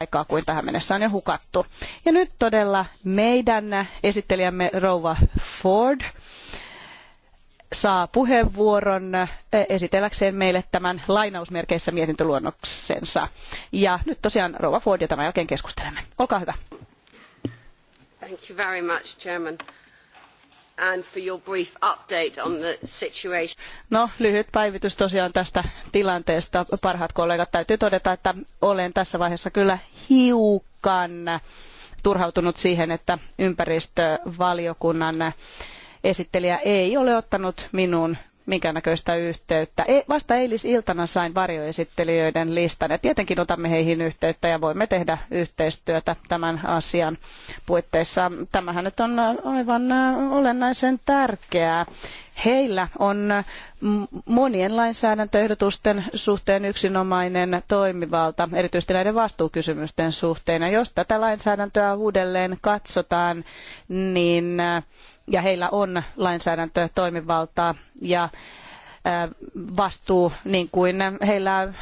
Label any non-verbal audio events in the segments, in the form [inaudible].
aikaa kuin tähän mennessä on jo hukattu. Ja nyt todella meidän esittelijämme Rouva Ford saa puheenvuoron eh, esitelläkseen meille tämän lainausmerkeissä mietintöluonnoksensa. Ja nyt tosiaan Rouva Ford ja tämän jälkeen keskustelemme. Olkaa hyvä. Thank you very much, Chairman and for your brief update on the situation. No, lyhyt päivitys tosiaan tästä tilanteesta. Parhaat kollegat, täytyy todeta, että olen tässä vaiheessa kyllä hiukan turhautunut siihen, että ympäristövaliokunnan esittelijä ei ole ottanut minuun minkäännäköistä yhteyttä. E, vasta eilisiltana sain varjoesittelijöiden listan ja tietenkin otamme heihin yhteyttä ja voimme tehdä yhteistyötä tämän asian puitteissa. Tämähän nyt on äh, aivan äh, olennaisen tärkeää. Heillä on monien lainsäädäntöehdotusten suhteen yksinomainen toimivalta, erityisesti näiden vastuukysymysten suhteen. Ja jos tätä lainsäädäntöä uudelleen katsotaan, niin äh, ja heillä on lainsäädäntötoimivaltaa ja vastuu niin kuin heillä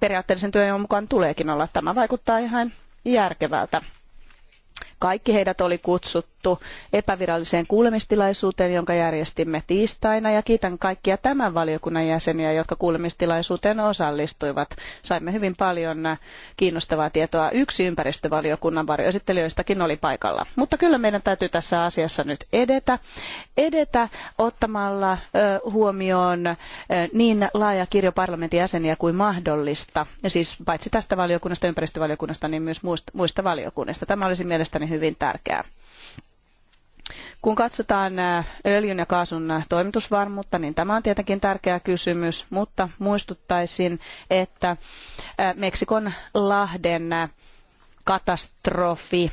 periaatteellisen työn mukaan tuleekin olla. Tämä vaikuttaa ihan järkevältä. Kaikki heidät oli kutsuttu kutsuttu epäviralliseen kuulemistilaisuuteen, jonka järjestimme tiistaina. Ja kiitän kaikkia tämän valiokunnan jäseniä, jotka kuulemistilaisuuteen osallistuivat. Saimme hyvin paljon kiinnostavaa tietoa. Yksi ympäristövaliokunnan varjoesittelijöistäkin oli paikalla. Mutta kyllä meidän täytyy tässä asiassa nyt edetä. Edetä ottamalla huomioon niin laaja kirjo parlamentin jäseniä kuin mahdollista. Siis paitsi tästä valiokunnasta, ympäristövaliokunnasta, niin myös muista valiokunnista. Tämä olisi mielestäni hyvin tärkeää. Kun katsotaan öljyn ja kaasun toimitusvarmuutta, niin tämä on tietenkin tärkeä kysymys, mutta muistuttaisin, että Meksikon lahden katastrofi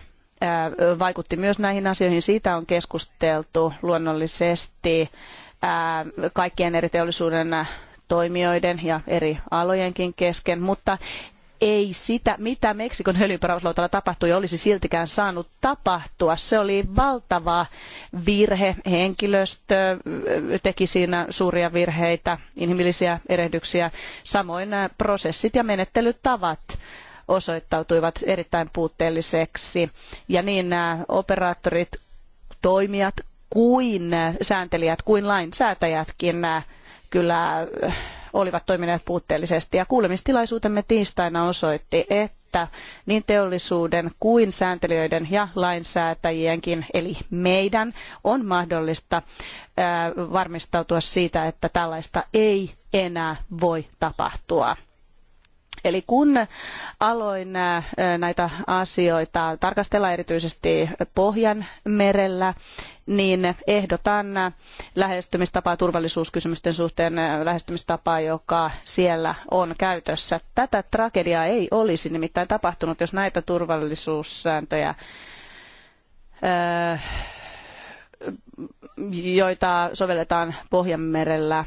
vaikutti myös näihin asioihin. Siitä on keskusteltu luonnollisesti kaikkien eri teollisuuden toimijoiden ja eri alojenkin kesken, mutta ei sitä, mitä Meksikon öljyporauslautalla tapahtui, olisi siltikään saanut tapahtua. Se oli valtava virhe. Henkilöstö teki siinä suuria virheitä, inhimillisiä erehdyksiä. Samoin nämä prosessit ja menettelytavat osoittautuivat erittäin puutteelliseksi. Ja niin nämä operaattorit, toimijat kuin sääntelijät, kuin lainsäätäjätkin nämä kyllä olivat toimineet puutteellisesti. Ja kuulemistilaisuutemme tiistaina osoitti, että niin teollisuuden kuin sääntelijöiden ja lainsäätäjienkin, eli meidän, on mahdollista varmistautua siitä, että tällaista ei enää voi tapahtua Eli kun aloin äh, näitä asioita tarkastella erityisesti Pohjanmerellä, niin ehdotan lähestymistapaa turvallisuuskysymysten suhteen äh, lähestymistapaa, joka siellä on käytössä. Tätä tragediaa ei olisi nimittäin tapahtunut, jos näitä turvallisuussääntöjä äh, joita sovelletaan Pohjanmerellä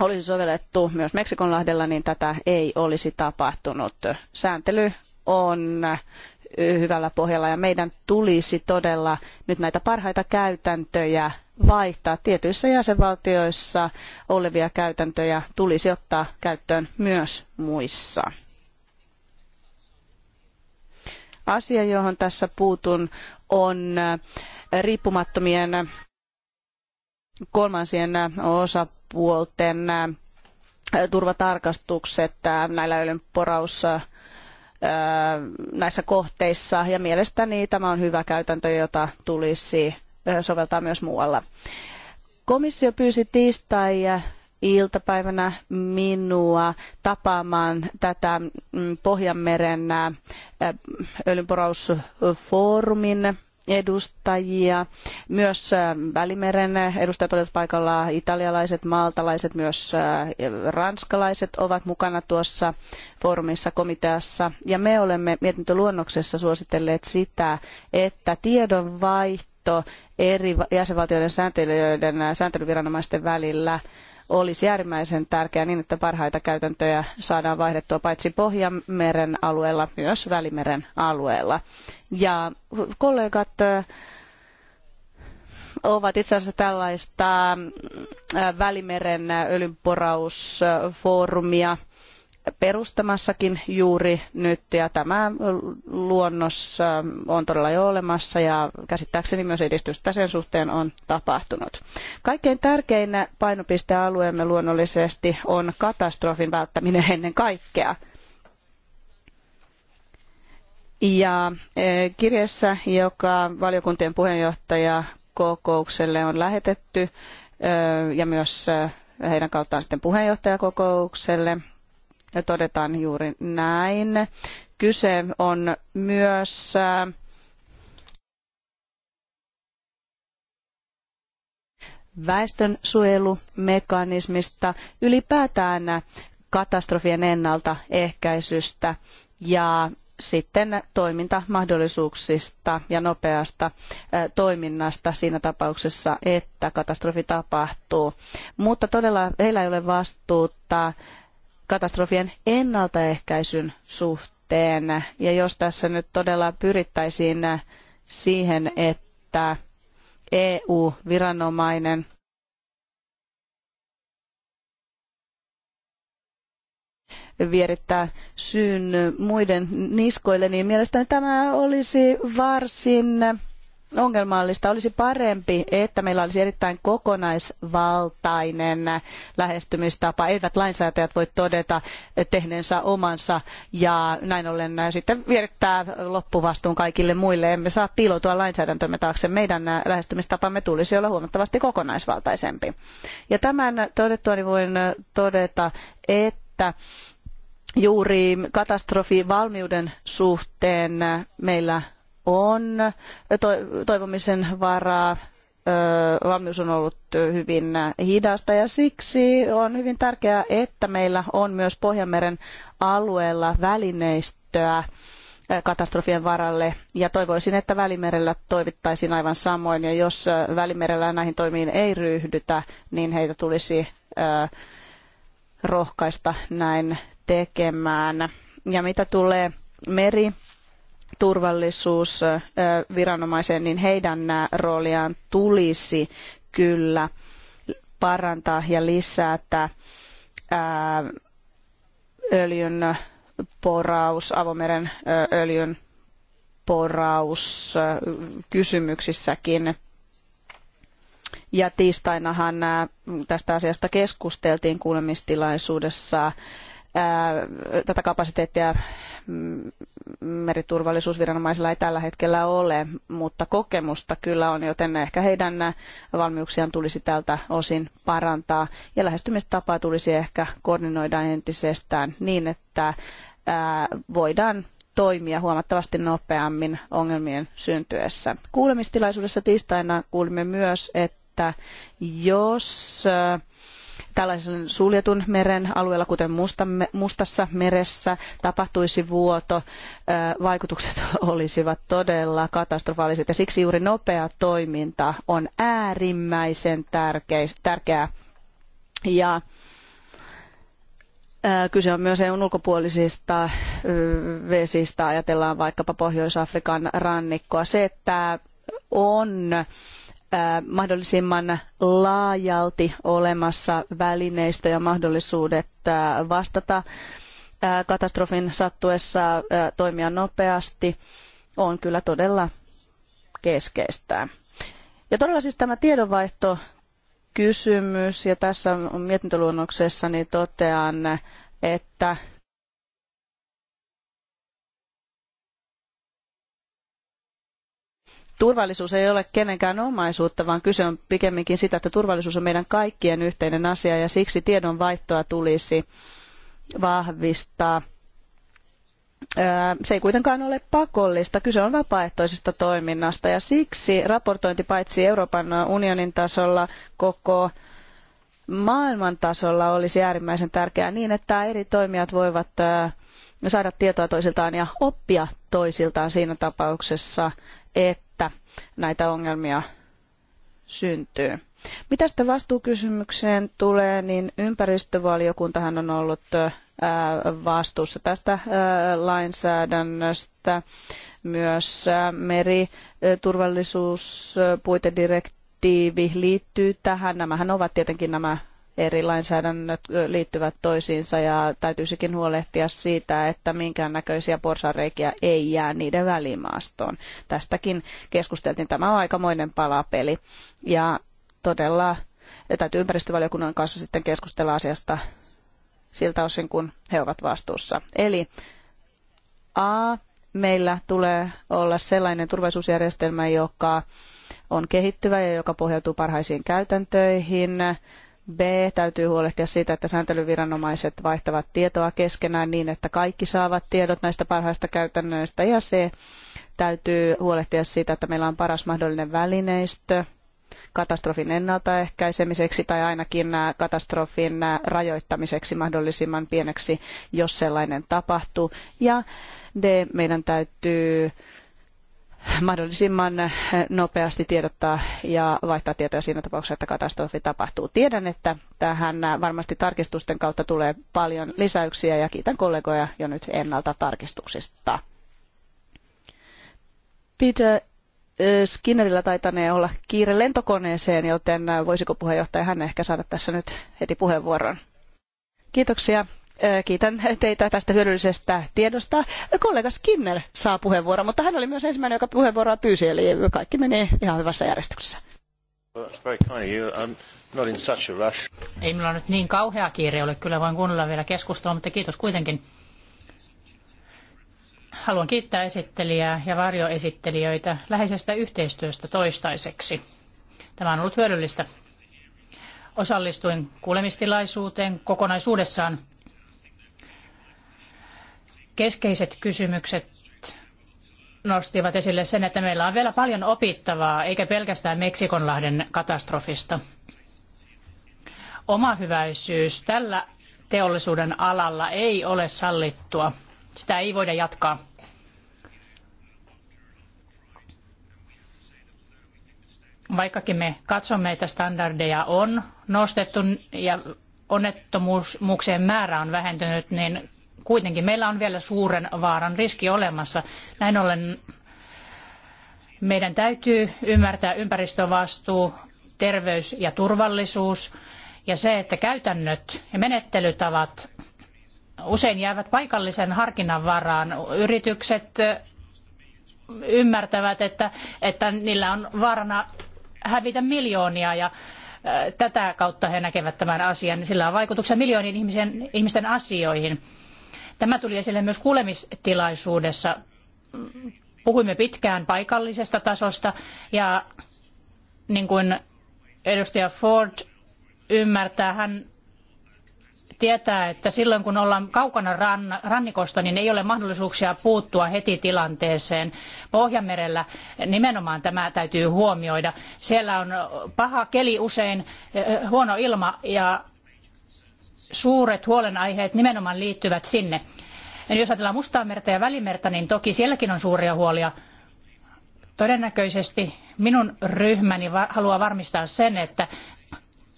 olisi sovellettu myös Meksikonlahdella, niin tätä ei olisi tapahtunut. Sääntely on hyvällä pohjalla ja meidän tulisi todella nyt näitä parhaita käytäntöjä vaihtaa. Tietyissä jäsenvaltioissa olevia käytäntöjä tulisi ottaa käyttöön myös muissa. Asia, johon tässä puutun, on äh, riippumattomien kolmansien äh, osa osapuolten turvatarkastukset näillä öljynporaussa näissä kohteissa ja mielestäni tämä on hyvä käytäntö, jota tulisi soveltaa myös muualla. Komissio pyysi tiistai iltapäivänä minua tapaamaan tätä mm, Pohjanmeren öljynporausfoorumin edustajia. Myös äh, Välimeren edustajat olivat paikalla, italialaiset, maltalaiset, myös äh, ranskalaiset ovat mukana tuossa foorumissa, komiteassa. Ja me olemme mietintöluonnoksessa suositelleet sitä, että tiedonvaihto eri jäsenvaltioiden sääntelyiden, äh, sääntelyviranomaisten välillä – olisi äärimmäisen tärkeää niin, että parhaita käytäntöjä saadaan vaihdettua paitsi Pohjanmeren alueella, myös Välimeren alueella. Ja kollegat ovat itse asiassa tällaista Välimeren öljynporausfoorumia – perustamassakin juuri nyt ja tämä luonnos äh, on todella jo olemassa ja käsittääkseni myös edistystä sen suhteen on tapahtunut. Kaikkein tärkein painopistealueemme luonnollisesti on katastrofin välttäminen ennen kaikkea. Ja e, kirjassa, joka valiokuntien puheenjohtaja kokoukselle on lähetetty e, ja myös e, heidän kauttaan sitten puheenjohtajakokoukselle, todetaan juuri näin. Kyse on myös äh, väestönsuojelumekanismista, ylipäätään katastrofien ennaltaehkäisystä ja sitten toimintamahdollisuuksista ja nopeasta äh, toiminnasta siinä tapauksessa, että katastrofi tapahtuu. Mutta todella heillä ei ole vastuuta katastrofien ennaltaehkäisyn suhteen. Ja jos tässä nyt todella pyrittäisiin siihen, että EU-viranomainen vierittää syyn muiden niskoille, niin mielestäni tämä olisi varsin ongelmallista. Olisi parempi, että meillä olisi erittäin kokonaisvaltainen lähestymistapa. Eivät lainsäätäjät voi todeta tehneensä omansa ja näin ollen sitten vierittää loppuvastuun kaikille muille. Emme saa piiloutua lainsäädäntömme taakse. Meidän lähestymistapamme tulisi olla huomattavasti kokonaisvaltaisempi. Ja tämän todettua niin voin todeta, että juuri katastrofivalmiuden suhteen meillä on toivomisen varaa. Valmius on ollut hyvin hidasta ja siksi on hyvin tärkeää, että meillä on myös Pohjanmeren alueella välineistöä katastrofien varalle ja toivoisin, että Välimerellä toivittaisiin aivan samoin ja jos Välimerellä näihin toimiin ei ryhdytä, niin heitä tulisi rohkaista näin tekemään. Ja mitä tulee meri turvallisuusviranomaiseen, niin heidän rooliaan tulisi kyllä parantaa ja lisätä öljyn poraus, avomeren öljyn poraus kysymyksissäkin. Ja tiistainahan tästä asiasta keskusteltiin kuulemistilaisuudessa tätä kapasiteettia mm, meriturvallisuusviranomaisilla ei tällä hetkellä ole, mutta kokemusta kyllä on, joten ehkä heidän valmiuksiaan tulisi tältä osin parantaa. Ja lähestymistapaa tulisi ehkä koordinoida entisestään niin, että voidaan toimia huomattavasti nopeammin ongelmien syntyessä. Kuulemistilaisuudessa tiistaina kuulimme myös, että jos tällaisen suljetun meren alueella, kuten Mustassa meressä, tapahtuisi vuoto, vaikutukset [laughs] olisivat todella katastrofaaliset. Ja siksi juuri nopea toiminta on äärimmäisen tärkeää. Ja Kyse on myös EUn ulkopuolisista vesistä, ajatellaan vaikkapa Pohjois-Afrikan rannikkoa. Se, että on mahdollisimman laajalti olemassa välineistö ja mahdollisuudet vastata katastrofin sattuessa toimia nopeasti on kyllä todella keskeistä. Ja todella siis tämä tiedonvaihto kysymys ja tässä mietintöluonnoksessani niin totean, että turvallisuus ei ole kenenkään omaisuutta, vaan kyse on pikemminkin sitä, että turvallisuus on meidän kaikkien yhteinen asia ja siksi tiedonvaihtoa tulisi vahvistaa. Se ei kuitenkaan ole pakollista, kyse on vapaaehtoisesta toiminnasta ja siksi raportointi paitsi Euroopan unionin tasolla koko maailman tasolla olisi äärimmäisen tärkeää niin, että eri toimijat voivat saada tietoa toisiltaan ja oppia toisiltaan siinä tapauksessa, että että näitä ongelmia syntyy. Mitä sitten vastuukysymykseen tulee, niin ympäristövaliokuntahan on ollut vastuussa tästä lainsäädännöstä. Myös meriturvallisuuspuitedirektiivi liittyy tähän. Nämähän ovat tietenkin nämä eri lainsäädännöt liittyvät toisiinsa ja täytyisikin huolehtia siitä, että minkäännäköisiä porsareikiä ei jää niiden välimaastoon. Tästäkin keskusteltiin. Tämä on aikamoinen palapeli ja todella täytyy ympäristövaliokunnan kanssa sitten keskustella asiasta siltä osin, kun he ovat vastuussa. Eli A, meillä tulee olla sellainen turvallisuusjärjestelmä, joka on kehittyvä ja joka pohjautuu parhaisiin käytäntöihin. B. Täytyy huolehtia siitä, että sääntelyviranomaiset vaihtavat tietoa keskenään niin, että kaikki saavat tiedot näistä parhaista käytännöistä. Ja C. Täytyy huolehtia siitä, että meillä on paras mahdollinen välineistö katastrofin ennaltaehkäisemiseksi tai ainakin äh, katastrofin äh, rajoittamiseksi mahdollisimman pieneksi, jos sellainen tapahtuu. Ja D. Meidän täytyy mahdollisimman nopeasti tiedottaa ja vaihtaa tietoja siinä tapauksessa, että katastrofi tapahtuu. Tiedän, että tähän varmasti tarkistusten kautta tulee paljon lisäyksiä ja kiitän kollegoja jo nyt ennalta tarkistuksista. Peter eh, Skinnerillä taitanee olla kiire lentokoneeseen, joten voisiko puheenjohtaja hän ehkä saada tässä nyt heti puheenvuoron. Kiitoksia Kiitän teitä tästä hyödyllisestä tiedosta. Kollega Skinner saa puheenvuoron, mutta hän oli myös ensimmäinen, joka puheenvuoroa pyysi, eli kaikki meni ihan hyvässä järjestyksessä. Ei minulla nyt niin kauhea kiire ole, kyllä voin kuunnella vielä keskustelua, mutta kiitos kuitenkin. Haluan kiittää esittelijää ja varjoesittelijöitä läheisestä yhteistyöstä toistaiseksi. Tämä on ollut hyödyllistä. Osallistuin kuulemistilaisuuteen kokonaisuudessaan keskeiset kysymykset nostivat esille sen, että meillä on vielä paljon opittavaa, eikä pelkästään Meksikonlahden katastrofista. Oma hyväisyys tällä teollisuuden alalla ei ole sallittua. Sitä ei voida jatkaa. Vaikkakin me katsomme, että standardeja on nostettu ja onnettomuuksien määrä on vähentynyt, niin kuitenkin meillä on vielä suuren vaaran riski olemassa. Näin ollen meidän täytyy ymmärtää ympäristövastuu, terveys ja turvallisuus ja se, että käytännöt ja menettelytavat usein jäävät paikallisen harkinnan varaan. Yritykset ymmärtävät, että, että niillä on vaarana hävitä miljoonia ja tätä kautta he näkevät tämän asian. Sillä on vaikutuksia miljoonien ihmisten asioihin. Tämä tuli esille myös kuulemistilaisuudessa. Puhuimme pitkään paikallisesta tasosta ja niin kuin edustaja Ford ymmärtää, hän tietää, että silloin kun ollaan kaukana rannikosta, niin ei ole mahdollisuuksia puuttua heti tilanteeseen. Pohjanmerellä nimenomaan tämä täytyy huomioida. Siellä on paha keli usein, eh, huono ilma ja suuret huolenaiheet nimenomaan liittyvät sinne. Eli jos ajatellaan Mustaamerta ja Välimerta, niin toki sielläkin on suuria huolia. Todennäköisesti minun ryhmäni haluaa varmistaa sen, että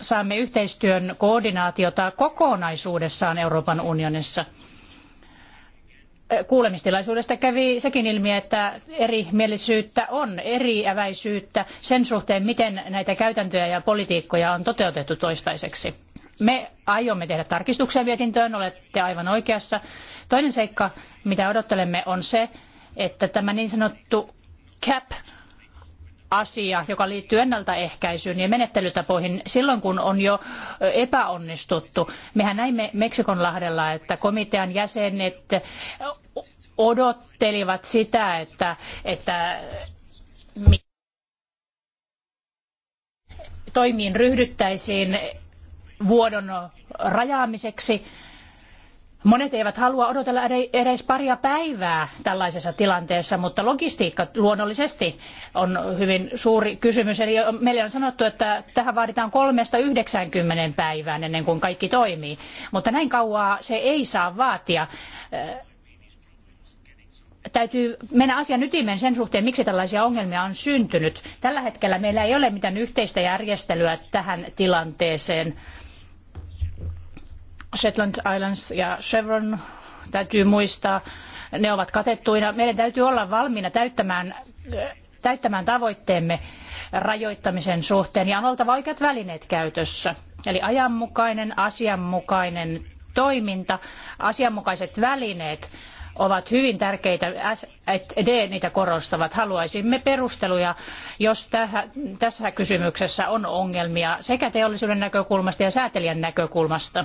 saamme yhteistyön koordinaatiota kokonaisuudessaan Euroopan unionissa. Kuulemistilaisuudesta kävi sekin ilmi, että erimielisyyttä on, eriäväisyyttä sen suhteen, miten näitä käytäntöjä ja politiikkoja on toteutettu toistaiseksi. Me aiomme tehdä tarkistuksia mietintöön, olette aivan oikeassa. Toinen seikka, mitä odottelemme, on se, että tämä niin sanottu cap asia, joka liittyy ennaltaehkäisyyn ja menettelytapoihin silloin, kun on jo epäonnistuttu. Mehän näimme Meksikonlahdella, että komitean jäsenet odottelivat sitä, että, että toimiin ryhdyttäisiin vuodon rajaamiseksi. Monet eivät halua odotella edes paria päivää tällaisessa tilanteessa, mutta logistiikka luonnollisesti on hyvin suuri kysymys. Eli meillä on sanottu, että tähän vaaditaan kolmesta 90 päivään ennen kuin kaikki toimii, mutta näin kauaa se ei saa vaatia. Täytyy mennä asian ytimeen sen suhteen, miksi tällaisia ongelmia on syntynyt. Tällä hetkellä meillä ei ole mitään yhteistä järjestelyä tähän tilanteeseen. Shetland Islands ja Chevron täytyy muistaa, ne ovat katettuina. Meidän täytyy olla valmiina täyttämään, täyttämään tavoitteemme rajoittamisen suhteen ja on oltava oikeat välineet käytössä. Eli ajanmukainen, asianmukainen toiminta, asianmukaiset välineet ovat hyvin tärkeitä, D niitä korostavat. Haluaisimme perusteluja, jos täh, tässä kysymyksessä on ongelmia sekä teollisuuden näkökulmasta ja säätelijän näkökulmasta.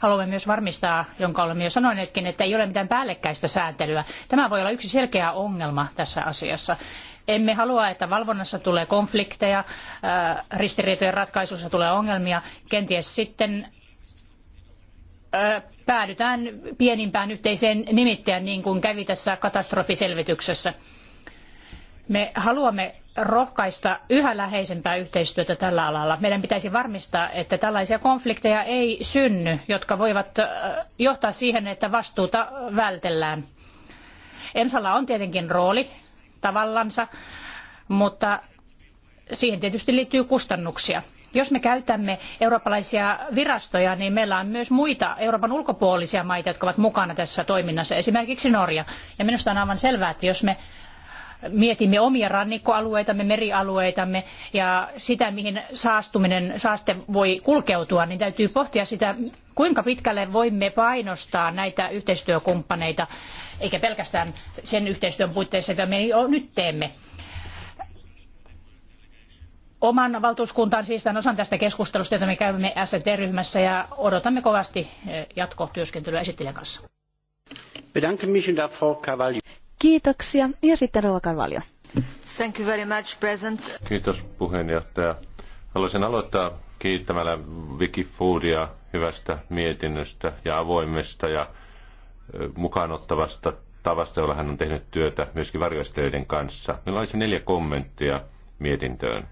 Haluamme myös varmistaa, jonka olemme jo sanoneetkin, että ei ole mitään päällekkäistä sääntelyä. Tämä voi olla yksi selkeä ongelma tässä asiassa. Emme halua, että valvonnassa tulee konflikteja, äh, ristiriitojen ratkaisussa tulee ongelmia, kenties sitten äh, päädytään pienimpään yhteiseen nimittäjään, niin kuin kävi tässä katastrofiselvityksessä. Me haluamme rohkaista yhä läheisempää yhteistyötä tällä alalla. Meidän pitäisi varmistaa, että tällaisia konflikteja ei synny, jotka voivat johtaa siihen, että vastuuta vältellään. Ensalla on tietenkin rooli tavallansa, mutta siihen tietysti liittyy kustannuksia. Jos me käytämme eurooppalaisia virastoja, niin meillä on myös muita Euroopan ulkopuolisia maita, jotka ovat mukana tässä toiminnassa, esimerkiksi Norja. Ja minusta on aivan selvää, että jos me mietimme omia rannikkoalueitamme, merialueitamme ja sitä, mihin saastuminen, saaste voi kulkeutua, niin täytyy pohtia sitä, kuinka pitkälle voimme painostaa näitä yhteistyökumppaneita, eikä pelkästään sen yhteistyön puitteissa, jota me jo nyt teemme. Oman valtuuskuntaan siis tämän osan tästä keskustelusta, jota me käymme ST-ryhmässä ja odotamme kovasti jatkotyöskentelyä esittelijän kanssa. Kiitoksia. Ja sitten ruokavalio. Thank you very much, President. Kiitos puheenjohtaja. Haluaisin aloittaa kiittämällä Wikifoodia hyvästä mietinnöstä ja avoimesta ja mukaanottavasta tavasta, jolla hän on tehnyt työtä myöskin varjoistöiden kanssa. Meillä olisi neljä kommenttia mietintöön,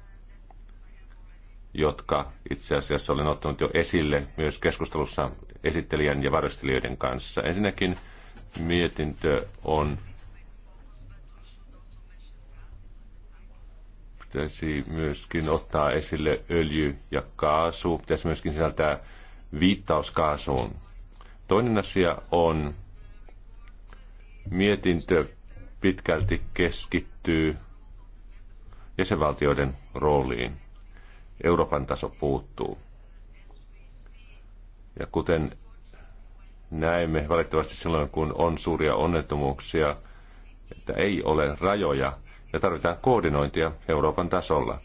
jotka itse asiassa olen ottanut jo esille myös keskustelussa esittelijän ja varjostelijoiden kanssa. Ensinnäkin mietintö on pitäisi myöskin ottaa esille öljy ja kaasu. Pitäisi myöskin sisältää viittaus kaasuun. Toinen asia on, mietintö pitkälti keskittyy jäsenvaltioiden rooliin. Euroopan taso puuttuu. Ja kuten näemme valitettavasti silloin, kun on suuria onnettomuuksia, että ei ole rajoja, ja tarvitaan koordinointia Euroopan tasolla.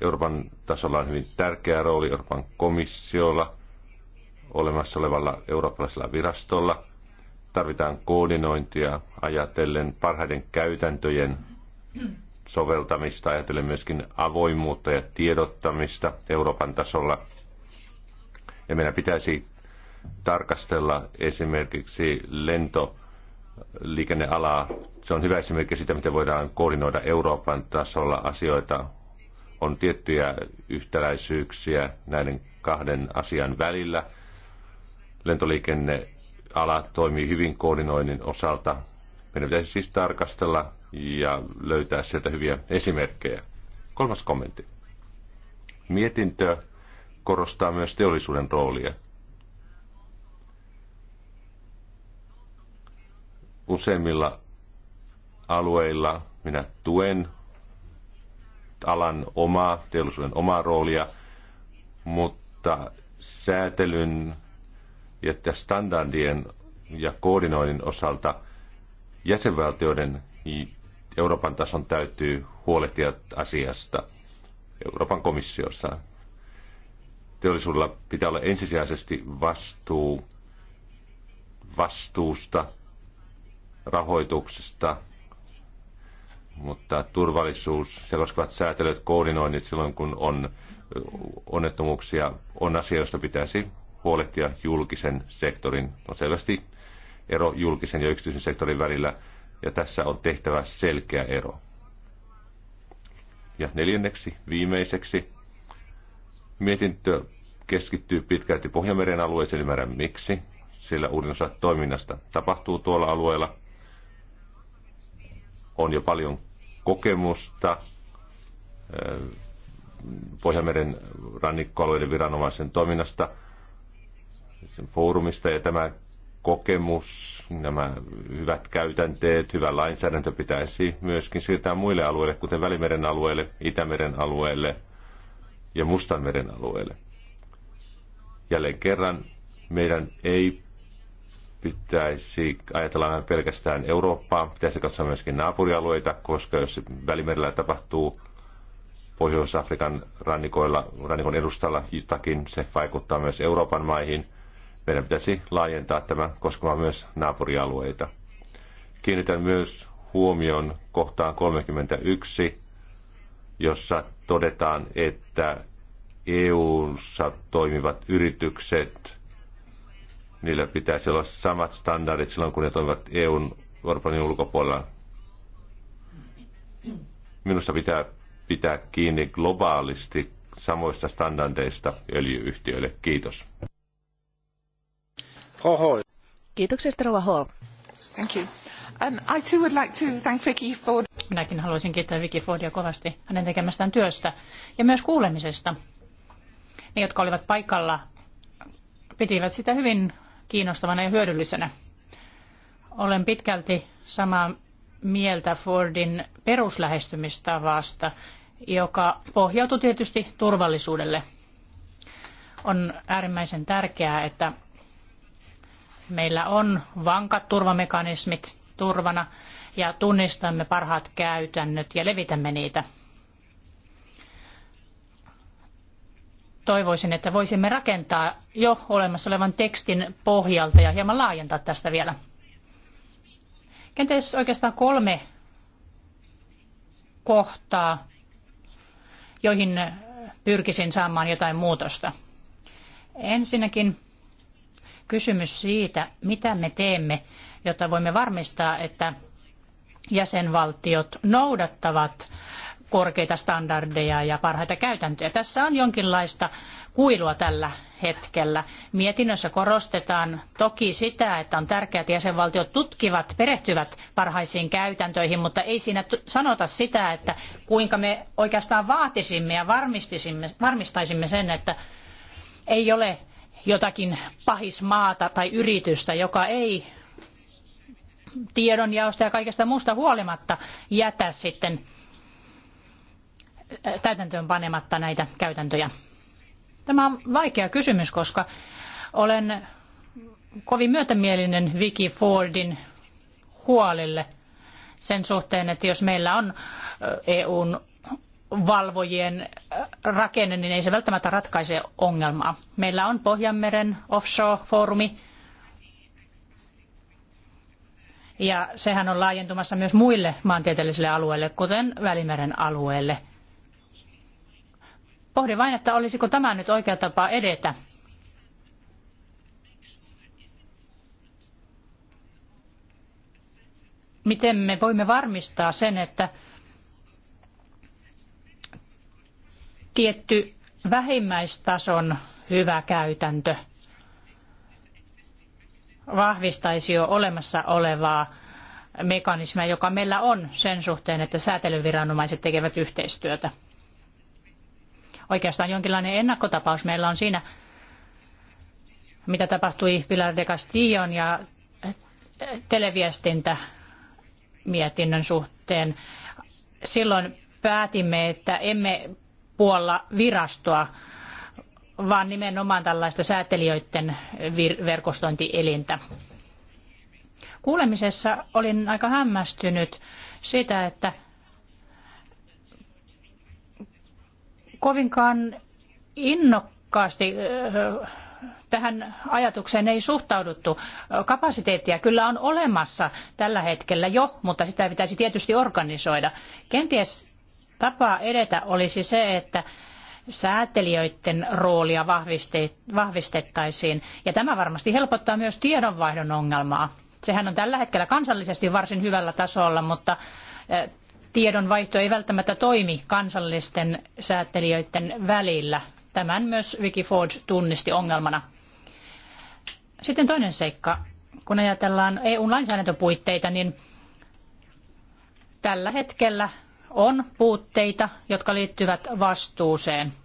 Euroopan tasolla on hyvin tärkeä rooli Euroopan komissiolla, olemassa olevalla eurooppalaisella virastolla. Tarvitaan koordinointia ajatellen parhaiden käytäntöjen soveltamista, ajatellen myöskin avoimuutta ja tiedottamista Euroopan tasolla. Ja meidän pitäisi tarkastella esimerkiksi lento liikennealaa. Se on hyvä esimerkki siitä, miten voidaan koordinoida Euroopan tasolla asioita. On tiettyjä yhtäläisyyksiä näiden kahden asian välillä. Lentoliikenneala toimii hyvin koordinoinnin osalta. Meidän pitäisi siis tarkastella ja löytää sieltä hyviä esimerkkejä. Kolmas kommentti. Mietintö korostaa myös teollisuuden roolia. Useimmilla alueilla minä tuen alan omaa, teollisuuden omaa roolia, mutta säätelyn ja standardien ja koordinoinnin osalta jäsenvaltioiden Euroopan tason täytyy huolehtia asiasta Euroopan komissiossa. Teollisuudella pitää olla ensisijaisesti vastuu vastuusta rahoituksesta, mutta turvallisuus, se koskevat säätelyt, koordinoinnit silloin, kun on onnettomuuksia, on asia, josta pitäisi huolehtia julkisen sektorin. On selvästi ero julkisen ja yksityisen sektorin välillä, ja tässä on tehtävä selkeä ero. Ja neljänneksi, viimeiseksi, mietintö keskittyy pitkälti Pohjanmeren alueeseen, ymmärrän miksi, sillä uuden osa toiminnasta tapahtuu tuolla alueella on jo paljon kokemusta Pohjanmeren rannikkoalueiden viranomaisen toiminnasta, sen foorumista, ja tämä kokemus, nämä hyvät käytänteet, hyvä lainsäädäntö pitäisi myöskin siirtää muille alueille, kuten Välimeren alueelle, Itämeren alueelle ja Mustanmeren alueelle. Jälleen kerran meidän ei pitäisi ajatella aina pelkästään Eurooppaa, pitäisi katsoa myöskin naapurialueita, koska jos Välimerellä tapahtuu Pohjois-Afrikan rannikoilla, rannikon edustalla jotakin, se vaikuttaa myös Euroopan maihin. Meidän pitäisi laajentaa tämä koskemaan myös naapurialueita. Kiinnitän myös huomion kohtaan 31, jossa todetaan, että EU-ssa toimivat yritykset – Niillä pitäisi olla samat standardit silloin, kun ne toimivat EUn Orbanin ulkopuolella. Minusta pitää pitää kiinni globaalisti samoista standardeista öljyyhtiöille. Kiitos. Kiitoksesta, Rova Hall. Thank you. Um, I too would like to thank Vicky Ford. Minäkin haluaisin kiittää Vicky Fordia kovasti hänen tekemästään työstä ja myös kuulemisesta. Ne, jotka olivat paikalla, pitivät sitä hyvin kiinnostavana ja hyödyllisenä. Olen pitkälti samaa mieltä Fordin peruslähestymistavasta, joka pohjautuu tietysti turvallisuudelle. On äärimmäisen tärkeää, että meillä on vankat turvamekanismit turvana ja tunnistamme parhaat käytännöt ja levitämme niitä – toivoisin, että voisimme rakentaa jo olemassa olevan tekstin pohjalta ja hieman laajentaa tästä vielä. Kenties oikeastaan kolme kohtaa, joihin pyrkisin saamaan jotain muutosta. Ensinnäkin kysymys siitä, mitä me teemme, jotta voimme varmistaa, että jäsenvaltiot noudattavat korkeita standardeja ja parhaita käytäntöjä. Tässä on jonkinlaista kuilua tällä hetkellä. Mietinnössä korostetaan toki sitä, että on tärkeää, että jäsenvaltiot tutkivat, perehtyvät parhaisiin käytäntöihin, mutta ei siinä sanota sitä, että kuinka me oikeastaan vaatisimme ja varmistaisimme sen, että ei ole jotakin pahismaata tai yritystä, joka ei tiedonjaosta ja kaikesta muusta huolimatta jätä sitten Äh, täytäntöön panematta näitä käytäntöjä? Tämä on vaikea kysymys, koska olen kovin myötämielinen Vicky Fordin huolille sen suhteen, että jos meillä on äh, EUn valvojien äh, rakenne, niin ei se välttämättä ratkaise ongelmaa. Meillä on Pohjanmeren offshore-foorumi, ja sehän on laajentumassa myös muille maantieteellisille alueille, kuten Välimeren alueelle – Pohdin vain, että olisiko tämä nyt oikea tapa edetä. Miten me voimme varmistaa sen, että tietty vähimmäistason hyvä käytäntö vahvistaisi jo olemassa olevaa mekanismia, joka meillä on sen suhteen, että säätelyviranomaiset tekevät yhteistyötä. Oikeastaan jonkinlainen ennakkotapaus meillä on siinä, mitä tapahtui Pilar de Castillon ja televiestintä mietinnön suhteen. Silloin päätimme, että emme puolla virastoa, vaan nimenomaan tällaista säätelijöiden verkostointielintä. Kuulemisessa olin aika hämmästynyt siitä, että kovinkaan innokkaasti tähän ajatukseen ei suhtauduttu. Kapasiteettia kyllä on olemassa tällä hetkellä jo, mutta sitä pitäisi tietysti organisoida. Kenties tapa edetä olisi se, että säätelijöiden roolia vahvistettaisiin. Ja tämä varmasti helpottaa myös tiedonvaihdon ongelmaa. Sehän on tällä hetkellä kansallisesti varsin hyvällä tasolla, mutta tiedonvaihto ei välttämättä toimi kansallisten säätelijöiden välillä. Tämän myös Wikiford tunnisti ongelmana. Sitten toinen seikka. Kun ajatellaan EU-lainsäädäntöpuitteita, niin tällä hetkellä on puutteita, jotka liittyvät vastuuseen –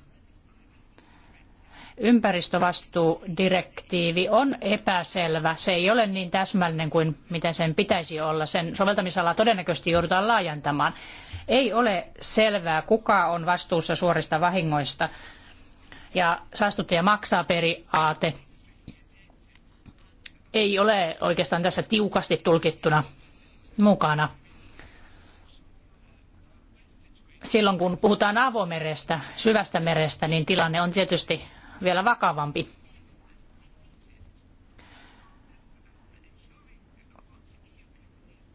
ympäristövastuudirektiivi on epäselvä. Se ei ole niin täsmällinen kuin mitä sen pitäisi olla. Sen soveltamisalaa todennäköisesti joudutaan laajentamaan. Ei ole selvää, kuka on vastuussa suorista vahingoista. Ja saastuttaja maksaa periaate ei ole oikeastaan tässä tiukasti tulkittuna mukana silloin kun puhutaan avomerestä, syvästä merestä, niin tilanne on tietysti vielä vakavampi.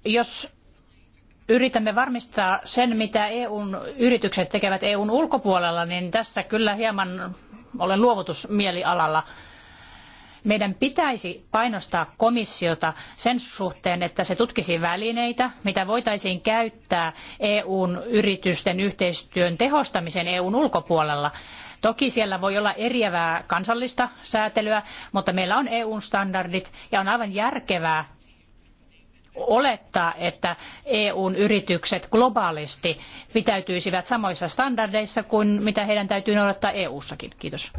Jos yritämme varmistaa sen, mitä EUn yritykset tekevät EUn ulkopuolella, niin tässä kyllä hieman olen luovutusmielialalla. Meidän pitäisi painostaa komissiota sen suhteen, että se tutkisi välineitä, mitä voitaisiin käyttää EUn yritysten yhteistyön tehostamiseen EUn ulkopuolella. Toki siellä voi olla eriävää kansallista säätelyä, mutta meillä on EU-standardit ja on aivan järkevää olettaa, että EUn yritykset globaalisti pitäytyisivät samoissa standardeissa kuin mitä heidän täytyy noudattaa EUssakin. Kiitos.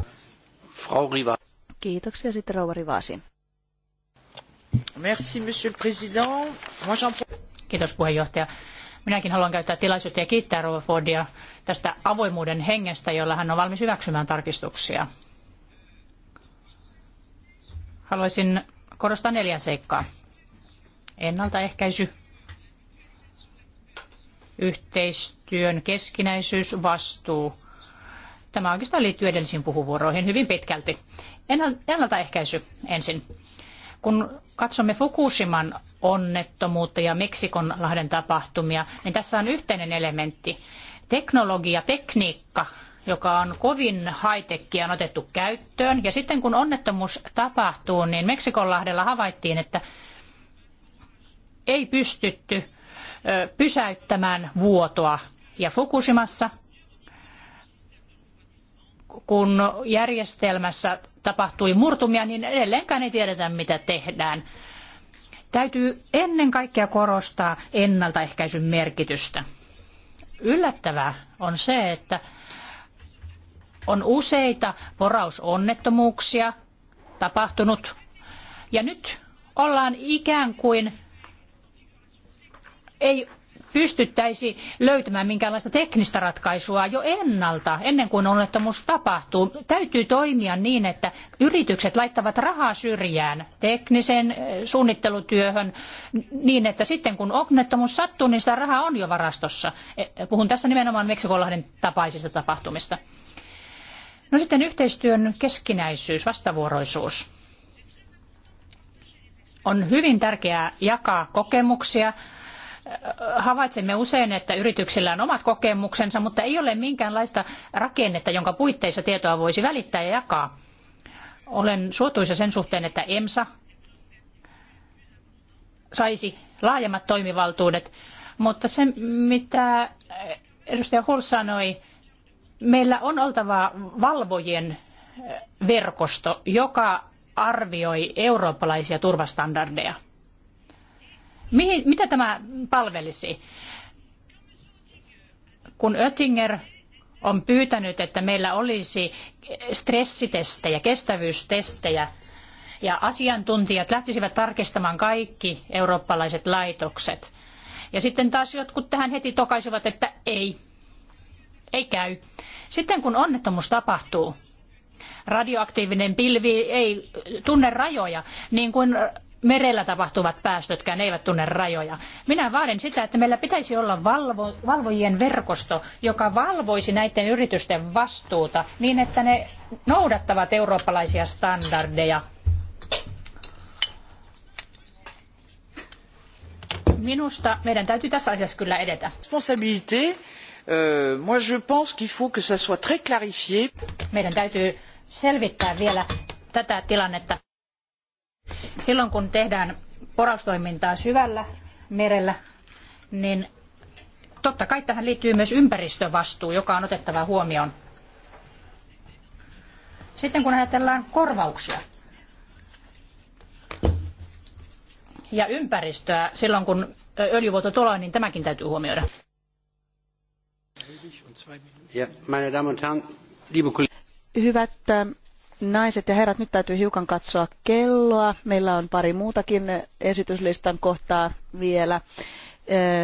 Frau Riva. Kiitoksia sitten rouva Rivasi. Merci, monsieur le président. Kiitos puheenjohtaja. Minäkin haluan käyttää tilaisuutta ja kiittää Rova Fordia tästä avoimuuden hengestä, jolla hän on valmis hyväksymään tarkistuksia. Haluaisin korostaa neljä seikkaa. Ennaltaehkäisy, yhteistyön keskinäisyys, vastuu. Tämä oikeastaan liittyy edellisiin puhuvuoroihin hyvin pitkälti. Ennaltaehkäisy ensin. Kun katsomme Fukushiman onnettomuutta ja Meksikon lahden tapahtumia, niin tässä on yhteinen elementti. Teknologia, tekniikka, joka on kovin haitekkiä on otettu käyttöön. Ja sitten kun onnettomuus tapahtuu, niin Meksikonlahdella havaittiin, että ei pystytty pysäyttämään vuotoa. Ja Fukushimassa, kun järjestelmässä tapahtui murtumia, niin edelleenkään ei tiedetä, mitä tehdään. Täytyy ennen kaikkea korostaa ennaltaehkäisyn merkitystä. Yllättävää on se, että on useita porausonnettomuuksia tapahtunut. Ja nyt ollaan ikään kuin ei pystyttäisi löytämään minkäänlaista teknistä ratkaisua jo ennalta, ennen kuin onnettomuus tapahtuu. Täytyy toimia niin, että yritykset laittavat rahaa syrjään tekniseen eh, suunnittelutyöhön niin, että sitten kun onnettomuus sattuu, niin sitä rahaa on jo varastossa. Eh, puhun tässä nimenomaan Meksikonlahden tapaisista tapahtumista. No sitten yhteistyön keskinäisyys, vastavuoroisuus. On hyvin tärkeää jakaa kokemuksia, havaitsemme usein, että yrityksillä on omat kokemuksensa, mutta ei ole minkäänlaista rakennetta, jonka puitteissa tietoa voisi välittää ja jakaa. Olen suotuisa sen suhteen, että EMSA saisi laajemmat toimivaltuudet, mutta se mitä edustaja Hull sanoi, meillä on oltava valvojien eh, verkosto, joka arvioi eurooppalaisia turvastandardeja. Mihin, mitä tämä palvelisi? Kun Oettinger on pyytänyt, että meillä olisi stressitestejä, kestävyystestejä, ja asiantuntijat lähtisivät tarkistamaan kaikki eurooppalaiset laitokset. Ja sitten taas jotkut tähän heti tokaisivat, että ei, ei käy. Sitten kun onnettomuus tapahtuu, radioaktiivinen pilvi ei tunne rajoja, niin kuin merellä tapahtuvat päästötkään eivät tunne rajoja. Minä vaadin sitä, että meillä pitäisi olla valvo, valvojien verkosto, joka valvoisi näiden yritysten vastuuta niin, että ne noudattavat eurooppalaisia standardeja. Minusta meidän täytyy tässä asiassa kyllä edetä. Meidän täytyy selvittää vielä tätä tilannetta. Silloin kun tehdään poraustoimintaa syvällä merellä, niin totta kai tähän liittyy myös ympäristövastuu, joka on otettava huomioon. Sitten kun ajatellaan korvauksia ja ympäristöä silloin kun öljyvuoto tulee, niin tämäkin täytyy huomioida. Hyvät äh, naiset ja herrat, nyt täytyy hiukan katsoa kelloa. Meillä on pari muutakin esityslistan kohtaa vielä.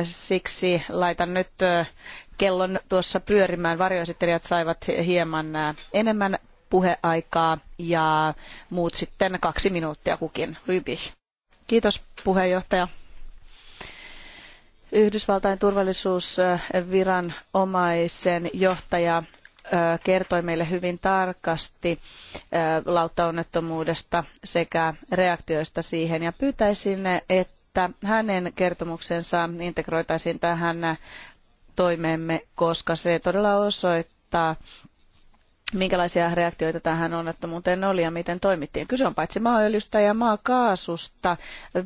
Siksi laitan nyt kellon tuossa pyörimään. Varjoesittelijät saivat hieman enemmän puheaikaa ja muut sitten kaksi minuuttia kukin. Hyvi. Kiitos puheenjohtaja. Yhdysvaltain turvallisuusviranomaisen johtaja kertoi meille hyvin tarkasti lauttaonnettomuudesta sekä reaktioista siihen ja pyytäisin, että hänen kertomuksensa integroitaisiin tähän toimeemme, koska se todella osoittaa, osoittaa minkälaisia reaktioita tähän onnettomuuteen oli ja miten toimittiin. Kyse on paitsi maaöljystä ja maakaasusta.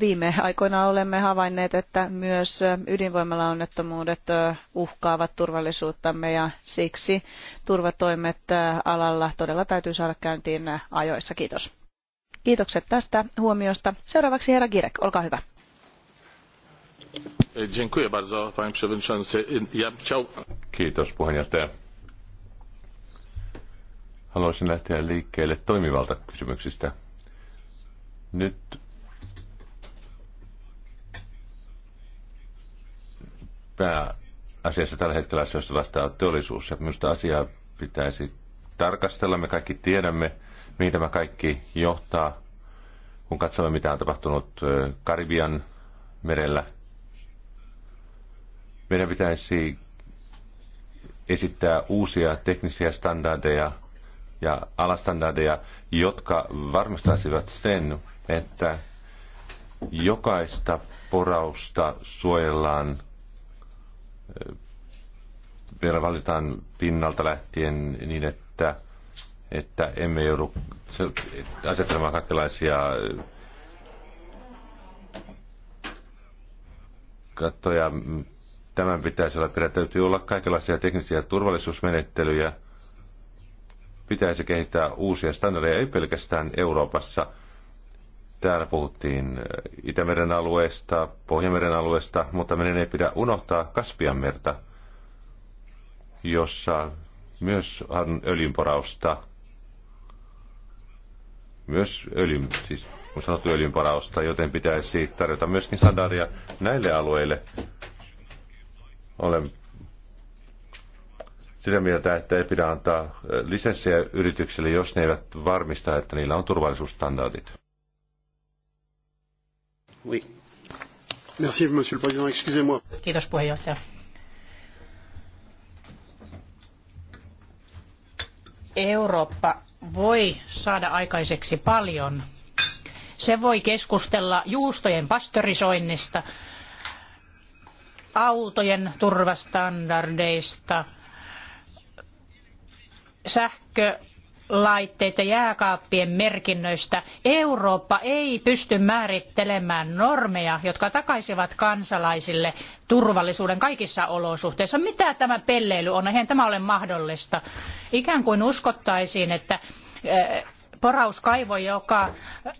Viime aikoina olemme havainneet, että myös ydinvoimalaonnettomuudet uhkaavat turvallisuuttamme ja siksi turvatoimet alalla todella täytyy saada käyntiin ajoissa. Kiitos. Kiitokset tästä huomiosta. Seuraavaksi herra Girek, olkaa hyvä. Kiitos puheenjohtaja Haluaisin lähteä liikkeelle toimivalta kysymyksistä. Nyt pääasiassa tällä hetkellä asioista vastaa teollisuus ja minusta asiaa pitäisi tarkastella. Me kaikki tiedämme, mihin tämä kaikki johtaa, kun katsomme, mitä on tapahtunut Karibian merellä. Meidän pitäisi esittää uusia teknisiä standardeja ja alastandardeja, jotka varmistaisivat sen, että jokaista porausta suojellaan, vielä valitaan pinnalta lähtien niin, että, että emme joudu asettamaan kaikenlaisia kattoja. Tämän pitäisi olla, täytyy olla kaikenlaisia teknisiä turvallisuusmenettelyjä – pitäisi kehittää uusia standardeja, ei pelkästään Euroopassa. Täällä puhuttiin äh, Itämeren alueesta, Pohjanmeren alueesta, mutta meidän ei pidä unohtaa Kaspianmerta, jossa myös on öljynporausta. Myös öljyn, siis on sanottu öljynporausta, joten pitäisi tarjota myöskin standardia näille alueille. Olen sitä mieltä, että ei pidä antaa äh, lisenssejä yrityksille, jos ne eivät varmista, että niillä on turvallisuusstandardit. Oui. Merci, monsieur le président. Excusez-moi. Kiitos puheenjohtaja. Eurooppa voi saada aikaiseksi paljon. Se voi keskustella juustojen pasteurisoinnista, autojen turvastandardeista – sähkö laitteiden jääkaappien merkinnöistä. Eurooppa ei pysty määrittelemään normeja, jotka takaisivat kansalaisille turvallisuuden kaikissa olosuhteissa. Mitä tämä pelleily on? Eihän tämä ole mahdollista. Ikään kuin uskottaisiin, että eh, porauskaivo, joka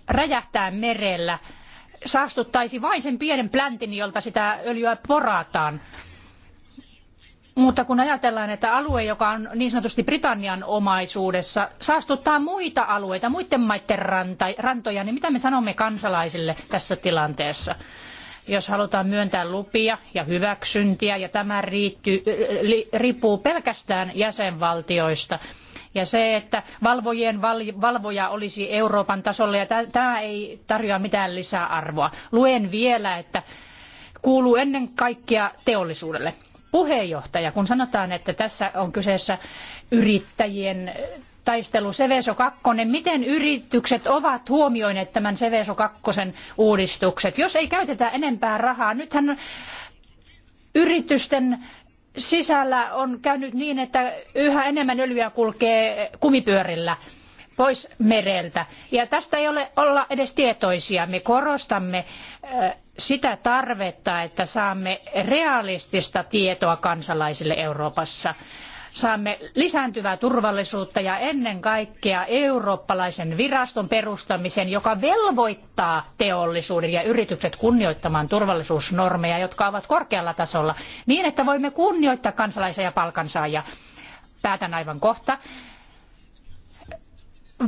räjähtää merellä, saastuttaisi vain sen pienen pläntin, jolta sitä öljyä porataan. Mutta kun ajatellaan, että alue, joka on niin sanotusti Britannian omaisuudessa, saastuttaa muita alueita, muiden maiden rantoja, niin mitä me sanomme kansalaisille tässä tilanteessa? Jos halutaan myöntää lupia ja hyväksyntiä, ja tämä riittyy, li, riippuu pelkästään jäsenvaltioista, ja se, että valvojien valvoja olisi Euroopan tasolla, ja tämä ei tarjoa mitään lisäarvoa. Luen vielä, että kuuluu ennen kaikkea teollisuudelle puheenjohtaja, kun sanotaan, että tässä on kyseessä yrittäjien taistelu Seveso 2, miten yritykset ovat huomioineet tämän Seveso 2 uudistukset? Jos ei käytetä enempää rahaa, nythän yritysten sisällä on käynyt niin, että yhä enemmän öljyä kulkee kumipyörillä – pois mereltä. Ja tästä ei ole olla edes tietoisia. Me korostamme sitä tarvetta, että saamme realistista tietoa kansalaisille Euroopassa. Saamme lisääntyvää turvallisuutta ja ennen kaikkea eurooppalaisen viraston perustamisen, joka velvoittaa teollisuuden ja yritykset kunnioittamaan turvallisuusnormeja, jotka ovat korkealla tasolla, niin että voimme kunnioittaa kansalaisia ja palkansaajia. Päätän aivan kohta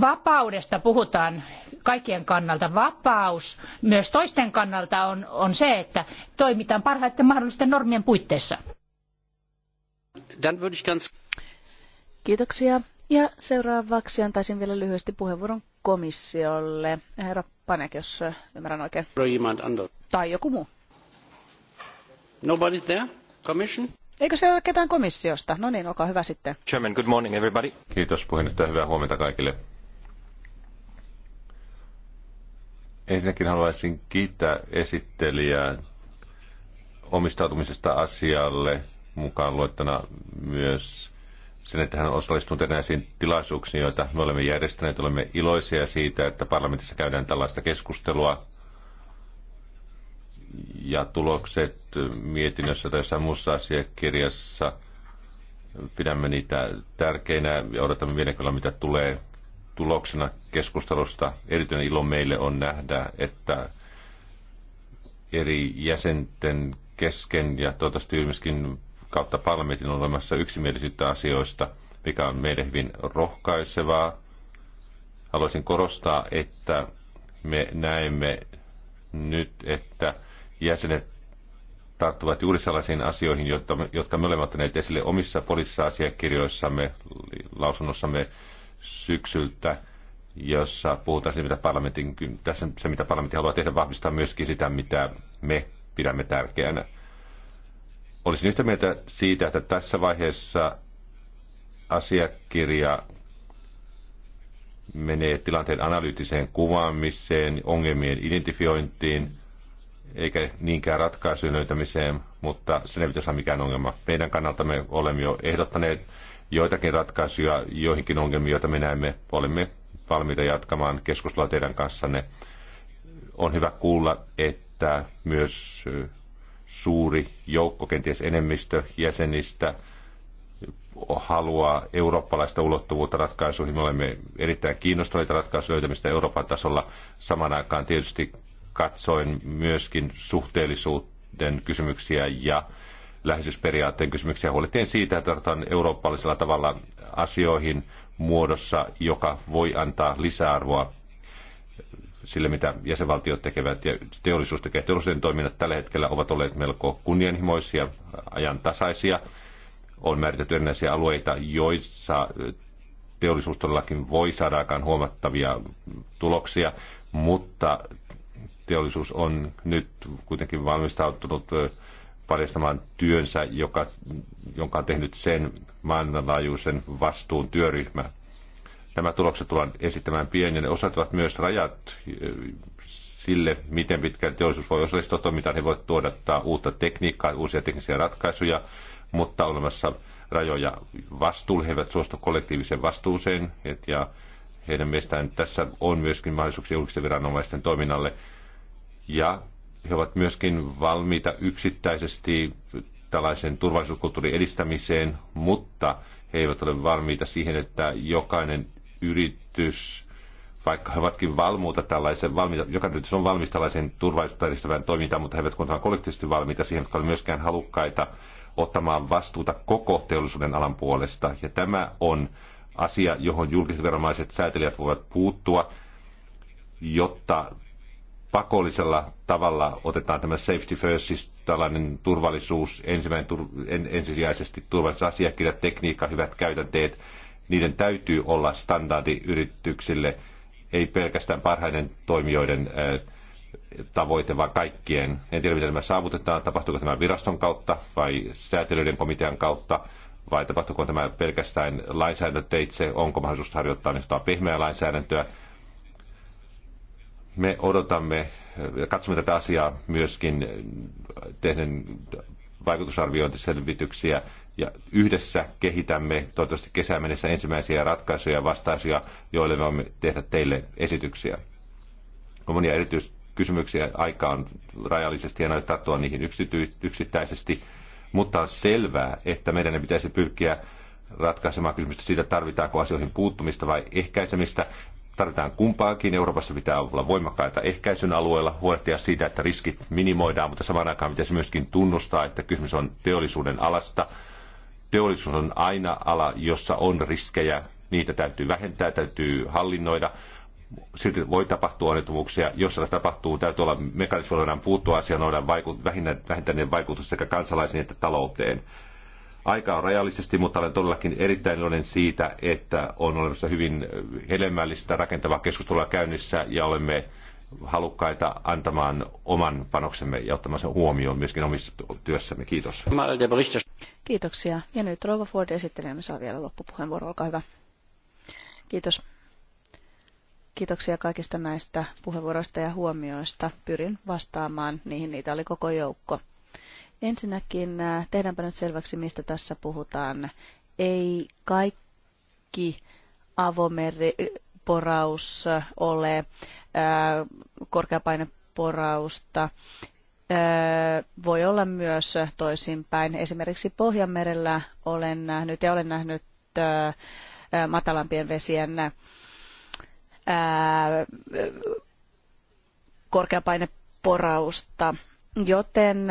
vapaudesta puhutaan kaikkien kannalta. Vapaus myös toisten kannalta on, on se, että toimitaan parhaiten mahdollisten normien puitteissa. Kiitoksia. Ja seuraavaksi antaisin vielä lyhyesti puheenvuoron komissiolle. Herra Panek, jos ymmärrän oikein. Tai joku muu. Nobody there? Commission? Eikö siellä ole ketään komissiosta? No niin, olkaa hyvä sitten. Chairman, good morning everybody. Kiitos puheenjohtaja, hyvää huomenta kaikille. Ensinnäkin haluaisin kiittää esittelijää omistautumisesta asialle mukaan luettuna myös sen, että hän on osallistunut erinäisiin tilaisuuksiin, joita me olemme järjestäneet. Olemme iloisia siitä, että parlamentissa käydään tällaista keskustelua ja tulokset mietinnössä tai jossain muussa asiakirjassa. Pidämme niitä tärkeinä ja odotamme vielä, mitä tulee tuloksena keskustelusta erityinen ilo meille on nähdä, että eri jäsenten kesken ja toivottavasti myöskin kautta parlamentin on olemassa yksimielisyyttä asioista, mikä on meille hyvin rohkaisevaa. Haluaisin korostaa, että me näemme nyt, että jäsenet tarttuvat juuri sellaisiin asioihin, jotka me olemme ottaneet esille omissa poliittisissa asiakirjoissamme, lausunnossamme syksyltä, jossa puhutaan siitä, mitä parlamentin, tässä se mitä parlamentti haluaa tehdä, vahvistaa myöskin sitä, mitä me pidämme tärkeänä. Olisin yhtä mieltä siitä, että tässä vaiheessa asiakirja menee tilanteen analyyttiseen kuvaamiseen, ongelmien identifiointiin, eikä niinkään ratkaisujen löytämiseen, mutta se ei pitäisi olla mikään ongelma. Meidän kannalta me olemme jo ehdottaneet joitakin ratkaisuja joihinkin ongelmiin, joita me näemme. Olemme valmiita jatkamaan keskustelua teidän kanssanne. On hyvä kuulla, että myös suuri joukko, kenties enemmistö jäsenistä, haluaa eurooppalaista ulottuvuutta ratkaisuihin. Me olemme erittäin kiinnostuneita ratkaisuja löytämistä Euroopan tasolla. Saman aikaan tietysti katsoin myöskin suhteellisuuden kysymyksiä ja läheisyysperiaatteen kysymyksiä. Huolehtien siitä, että otetaan eurooppalaisella tavalla asioihin muodossa, joka voi antaa lisäarvoa sille, mitä jäsenvaltiot tekevät ja teollisuus tekee. Teollisuuden toiminnat tällä hetkellä ovat olleet melko kunnianhimoisia, ajantasaisia. On määritetty erinäisiä alueita, joissa teollisuus todellakin voi saada aikaan huomattavia tuloksia, mutta teollisuus on nyt kuitenkin valmistautunut paljastamaan työnsä, joka, jonka on tehnyt sen maailmanlaajuisen vastuun työryhmä. Nämä tulokset tullaan esittämään pieniä. Ne osoittavat myös rajat eh, sille, miten pitkään teollisuus voi osallistua toimintaan. He voivat tuoda uutta tekniikkaa, uusia teknisiä ratkaisuja, mutta olemassa rajoja vastuulle. He eivät suostu kollektiiviseen vastuuseen. Ja heidän mielestään tässä on myöskin mahdollisuuksia julkisten viranomaisten toiminnalle. Ja he ovat myöskin valmiita yksittäisesti tällaisen turvallisuuskulttuurin edistämiseen, mutta he eivät ole valmiita siihen, että jokainen yritys, vaikka he ovatkin valmiita tällaisen, valmiita, jokainen yritys on valmis tällaisen turvallisuutta edistävään toimintaan, mutta he eivät kuitenkaan kollektiivisesti valmiita siihen, jotka ovat myöskään halukkaita ottamaan vastuuta koko teollisuuden alan puolesta. Ja tämä on asia, johon julkiset viranomaiset säätelijät voivat puuttua, jotta pakollisella tavalla otetaan tämä safety first, siis tällainen turvallisuus, ensimmäinen tur, en, ensisijaisesti turvallisuusasiakirjat, tekniikka, hyvät käytänteet, niiden täytyy olla standardi yrityksille, ei pelkästään parhaiden toimijoiden ää, äh, tavoite, vaan kaikkien. En tiedä, miten tämä saavutetaan, tapahtuuko tämä viraston kautta vai säätelyiden komitean kautta, vai tapahtuuko tämä pelkästään lainsäädäntöteitse, onko mahdollisuus harjoittaa niin pehmeää lainsäädäntöä, me odotamme ja katsomme tätä asiaa myöskin tehden vaikutusarviointiselvityksiä ja yhdessä kehitämme toivottavasti kesään mennessä ensimmäisiä ratkaisuja ja vastauksia, joille voimme tehdä teille esityksiä. On monia erityiskysymyksiä, aika on rajallisesti ja tuo niihin yksity- yksittäisesti, mutta on selvää, että meidän pitäisi pyrkiä ratkaisemaan kysymystä siitä, tarvitaanko asioihin puuttumista vai ehkäisemistä, tarvitaan kumpaakin. Euroopassa pitää olla voimakkaita ehkäisyn alueella, huolehtia siitä, että riskit minimoidaan, mutta samaan aikaan pitäisi myöskin tunnustaa, että kysymys on teollisuuden alasta. Teollisuus on aina ala, jossa on riskejä, niitä täytyy vähentää, täytyy hallinnoida. Silti voi tapahtua onnettomuuksia. Jos sellaista tapahtuu, täytyy olla mekanismi, voidaan puuttua asiaan, voidaan vaiku- vähintään vaikutus sekä kansalaisiin että talouteen. Aika on rajallisesti, mutta olen todellakin erittäin iloinen siitä, että on olemassa hyvin hedelmällistä rakentavaa keskustelua käynnissä ja olemme halukkaita antamaan oman panoksemme ja ottamaan sen huomioon myöskin omissa työssämme. Kiitos. Kiitoksia. Ja nyt Rova Ford esittelemme saa vielä loppupuheenvuoro. Olkaa hyvä. Kiitos. Kiitoksia kaikista näistä puheenvuoroista ja huomioista. Pyrin vastaamaan niihin. Niitä oli koko joukko. Ensinnäkin äh, tehdäänpä nyt selväksi, mistä tässä puhutaan. Ei kaikki avomeriporaus äh, äh, ole korkeapaineporausta. voi olla myös toisinpäin. Esimerkiksi Pohjanmerellä olen nähnyt ja olen nähnyt matalampien vesien korkeapaineporausta, joten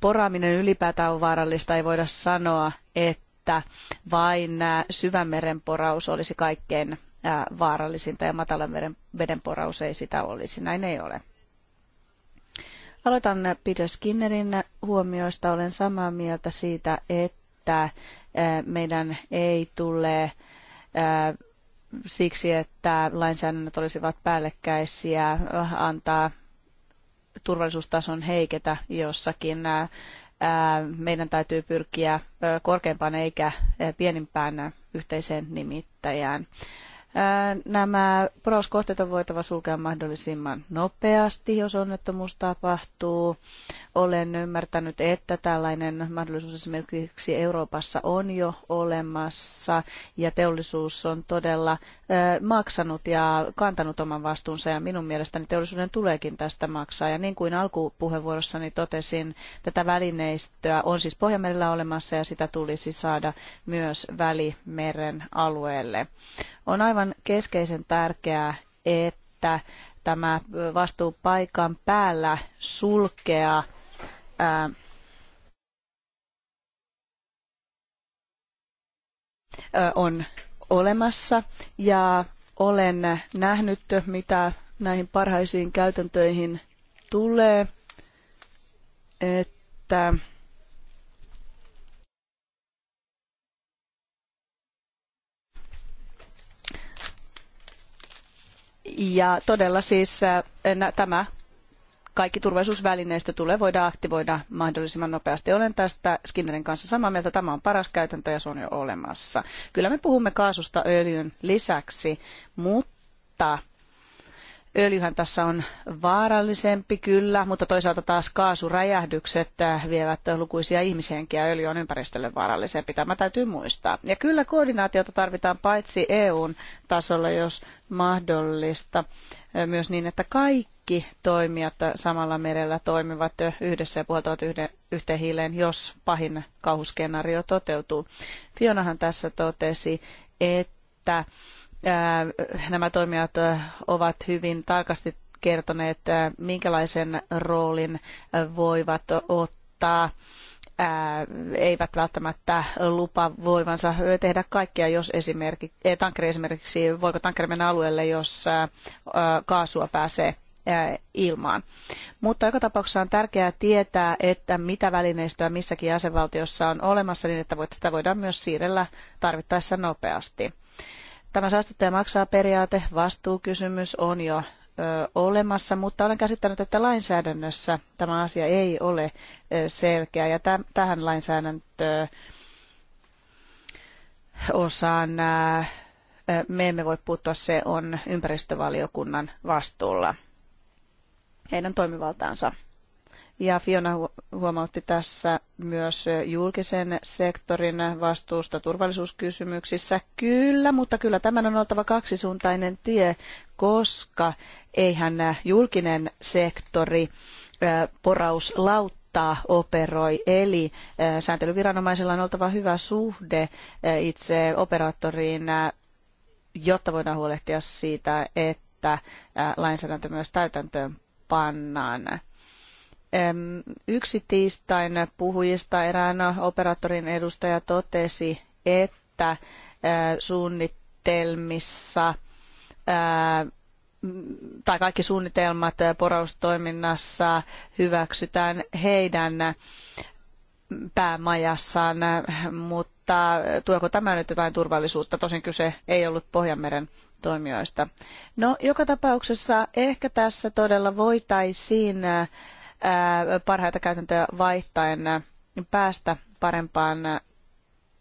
poraaminen ylipäätään on vaarallista, ei voida sanoa, että vain syvämeren poraus olisi kaikkein vaarallisinta ja matalan veden, veden poraus ei sitä olisi. Näin ei ole. Aloitan Peter Skinnerin huomioista. Olen samaa mieltä siitä, että meidän ei tule siksi, että lainsäädännöt olisivat päällekkäisiä, antaa turvallisuustason heiketä jossakin. Meidän täytyy pyrkiä korkeampaan eikä pienimpään yhteiseen nimittäjään. Nämä poroskohteet on voitava sulkea mahdollisimman nopeasti, jos onnettomuus tapahtuu. Olen ymmärtänyt, että tällainen mahdollisuus esimerkiksi Euroopassa on jo olemassa ja teollisuus on todella maksanut ja kantanut oman vastuunsa ja minun mielestäni teollisuuden tuleekin tästä maksaa. Ja niin kuin alkupuheenvuorossani totesin, tätä välineistöä on siis Pohjanmerellä olemassa ja sitä tulisi saada myös Välimeren alueelle. On aivan keskeisen tärkeää, että tämä vastuu paikan päällä sulkea ää, on olemassa ja olen nähnyt, mitä näihin parhaisiin käytäntöihin tulee, että Ja todella siis eh, tämä kaikki turvallisuusvälineistö tulee voida aktivoida mahdollisimman nopeasti. Olen tästä Skinnerin kanssa samaa mieltä. Tämä on paras käytäntö ja se on jo olemassa. Kyllä me puhumme kaasusta öljyn lisäksi, mutta Öljyhän tässä on vaarallisempi kyllä, mutta toisaalta taas kaasuräjähdykset äh, vievät lukuisia ihmishenkiä. Öljy on ympäristölle vaarallisempi. Tämä täytyy muistaa. Ja kyllä koordinaatiota tarvitaan paitsi EUn tasolla, jos mahdollista, äh, myös niin, että kaikki toimijat samalla merellä toimivat yhdessä ja puhaltavat yhden, yhteen hiileen, jos pahin kauhuskenaario toteutuu. Fionahan tässä totesi, että Äh, nämä toimijat äh, ovat hyvin tarkasti kertoneet, äh, minkälaisen roolin voivat ottaa eivät välttämättä lupa voivansa tehdä kaikkea, jos esimerkiksi, eh, tankkeri esimerkiksi, voiko tankkeri mennä alueelle, jos kaasua pääsee ilmaan. Mutta joka tapauksessa on tärkeää tietää, että mitä välineistöä missäkin jäsenvaltiossa on olemassa, niin että sitä voidaan myös siirrellä tarvittaessa nopeasti. Tämä saastuttaja maksaa periaate, vastuukysymys on jo olemassa, mutta olen käsittänyt, että lainsäädännössä tämä asia ei ole selkeä ja täm, tähän lainsäädäntöön osaan me emme voi puuttua, se on ympäristövaliokunnan vastuulla heidän toimivaltaansa. Ja Fiona huomautti tässä myös julkisen sektorin vastuusta turvallisuuskysymyksissä. Kyllä, mutta kyllä tämän on oltava kaksisuuntainen tie, koska eihän julkinen sektori porauslautta operoi. Eli sääntelyviranomaisella on oltava hyvä suhde itse operaattoriin, jotta voidaan huolehtia siitä, että lainsäädäntö myös täytäntöön pannaan. Yksi tiistain puhujista erään operaattorin edustaja totesi, että suunnitelmissa tai kaikki suunnitelmat poraustoiminnassa hyväksytään heidän päämajassaan, mutta tuoko tämä nyt jotain turvallisuutta? Tosin kyse ei ollut Pohjanmeren toimijoista. No, joka tapauksessa ehkä tässä todella voitaisiin parhaita käytäntöjä vaihtaen päästä parempaan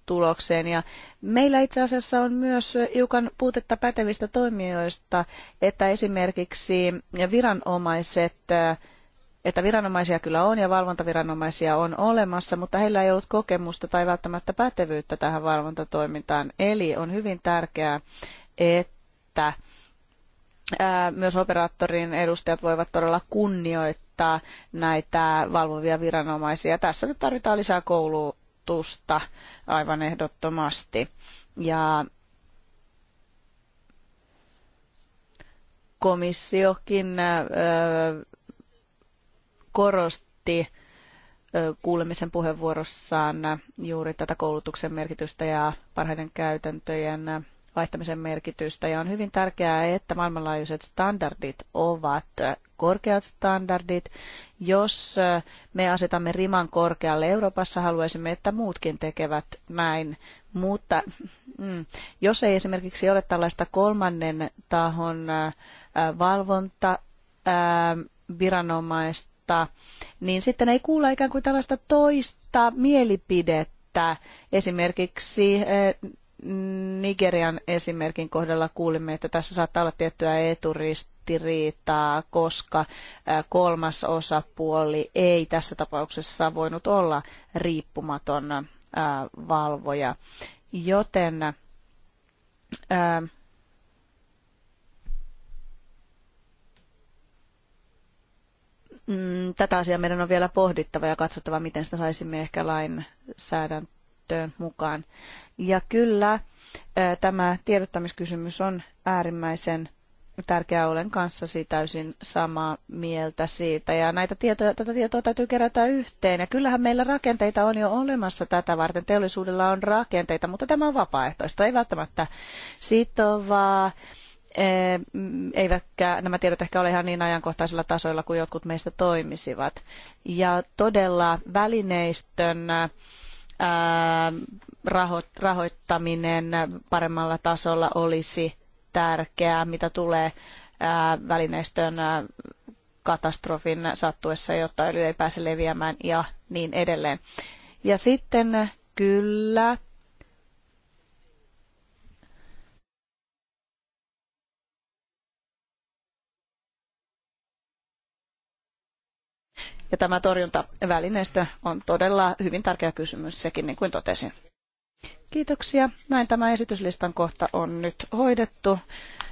tulokseen. Ja meillä itse asiassa on myös hiukan puutetta pätevistä toimijoista, että esimerkiksi viranomaiset että viranomaisia kyllä on ja valvontaviranomaisia on olemassa, mutta heillä ei ollut kokemusta tai välttämättä pätevyyttä tähän valvontatoimintaan. Eli on hyvin tärkeää, että myös operaattorin edustajat voivat todella kunnioittaa auttaa näitä valvovia viranomaisia. Tässä nyt tarvitaan lisää koulutusta aivan ehdottomasti. Ja komissiokin korosti kuulemisen puheenvuorossaan juuri tätä koulutuksen merkitystä ja parhaiden käytäntöjen vaihtamisen merkitystä ja on hyvin tärkeää, että maailmanlaajuiset standardit ovat korkeat standardit. Jos me asetamme riman korkealle Euroopassa, haluaisimme, että muutkin tekevät näin, mutta mm, jos ei esimerkiksi ole tällaista kolmannen tahon valvonta viranomaista, niin sitten ei kuulla ikään kuin tällaista toista mielipidettä, esimerkiksi Nigerian esimerkin kohdalla kuulimme, että tässä saattaa olla tiettyä eturistiriitaa, koska kolmas osapuoli ei tässä tapauksessa voinut olla riippumaton valvoja. Joten mm, tätä asiaa meidän on vielä pohdittava ja katsottava, miten sitä saisimme ehkä lainsäädäntöön mukaan. Ja kyllä tämä tiedottamiskysymys on äärimmäisen tärkeä. Olen kanssasi täysin samaa mieltä siitä. Ja näitä tietoja, tätä tietoa täytyy kerätä yhteen. Ja kyllähän meillä rakenteita on jo olemassa tätä varten. Teollisuudella on rakenteita, mutta tämä on vapaaehtoista. Ei välttämättä sitovaa. Mm, eivätkä nämä tiedot ehkä ole ihan niin ajankohtaisilla tasoilla kuin jotkut meistä toimisivat. Ja todella välineistön Ähm, rahoittaminen paremmalla tasolla olisi tärkeää, mitä tulee äh, välineistön äh, katastrofin sattuessa, jotta öljy ei pääse leviämään ja niin edelleen. Ja sitten äh, kyllä Ja tämä torjuntavälineistö on todella hyvin tärkeä kysymys, sekin niin kuin totesin. Kiitoksia. Näin tämä esityslistan kohta on nyt hoidettu.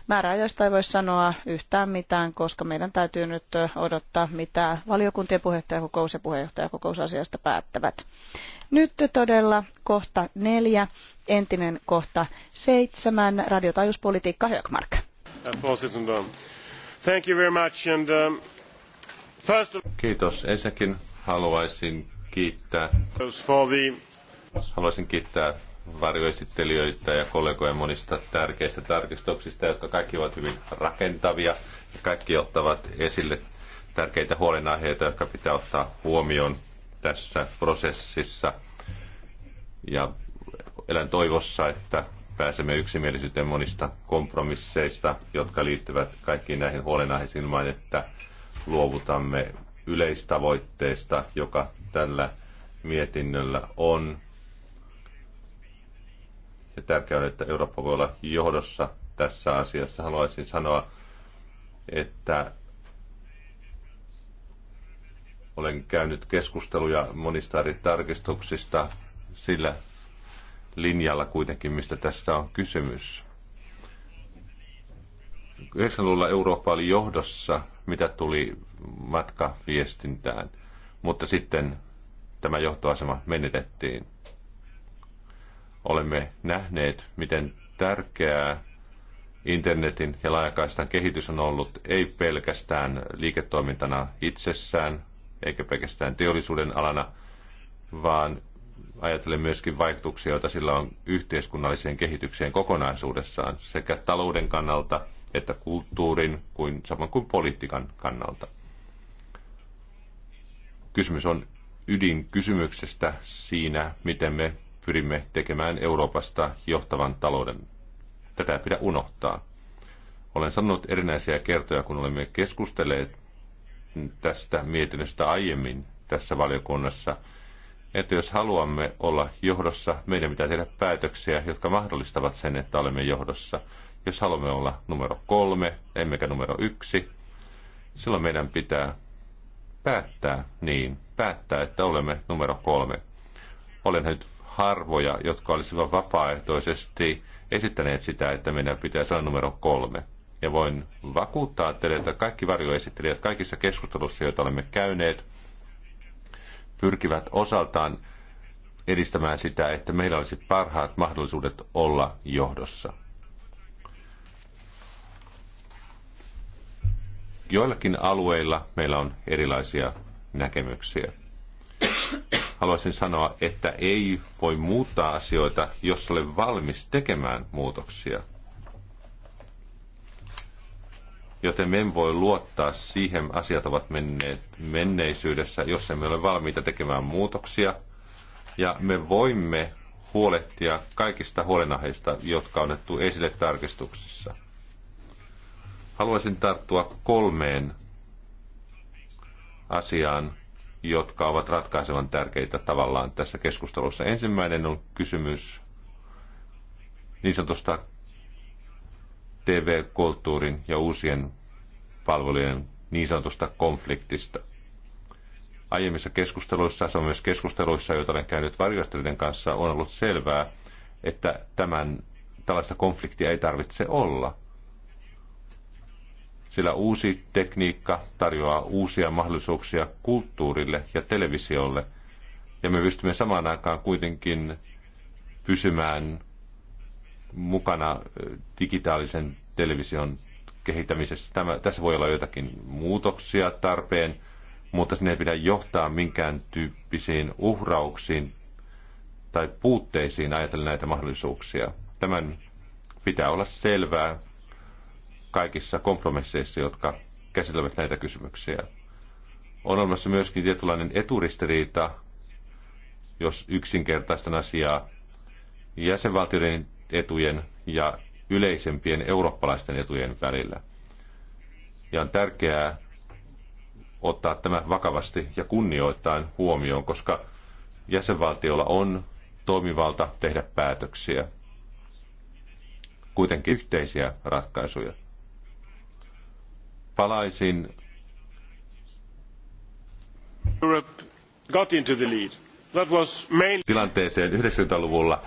Määräajoista ei voi sanoa yhtään mitään, koska meidän täytyy nyt odottaa, mitä valiokuntien puheenjohtajakokous ja puheenjohtajakokous asiasta päättävät. Nyt todella kohta neljä, entinen kohta seitsemän, radiotajuuspolitiikka Högmark. Thank you very much and, uh... Kiitos. Ensinnäkin haluaisin kiittää. Haluaisin kiittää varjoesittelijöitä ja kollegoja monista tärkeistä tarkistuksista, jotka kaikki ovat hyvin rakentavia ja kaikki ottavat esille tärkeitä huolenaiheita, jotka pitää ottaa huomioon tässä prosessissa. Ja elän toivossa, että pääsemme yksimielisyyteen monista kompromisseista, jotka liittyvät kaikkiin näihin huolenaiheisiin, ilman että luovutamme yleistavoitteesta, joka tällä mietinnöllä on. Ja tärkeää on, että Eurooppa voi olla johdossa tässä asiassa. Haluaisin sanoa, että olen käynyt keskusteluja monista eri tarkistuksista sillä linjalla kuitenkin, mistä tässä on kysymys. 90-luvulla Eurooppa oli johdossa mitä tuli matka viestintään, Mutta sitten tämä johtoasema menetettiin. Olemme nähneet, miten tärkeää internetin ja laajakaistan kehitys on ollut ei pelkästään liiketoimintana itsessään, eikä pelkästään teollisuuden alana, vaan ajatellen myöskin vaikutuksia, joita sillä on yhteiskunnalliseen kehitykseen kokonaisuudessaan sekä talouden kannalta – että kulttuurin kuin saman kuin politiikan kannalta. Kysymys on ydinkysymyksestä siinä, miten me pyrimme tekemään Euroopasta johtavan talouden. Tätä pidä unohtaa. Olen sanonut erinäisiä kertoja, kun olemme keskustelleet tästä mietinnöstä aiemmin tässä valiokunnassa, että jos haluamme olla johdossa, meidän pitää tehdä päätöksiä, jotka mahdollistavat sen, että olemme johdossa. Jos haluamme olla numero kolme, emmekä numero yksi, silloin meidän pitää päättää niin, päättää, että olemme numero kolme. Olen nyt harvoja, jotka olisivat vapaaehtoisesti esittäneet sitä, että meidän pitää olla numero kolme. Ja voin vakuuttaa teille, että kaikki varjoesittelijät kaikissa keskustelussa, joita olemme käyneet, pyrkivät osaltaan edistämään sitä, että meillä olisi parhaat mahdollisuudet olla johdossa. Joillakin alueilla meillä on erilaisia näkemyksiä. Haluaisin sanoa, että ei voi muuttaa asioita, jos ole valmis tekemään muutoksia. Joten me emme voi luottaa siihen, asiat ovat menneet menneisyydessä, jos emme ole valmiita tekemään muutoksia. Ja me voimme huolehtia kaikista huolenaiheista, jotka on otettu esille tarkistuksissa – Haluaisin tarttua kolmeen asiaan, jotka ovat ratkaisevan tärkeitä tavallaan tässä keskustelussa. Ensimmäinen on kysymys niin sanotusta TV-kulttuurin ja uusien palvelujen niin sanotusta konfliktista. Aiemmissa keskusteluissa, se on myös keskusteluissa, joita olen käynyt varjostelijoiden kanssa, on ollut selvää, että tämän, tällaista konfliktia ei tarvitse olla – sillä uusi tekniikka tarjoaa uusia mahdollisuuksia kulttuurille ja televisiolle, ja me pystymme samaan aikaan kuitenkin pysymään mukana digitaalisen television kehittämisessä. Tämä, tässä voi olla jotakin muutoksia tarpeen, mutta sinne ei pidä johtaa minkään tyyppisiin uhrauksiin tai puutteisiin ajatellen näitä mahdollisuuksia. Tämän pitää olla selvää kaikissa kompromisseissa, jotka käsittelevät näitä kysymyksiä. On olemassa myöskin tietynlainen eturistiriita, jos yksinkertaistan asiaa jäsenvaltioiden etujen ja yleisempien eurooppalaisten etujen välillä. Ja on tärkeää ottaa tämä vakavasti ja kunnioittain huomioon, koska jäsenvaltiolla on toimivalta tehdä päätöksiä, kuitenkin yhteisiä ratkaisuja palaisin. Europe got into the lead. That was main... tilanteeseen 90-luvulla.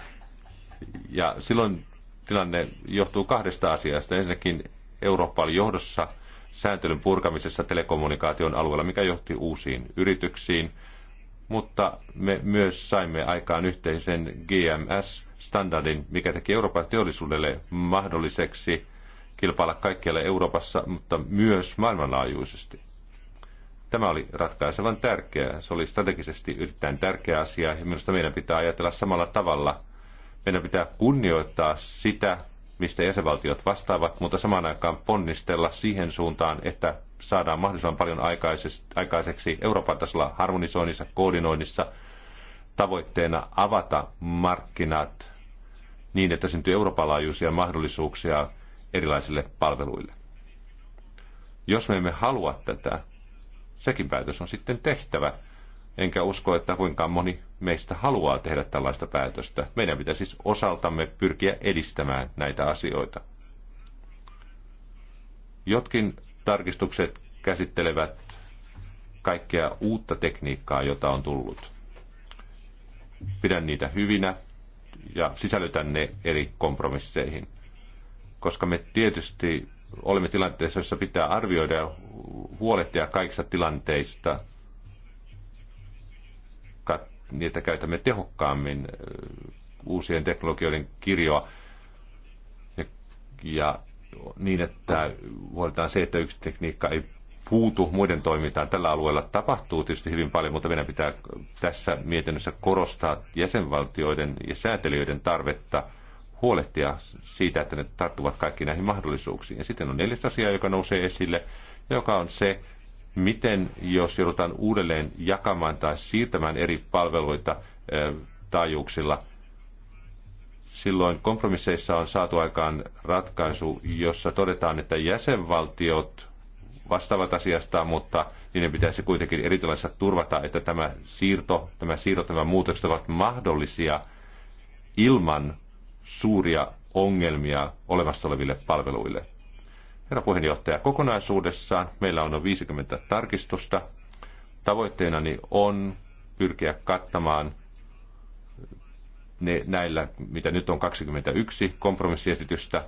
Ja silloin tilanne johtuu kahdesta asiasta. Ensinnäkin Eurooppa oli johdossa sääntelyn purkamisessa telekommunikaation alueella, mikä johti uusiin yrityksiin, mutta me myös saimme aikaan yhteisen GMS-standardin, mikä teki Euroopan teollisuudelle mahdolliseksi kilpailla kaikkialla Euroopassa, mutta myös maailmanlaajuisesti. Tämä oli ratkaisevan tärkeää. Se oli strategisesti erittäin tärkeä asia ja minusta meidän pitää ajatella samalla tavalla. Meidän pitää kunnioittaa sitä, mistä jäsenvaltiot vastaavat, mutta samaan aikaan ponnistella siihen suuntaan, että saadaan mahdollisimman paljon aikaiseksi Euroopan tasolla harmonisoinnissa, koordinoinnissa tavoitteena avata markkinat niin, että syntyy Euroopan laajuisia mahdollisuuksia erilaisille palveluille. Jos me emme halua tätä, sekin päätös on sitten tehtävä. Enkä usko, että kuinka moni meistä haluaa tehdä tällaista päätöstä. Meidän pitäisi siis osaltamme pyrkiä edistämään näitä asioita. Jotkin tarkistukset käsittelevät kaikkea uutta tekniikkaa, jota on tullut. Pidän niitä hyvinä ja sisällytän ne eri kompromisseihin koska me tietysti olemme tilanteessa, jossa pitää arvioida ja huolehtia kaikista tilanteista, niin että käytämme tehokkaammin äh, uusien teknologioiden kirjoa ja, ja niin, että huolitaan se, että yksi tekniikka ei puutu muiden toimintaan. Tällä alueella tapahtuu tietysti hyvin paljon, mutta meidän pitää tässä mietinnössä korostaa jäsenvaltioiden ja säätelijöiden tarvetta – huolehtia siitä, että ne tarttuvat kaikki näihin mahdollisuuksiin. Ja sitten on neljäs asia, joka nousee esille, joka on se, miten jos joudutaan uudelleen jakamaan tai siirtämään eri palveluita taajuuksilla, silloin kompromisseissa on saatu aikaan ratkaisu, jossa todetaan, että jäsenvaltiot vastaavat asiasta, mutta niiden pitäisi kuitenkin eri turvata, että tämä siirto, tämä siirto, tämä muutokset ovat mahdollisia ilman suuria ongelmia olemassa oleville palveluille. Herra puheenjohtaja, kokonaisuudessaan meillä on noin 50 tarkistusta. Tavoitteenani on pyrkiä kattamaan ne, näillä, mitä nyt on 21 kompromissietitystä.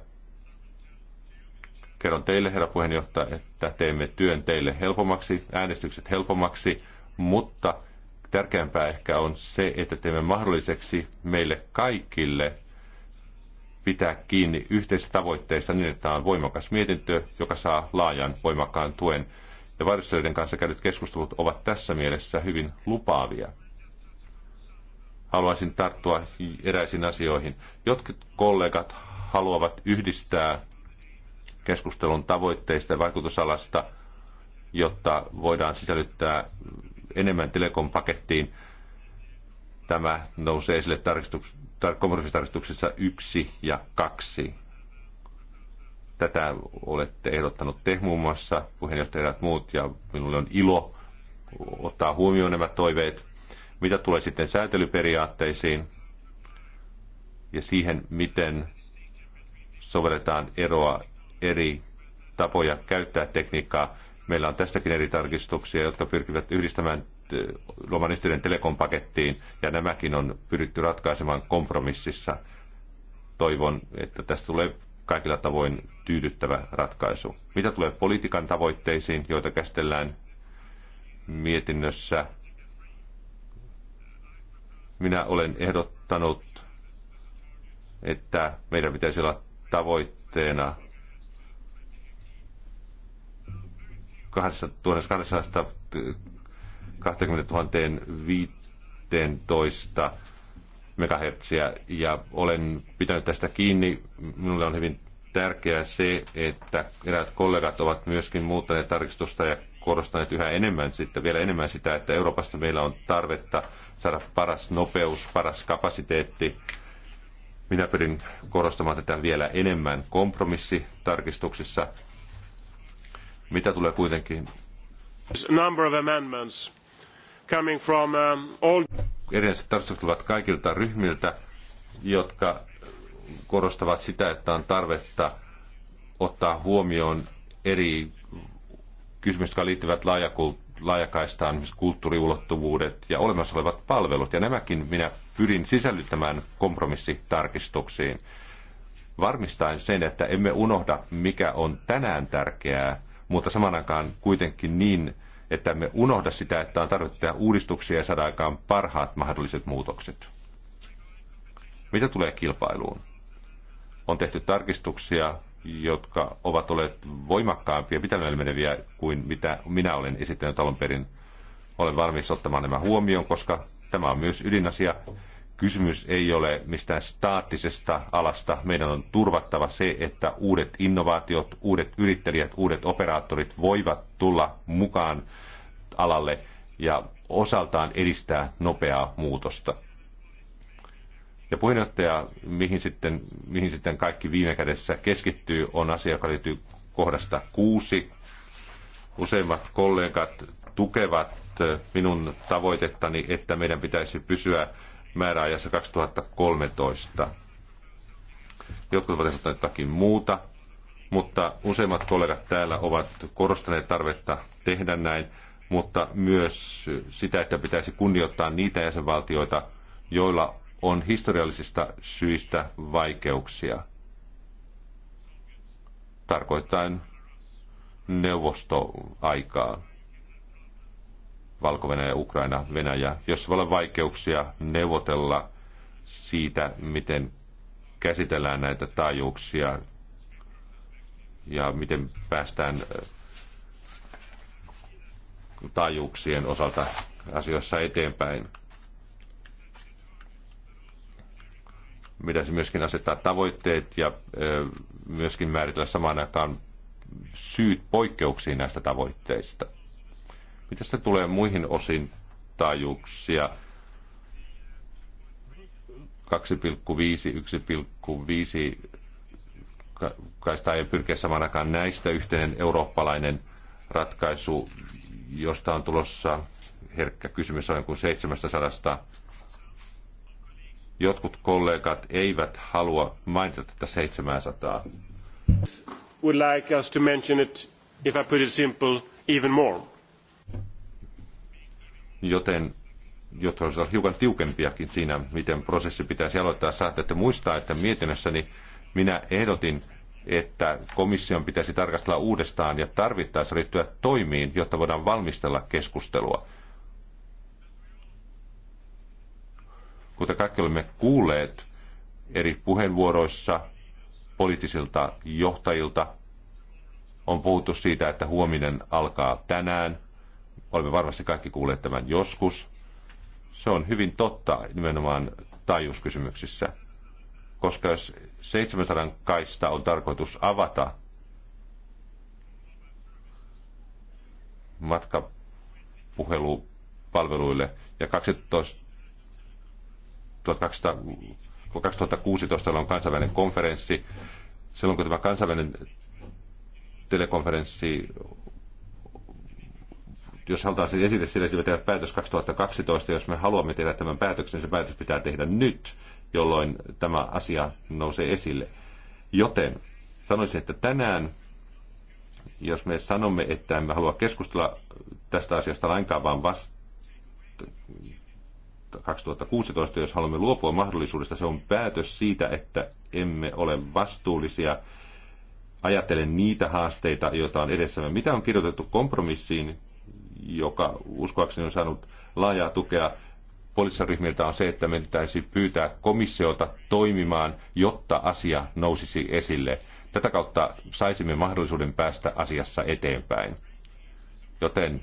Kerron teille, herra puheenjohtaja, että teemme työn teille helpommaksi, äänestykset helpommaksi, mutta tärkeämpää ehkä on se, että teemme mahdolliseksi meille kaikille – pitää kiinni yhteisistä tavoitteista niin, että on voimakas mietintö, joka saa laajan voimakkaan tuen. Ja varsinaisen kanssa käydyt keskustelut ovat tässä mielessä hyvin lupaavia. Haluaisin tarttua eräisiin asioihin. Jotkut kollegat haluavat yhdistää keskustelun tavoitteista ja vaikutusalasta, jotta voidaan sisällyttää enemmän telekompakettiin. Tämä nousee esille kompromissitarkistuksessa yksi ja kaksi. Tätä olette ehdottanut te muun muassa, puheenjohtajat muut, ja minulle on ilo ottaa huomioon nämä toiveet. Mitä tulee sitten säätelyperiaatteisiin ja siihen, miten sovelletaan eroa eri tapoja käyttää tekniikkaa. Meillä on tästäkin eri tarkistuksia, jotka pyrkivät yhdistämään Äh, luomaan yhteyden telekompakettiin, ja nämäkin on pyritty ratkaisemaan kompromississa. Toivon, että tästä tulee kaikilla tavoin tyydyttävä ratkaisu. Mitä tulee politiikan tavoitteisiin, joita käsitellään mietinnössä, minä olen ehdottanut, että meidän pitäisi olla tavoitteena 2200 20 15 MHz ja olen pitänyt tästä kiinni. Minulle on hyvin tärkeää se, että eräät kollegat ovat myöskin muuttaneet tarkistusta ja korostaneet yhä enemmän sitten, vielä enemmän sitä, että Euroopasta meillä on tarvetta saada paras nopeus, paras kapasiteetti. Minä pyrin korostamaan tätä vielä enemmän kompromissitarkistuksissa. Mitä tulee kuitenkin? Number of amendments coming from um, all... Erilaiset ovat kaikilta ryhmiltä, jotka korostavat sitä, että on tarvetta ottaa huomioon eri kysymykset, jotka liittyvät laajakaistaan, esimerkiksi kulttuuriulottuvuudet ja olemassa olevat palvelut. Ja nämäkin minä pyrin sisällyttämään kompromissitarkistuksiin varmistaen sen, että emme unohda, mikä on tänään tärkeää, mutta saman aikaan kuitenkin niin että me unohda sitä, että on tarvittu tehdä uudistuksia ja saada aikaan parhaat mahdolliset muutokset. Mitä tulee kilpailuun? On tehty tarkistuksia, jotka ovat olleet voimakkaampia, pitämällä meneviä kuin mitä minä olen esittänyt alun perin. Olen valmis ottamaan nämä huomioon, koska tämä on myös ydinasia Kysymys ei ole mistään staattisesta alasta. Meidän on turvattava se, että uudet innovaatiot, uudet yrittäjät, uudet operaattorit voivat tulla mukaan alalle ja osaltaan edistää nopeaa muutosta. Ja puheenjohtaja, mihin sitten, mihin sitten kaikki viime kädessä keskittyy, on asia, joka liittyy kohdasta kuusi. Useimmat kollegat tukevat minun tavoitettani, että meidän pitäisi pysyä määräajassa 2013. Jotkut ovat ehdottaneet jotakin muuta, mutta useimmat kollegat täällä ovat korostaneet tarvetta tehdä näin, mutta myös sitä, että pitäisi kunnioittaa niitä jäsenvaltioita, joilla on historiallisista syistä vaikeuksia. Tarkoittain neuvostoaikaa valko ja Ukraina, Venäjä, jos voi olla vaikeuksia neuvotella siitä, miten käsitellään näitä taajuuksia ja miten päästään äh, taajuuksien osalta asioissa eteenpäin. Pitäisi myöskin asettaa tavoitteet ja äh, myöskin määritellä samaan aikaan syyt poikkeuksiin näistä tavoitteista. Mitä se tulee muihin osin taajuuksia? 2,5, 1,5 kaista ei pyrkiä samanakaan näistä yhteinen eurooppalainen ratkaisu, josta on tulossa herkkä kysymys on kuin 700. Jotkut kollegat eivät halua mainita tätä 700. Would like us to mention it, if I put it simple, even more joten jotka olisivat hiukan tiukempiakin siinä, miten prosessi pitäisi aloittaa. Saatatte muistaa, että mietinnössäni minä ehdotin, että komission pitäisi tarkastella uudestaan ja tarvittaessa ryhtyä toimiin, jotta voidaan valmistella keskustelua. Kuten kaikki olemme kuulleet eri puheenvuoroissa poliittisilta johtajilta, on puhuttu siitä, että huominen alkaa tänään – olemme varmasti kaikki kuulleet tämän joskus. Se on hyvin totta nimenomaan taajuuskysymyksissä. Koska jos 700 kaista on tarkoitus avata matkapuhelupalveluille ja 12, 2016 on kansainvälinen konferenssi, silloin kun tämä kansainvälinen telekonferenssi jos halutaan esille sillä, sillä tehdä päätös 2012, jos me haluamme tehdä tämän päätöksen, se päätös pitää tehdä nyt, jolloin tämä asia nousee esille. Joten sanoisin, että tänään, jos me sanomme, että emme halua keskustella tästä asiasta lainkaan, vaan vasta 2016, jos haluamme luopua mahdollisuudesta, se on päätös siitä, että emme ole vastuullisia Ajattelen niitä haasteita, joita on edessämme. Mitä on kirjoitettu kompromissiin, joka uskoakseni on saanut laajaa tukea poliisaryhmiltä on se, että meidän pitäisi pyytää komissiota toimimaan, jotta asia nousisi esille. Tätä kautta saisimme mahdollisuuden päästä asiassa eteenpäin. Joten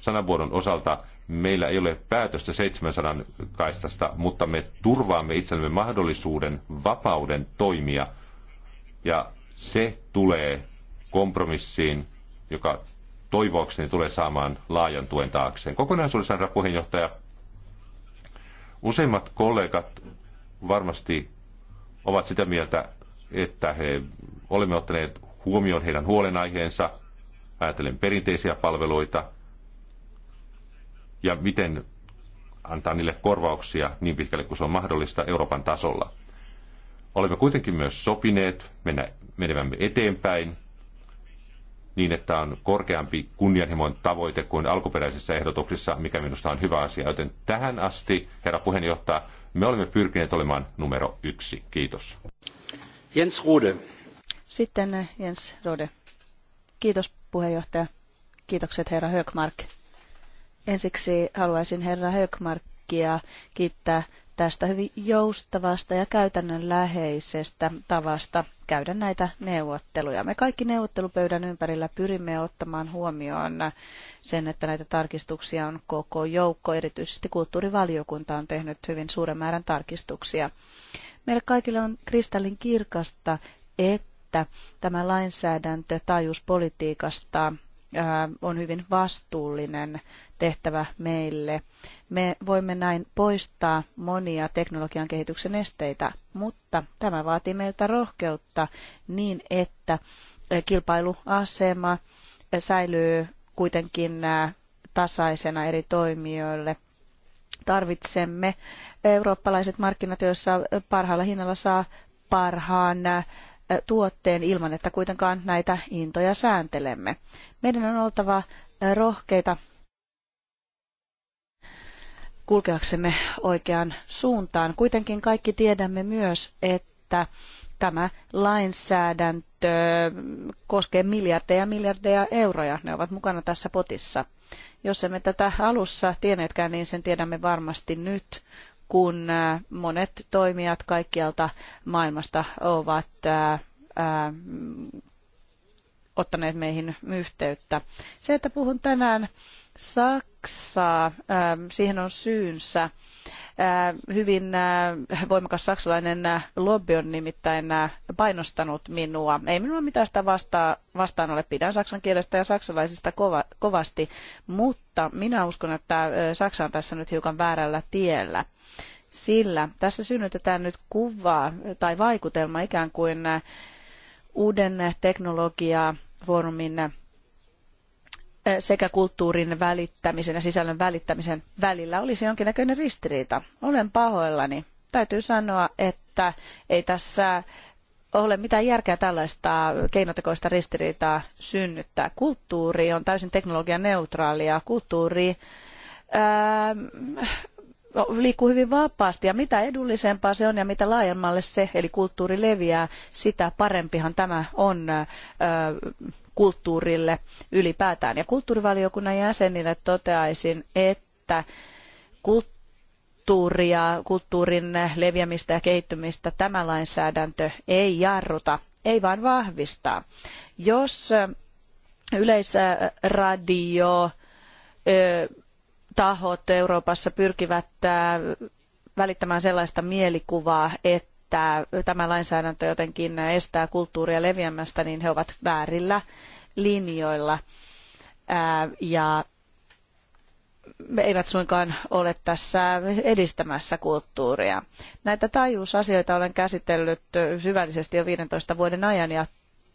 sanavuodon osalta meillä ei ole päätöstä 700 kaistasta, mutta me turvaamme itsellemme mahdollisuuden, vapauden toimia. Ja se tulee kompromissiin, joka toivoakseni tulee saamaan laajan tuen taakseen. Kokonaisuudessaan, herra puheenjohtaja, useimmat kollegat varmasti ovat sitä mieltä, että he olemme ottaneet huomioon heidän huolenaiheensa, ajatellen perinteisiä palveluita ja miten antaa niille korvauksia niin pitkälle kuin se on mahdollista Euroopan tasolla. Olemme kuitenkin myös sopineet mennä, menevämme eteenpäin niin, että on korkeampi kunnianhimoinen tavoite kuin alkuperäisessä ehdotuksessa, mikä minusta on hyvä asia. Joten tähän asti, herra puheenjohtaja, me olemme pyrkineet olemaan numero yksi. Kiitos. Jens Rode. Sitten eh, Jens Rode. Kiitos puheenjohtaja. Kiitokset herra Högmark. Ensiksi haluaisin herra Högmarkia kiittää tästä hyvin joustavasta ja käytännönläheisestä tavasta käydä näitä neuvotteluja. Me kaikki neuvottelupöydän ympärillä pyrimme ottamaan huomioon sen, että näitä tarkistuksia on koko joukko. Erityisesti kulttuurivaliokunta on tehnyt hyvin suuren määrän tarkistuksia. Meille kaikille on kristallin kirkasta, että tämä lainsäädäntö taajuuspolitiikasta on hyvin vastuullinen tehtävä meille. Me voimme näin poistaa monia teknologian kehityksen esteitä, mutta tämä vaatii meiltä rohkeutta niin, että kilpailuasema säilyy kuitenkin tasaisena eri toimijoille. Tarvitsemme eurooppalaiset markkinat, joissa parhaalla hinnalla saa parhaan tuotteen ilman, että kuitenkaan näitä hintoja sääntelemme. Meidän on oltava rohkeita kulkeaksemme oikeaan suuntaan. Kuitenkin kaikki tiedämme myös, että tämä lainsäädäntö koskee miljardeja miljardeja euroja. Ne ovat mukana tässä potissa. Jos emme tätä alussa tienneetkään, niin sen tiedämme varmasti nyt, kun äh, monet toimijat kaikkialta maailmasta ovat äh, äh, ottaneet meihin yhteyttä. Se, että puhun tänään Saksaa, Saksaa, ähm, siihen on syynsä. Ähm, hyvin äh, voimakas saksalainen äh, lobby on nimittäin äh, painostanut minua. Ei minulla mitään sitä vastaan ole. Pidän saksan kielestä ja saksalaisista kovasti, mutta minä uskon, että Saksa on tässä nyt hiukan väärällä tiellä sillä tässä synnytetään nyt kuva tai vaikutelma ikään kuin uuden teknologian foorumin sekä kulttuurin välittämisen ja sisällön välittämisen välillä olisi jonkinnäköinen ristiriita. Olen pahoillani. Täytyy sanoa, että ei tässä ole mitään järkeä tällaista keinotekoista ristiriitaa synnyttää. Kulttuuri on täysin teknologian neutraalia. Kulttuuri No, liikkuu hyvin vapaasti ja mitä edullisempaa se on ja mitä laajemmalle se, eli kulttuuri leviää, sitä parempihan tämä on kulttuurille ylipäätään. Ja kulttuurivaliokunnan jäsenille toteaisin, että kulttuuria, kulttuurin leviämistä ja kehittymistä tämä lainsäädäntö ei jarruta, ei vaan vahvistaa. Jos yleisradio tahot Euroopassa pyrkivät äh, välittämään sellaista mielikuvaa, että tämä lainsäädäntö jotenkin estää kulttuuria leviämästä, niin he ovat väärillä linjoilla. Äh, ja eivät suinkaan ole tässä edistämässä kulttuuria. Näitä taajuusasioita olen käsitellyt syvällisesti jo 15 vuoden ajan ja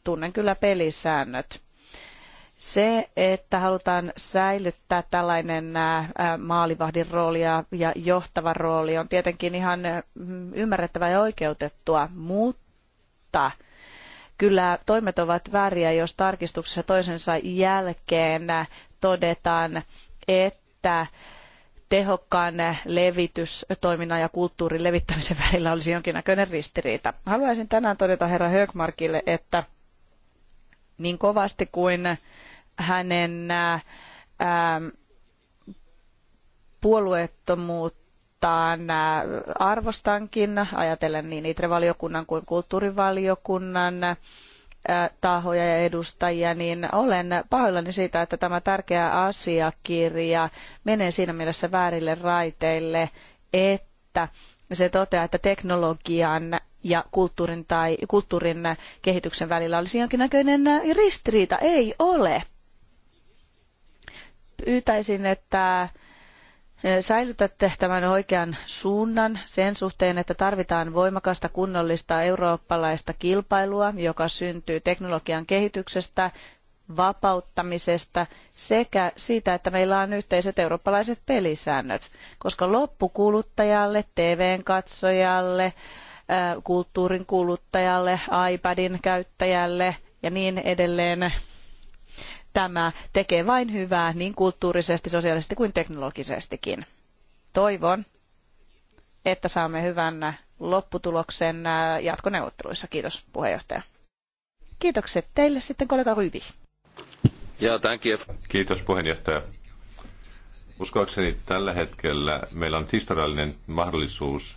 tunnen kyllä pelisäännöt. Se, että halutaan säilyttää tällainen äh, äh, maalivahdin rooli ja johtava rooli on tietenkin ihan äh, mm, ymmärrettävää ja oikeutettua, mutta kyllä toimet ovat väriä, jos tarkistuksessa toisensa jälkeen todetaan, että tehokkaan levitystoiminnan ja kulttuurin levittämisen välillä olisi jonkinnäköinen ristiriita. Haluaisin tänään todeta herra Högmarkille, että niin kovasti kuin hänen äh, ähm, puolueettomuuttaan äh, arvostankin, ajatellen niin ITRE-valiokunnan kuin kulttuurivaliokunnan äh, tahoja ja edustajia, niin olen pahoillani siitä, että tämä tärkeä asiakirja menee siinä mielessä väärille raiteille, että se toteaa, että teknologian ja kulttuurin, tai, kulttuurin kehityksen välillä olisi jonkinnäköinen ristiriita. Ei ole pyytäisin, että eh, säilytätte tämän oikean suunnan sen suhteen, että tarvitaan voimakasta kunnollista eurooppalaista kilpailua, joka syntyy teknologian kehityksestä, vapauttamisesta sekä siitä, että meillä on yhteiset eurooppalaiset pelisäännöt, koska loppukuluttajalle, TVn katsojalle, eh, kulttuurin kuluttajalle, iPadin käyttäjälle ja niin edelleen tämä tekee vain hyvää niin kulttuurisesti, sosiaalisesti kuin teknologisestikin. Toivon, että saamme hyvän lopputuloksen äh, jatkoneuvotteluissa. Kiitos puheenjohtaja. Kiitokset teille sitten kollega Ryvi. Kiitos puheenjohtaja. Uskoakseni tällä hetkellä meillä on historiallinen mahdollisuus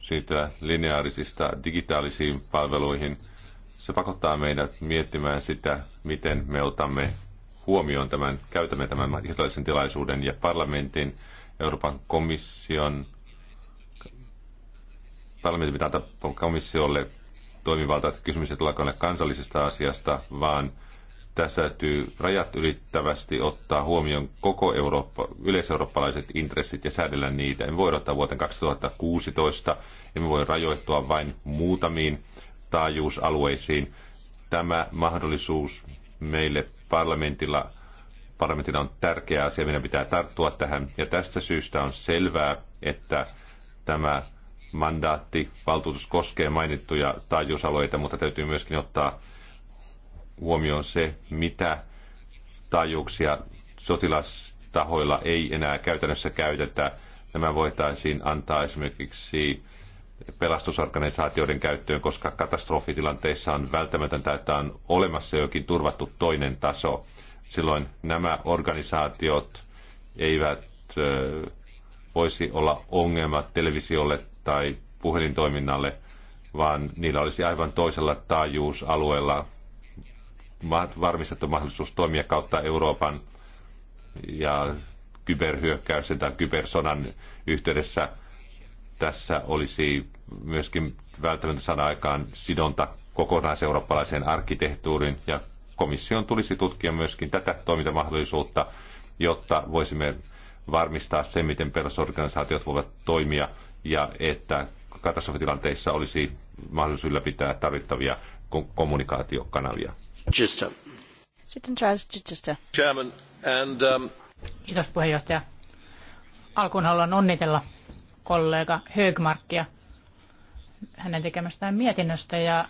siirtyä lineaarisista digitaalisiin palveluihin. Se pakottaa meidät miettimään sitä, miten me otamme huomioon tämän, käytämme tämän historiallisen tilaisuuden ja parlamentin, Euroopan komission, parlamentin pitää antaa komissiolle toimivalta, että kysymys ei kansallisesta asiasta, vaan tässä täytyy rajat ylittävästi ottaa huomioon koko Eurooppa, yleiseurooppalaiset intressit ja säädellä niitä. Emme voi odottaa vuoteen 2016, emme voi rajoittua vain muutamiin taajuusalueisiin. Tämä mahdollisuus meille parlamentilla, parlamentilla on tärkeä asia, meidän pitää tarttua tähän. Ja tästä syystä on selvää, että tämä mandaatti, valtuutus koskee mainittuja taajuusalueita, mutta täytyy myöskin ottaa huomioon se, mitä taajuuksia sotilastahoilla ei enää käytännössä käytetä. Nämä voitaisiin antaa esimerkiksi pelastusorganisaatioiden käyttöön, koska katastrofitilanteissa on välttämätöntä, että on olemassa jokin turvattu toinen taso. Silloin nämä organisaatiot eivät voisi olla ongelma televisiolle tai puhelintoiminnalle, vaan niillä olisi aivan toisella taajuusalueella varmistettu mahdollisuus toimia kautta Euroopan ja kyberhyökkäyksen tai kybersodan yhteydessä tässä olisi myöskin välttämättä saada aikaan sidonta kokonaiseurooppalaiseen arkkitehtuuriin ja komission tulisi tutkia myöskin tätä toimintamahdollisuutta, jotta voisimme varmistaa sen, miten perusorganisaatiot voivat toimia ja että katastrofitilanteissa olisi mahdollisuus ylläpitää tarvittavia kommunikaatiokanavia. Chichester. Sitten Charles Chichester. Chairman and, um... Kiitos puheenjohtaja. Alkuun haluan onnitella kollega Högmarkia hänen tekemästään mietinnöstä ja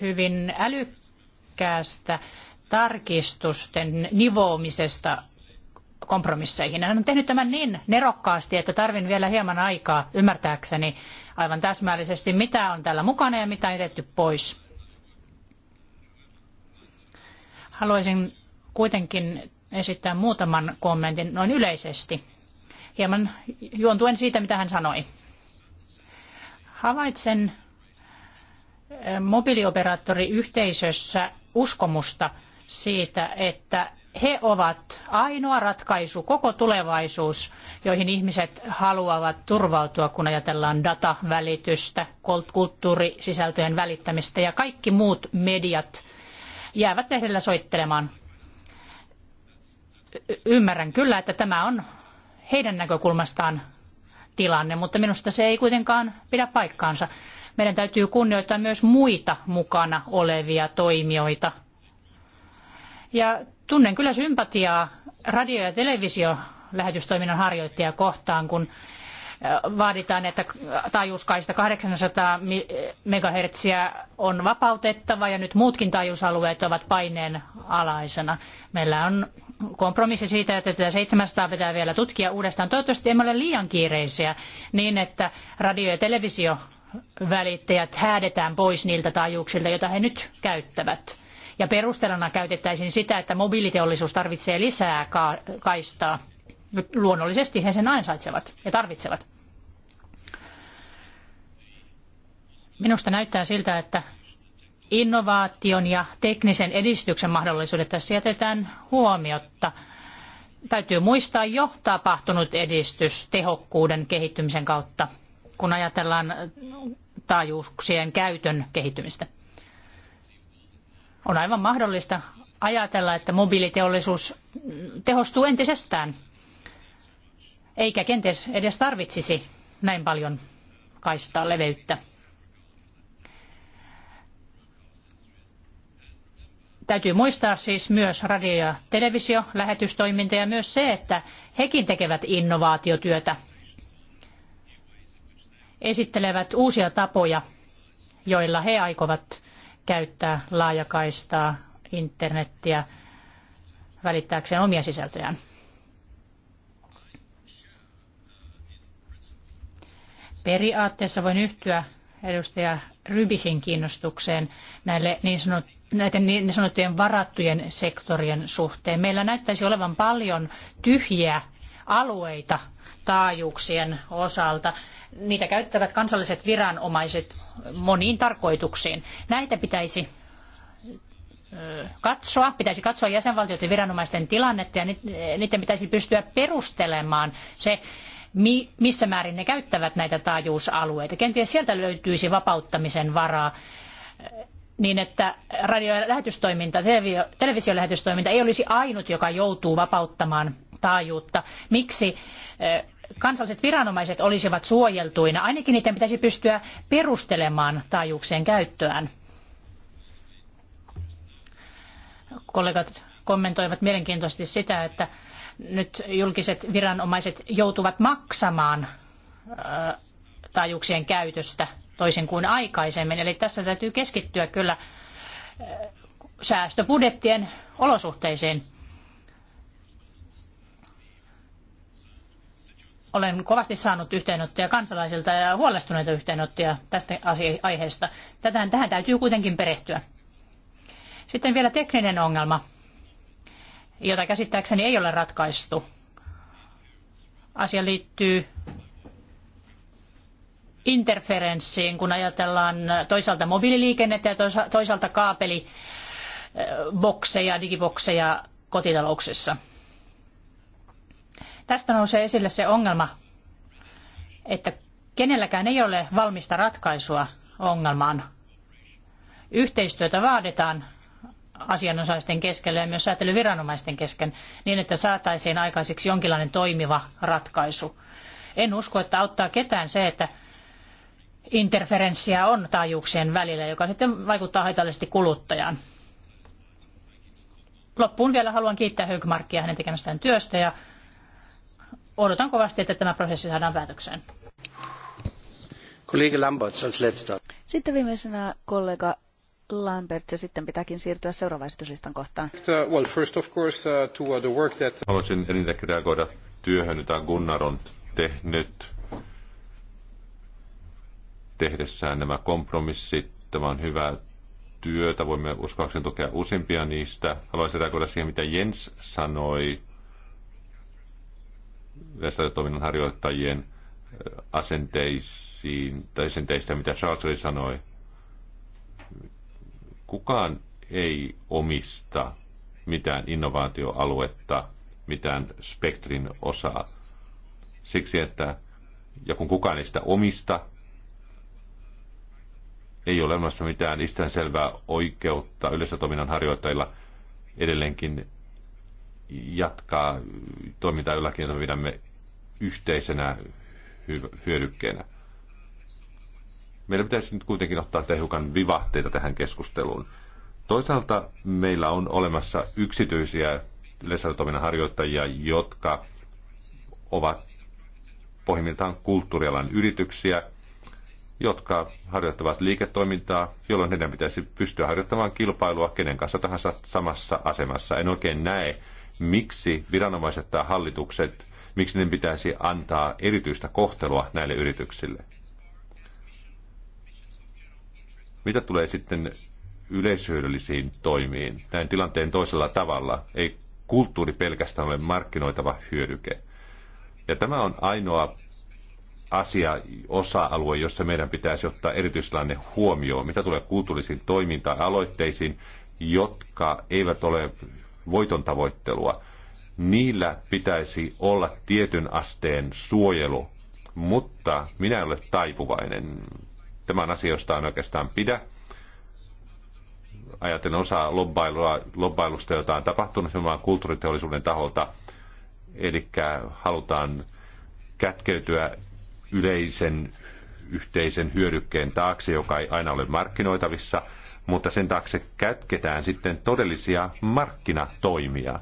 hyvin älykkäästä tarkistusten nivoamisesta kompromisseihin. Hän on tehnyt tämän niin nerokkaasti, että tarvin vielä hieman aikaa ymmärtääkseni aivan täsmällisesti, mitä on täällä mukana ja mitä on jätetty pois. Haluaisin kuitenkin esittää muutaman kommentin noin yleisesti, hieman juontuen siitä, mitä hän sanoi. Havaitsen eh, mobiilioperaattoriyhteisössä uskomusta siitä, että he ovat ainoa ratkaisu, koko tulevaisuus, joihin ihmiset haluavat turvautua, kun ajatellaan datavälitystä, kulttuurisisältöjen välittämistä ja kaikki muut mediat jäävät lehdellä soittelemaan. Ymmärrän kyllä, että tämä on heidän näkökulmastaan tilanne, mutta minusta se ei kuitenkaan pidä paikkaansa. Meidän täytyy kunnioittaa myös muita mukana olevia toimijoita. Ja tunnen kyllä sympatiaa radio- ja televisiolähetystoiminnan harjoittajia kohtaan, kun äh, vaaditaan, että taajuuskaista 800 MHz on vapautettava ja nyt muutkin taajuusalueet ovat paineen alaisena. Meillä on kompromissi siitä, että tätä 700 pitää vielä tutkia uudestaan. Toivottavasti emme ole liian kiireisiä niin, että radio- ja televisiovälittäjät häädetään pois niiltä taajuuksilta, joita he nyt käyttävät. Ja perusteluna käytettäisiin sitä, että mobiiliteollisuus tarvitsee lisää kaistaa. Luonnollisesti he sen ansaitsevat ja tarvitsevat. Minusta näyttää siltä, että innovaation ja teknisen edistyksen mahdollisuudet tässä jätetään huomiotta. Täytyy muistaa jo tapahtunut edistys tehokkuuden kehittymisen kautta, kun ajatellaan taajuuksien käytön kehittymistä. On aivan mahdollista ajatella, että mobiiliteollisuus tehostuu entisestään, eikä kenties edes tarvitsisi näin paljon kaistaa leveyttä. Täytyy muistaa siis myös radio- ja televisiolähetystoiminta ja myös se, että hekin tekevät innovaatiotyötä, esittelevät uusia tapoja, joilla he aikovat käyttää laajakaistaa, internettiä välittääkseen omia sisältöjään. Periaatteessa voin yhtyä edustaja Rybihin kiinnostukseen näille niin sanottuille näiden niin sanottujen varattujen sektorien suhteen. Meillä näyttäisi olevan paljon tyhjiä alueita taajuuksien osalta. Niitä käyttävät kansalliset viranomaiset moniin tarkoituksiin. Näitä pitäisi katsoa, pitäisi katsoa jäsenvaltioiden viranomaisten tilannetta ja niiden pitäisi pystyä perustelemaan se, missä määrin ne käyttävät näitä taajuusalueita. Kenties sieltä löytyisi vapauttamisen varaa niin että radio- ja lähetystoiminta, televisiolähetystoiminta ei olisi ainut, joka joutuu vapauttamaan taajuutta. Miksi kansalliset viranomaiset olisivat suojeltuina? Ainakin niiden pitäisi pystyä perustelemaan taajuuksien käyttöään. Kollegat kommentoivat mielenkiintoisesti sitä, että nyt julkiset viranomaiset joutuvat maksamaan taajuuksien käytöstä toisin kuin aikaisemmin. Eli tässä täytyy keskittyä kyllä eh, säästöbudjettien olosuhteisiin. Olen kovasti saanut yhteenottoja kansalaisilta ja huolestuneita yhteenottoja tästä aiheesta. Tätä, tähän täytyy kuitenkin perehtyä. Sitten vielä tekninen ongelma, jota käsittääkseni ei ole ratkaistu. Asia liittyy interferenssiin, kun ajatellaan toisaalta mobiililiikennettä ja toisaalta kaapelibokseja, äh, digibokseja kotitalouksissa. Tästä nousee esille se ongelma, että kenelläkään ei ole valmista ratkaisua ongelmaan. Yhteistyötä vaaditaan asianosaisten keskellä ja myös säätelyviranomaisten kesken niin, että saataisiin aikaiseksi jonkinlainen toimiva ratkaisu. En usko, että auttaa ketään se, että interferenssiä on taajuuksien välillä, joka sitten vaikuttaa haitallisesti kuluttajaan. Loppuun vielä haluan kiittää Högmarkia hänen tekemästään työstä ja odotan kovasti, että tämä prosessi saadaan päätökseen. Kollega Lambert, Sitten viimeisenä kollega Lambert ja sitten pitääkin siirtyä seuraavaistuslistan kohtaan. Uh, uh, Haluaisin eniten reagoida työhön, jota Gunnar on tehnyt tehdessään nämä kompromissit. Tämä on hyvää työtä, voimme uskoakseni tukea uusimpia niistä. Haluaisin reagoida siihen, mitä Jens sanoi yleisradiotoiminnan harjoittajien äh, asenteisiin, tai asenteista, mitä Charles sanoi. Kukaan ei omista mitään innovaatioaluetta, mitään spektrin osaa. Siksi, että ja kun kukaan ei sitä omista, ei ole olemassa mitään selvää oikeutta yleisötoiminnan harjoittajilla edelleenkin jatkaa toimintaa jollakin, jota pidämme yhteisenä hyödykkeenä. Meidän pitäisi nyt kuitenkin ottaa tehukan vivahteita tähän keskusteluun. Toisaalta meillä on olemassa yksityisiä yleisötoiminnan harjoittajia, jotka ovat pohjimmiltaan kulttuurialan yrityksiä – jotka harjoittavat liiketoimintaa, jolloin heidän pitäisi pystyä harjoittamaan kilpailua kenen kanssa tahansa samassa asemassa. En oikein näe, miksi viranomaiset tai hallitukset, miksi ne pitäisi antaa erityistä kohtelua näille yrityksille. Mitä tulee sitten yleishyödyllisiin toimiin, näin tilanteen toisella tavalla, ei kulttuuri pelkästään ole markkinoitava hyödyke. Ja tämä on ainoa asia, osa-alue, jossa meidän pitäisi ottaa erityislainen huomioon, mitä tulee kulttuurisiin toiminta-aloitteisiin, jotka eivät ole voiton tavoittelua. Niillä pitäisi olla tietyn asteen suojelu, mutta minä en ole taipuvainen. Tämän asioista josta en oikeastaan pidä. Ajattelen osaa lobbailua, lobbailusta, jota on tapahtunut nimenomaan kulttuuriteollisuuden taholta. Eli halutaan kätkeytyä yleisen yhteisen hyödykkeen taakse, joka ei aina ole markkinoitavissa, mutta sen taakse kätketään sitten todellisia markkinatoimia.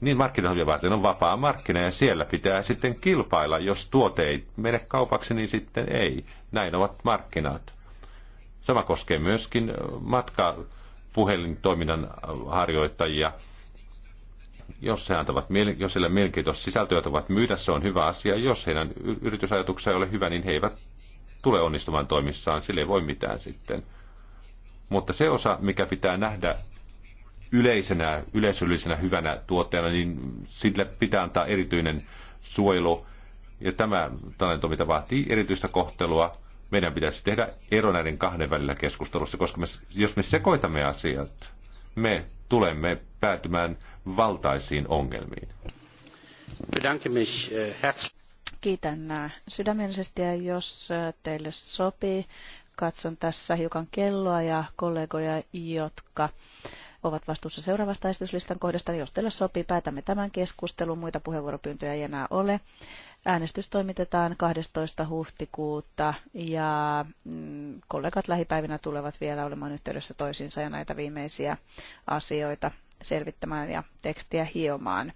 Niin markkinoimia varten on vapaa markkina ja siellä pitää sitten kilpailla. Jos tuote ei mene kaupaksi, niin sitten ei. Näin ovat markkinat. Sama koskee myöskin matkapuhelintoiminnan harjoittajia – jos he antavat, jos heille mielenkiintoista sisältöä ovat myydä, se on hyvä asia. Jos heidän yritysajatuksensa ei ole hyvä, niin he eivät tule onnistumaan toimissaan. Sille ei voi mitään sitten. Mutta se osa, mikä pitää nähdä yleisenä, yleisöllisenä hyvänä tuotteena, niin sille pitää antaa erityinen suojelu. Ja tämä mitä vaatii erityistä kohtelua. Meidän pitäisi tehdä ero näiden kahden välillä keskustelussa, koska me, jos me sekoitamme asiat, me tulemme päätymään valtaisiin ongelmiin. Äh, Kiitän äh, sydämellisesti ja jos äh, teille sopii, katson tässä hiukan kelloa ja kollegoja, jotka ovat vastuussa seuraavasta esityslistan kohdasta. Jos teille sopii, päätämme tämän keskustelun. Muita puheenvuoropyyntöjä ei enää ole. Äänestys toimitetaan 12. huhtikuuta ja mm, kollegat lähipäivinä tulevat vielä olemaan yhteydessä toisiinsa ja näitä viimeisiä asioita selvittämään ja tekstiä hiomaan.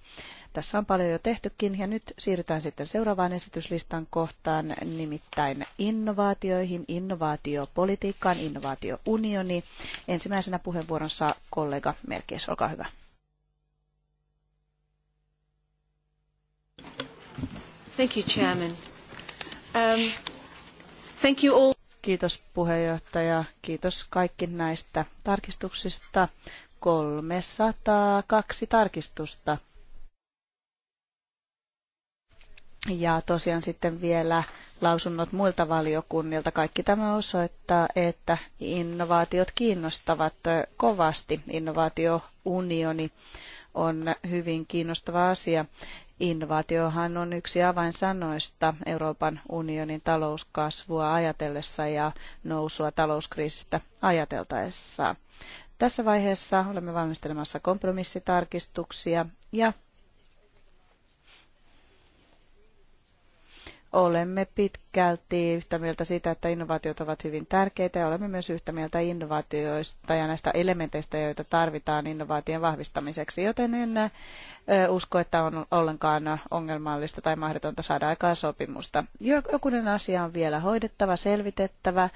Tässä on paljon jo tehtykin ja nyt siirrytään sitten seuraavaan esityslistan kohtaan, nimittäin innovaatioihin, innovaatiopolitiikkaan, innovaatiounioni. Ensimmäisenä puheenvuoron saa kollega Merkies, olkaa hyvä. Thank you, Chairman. Um, thank you all. Kiitos puheenjohtaja, kiitos kaikki näistä tarkistuksista. 302 tarkistusta. Ja tosiaan sitten vielä lausunnot muilta valiokunnilta. Kaikki tämä osoittaa, että innovaatiot kiinnostavat kovasti. Innovaatiounioni on hyvin kiinnostava asia. Innovaatiohan on yksi avainsanoista Euroopan unionin talouskasvua ajatellessa ja nousua talouskriisistä ajateltaessa. Tässä vaiheessa olemme valmistelemassa kompromissitarkistuksia ja olemme pitkälti yhtä mieltä siitä, että innovaatiot ovat hyvin tärkeitä ja olemme myös yhtä mieltä innovaatioista ja näistä elementeistä, joita tarvitaan innovaation vahvistamiseksi, joten en usko, että on ollenkaan ongelmallista tai mahdotonta saada aikaa sopimusta. Jokunen asia on vielä hoidettava, selvitettävä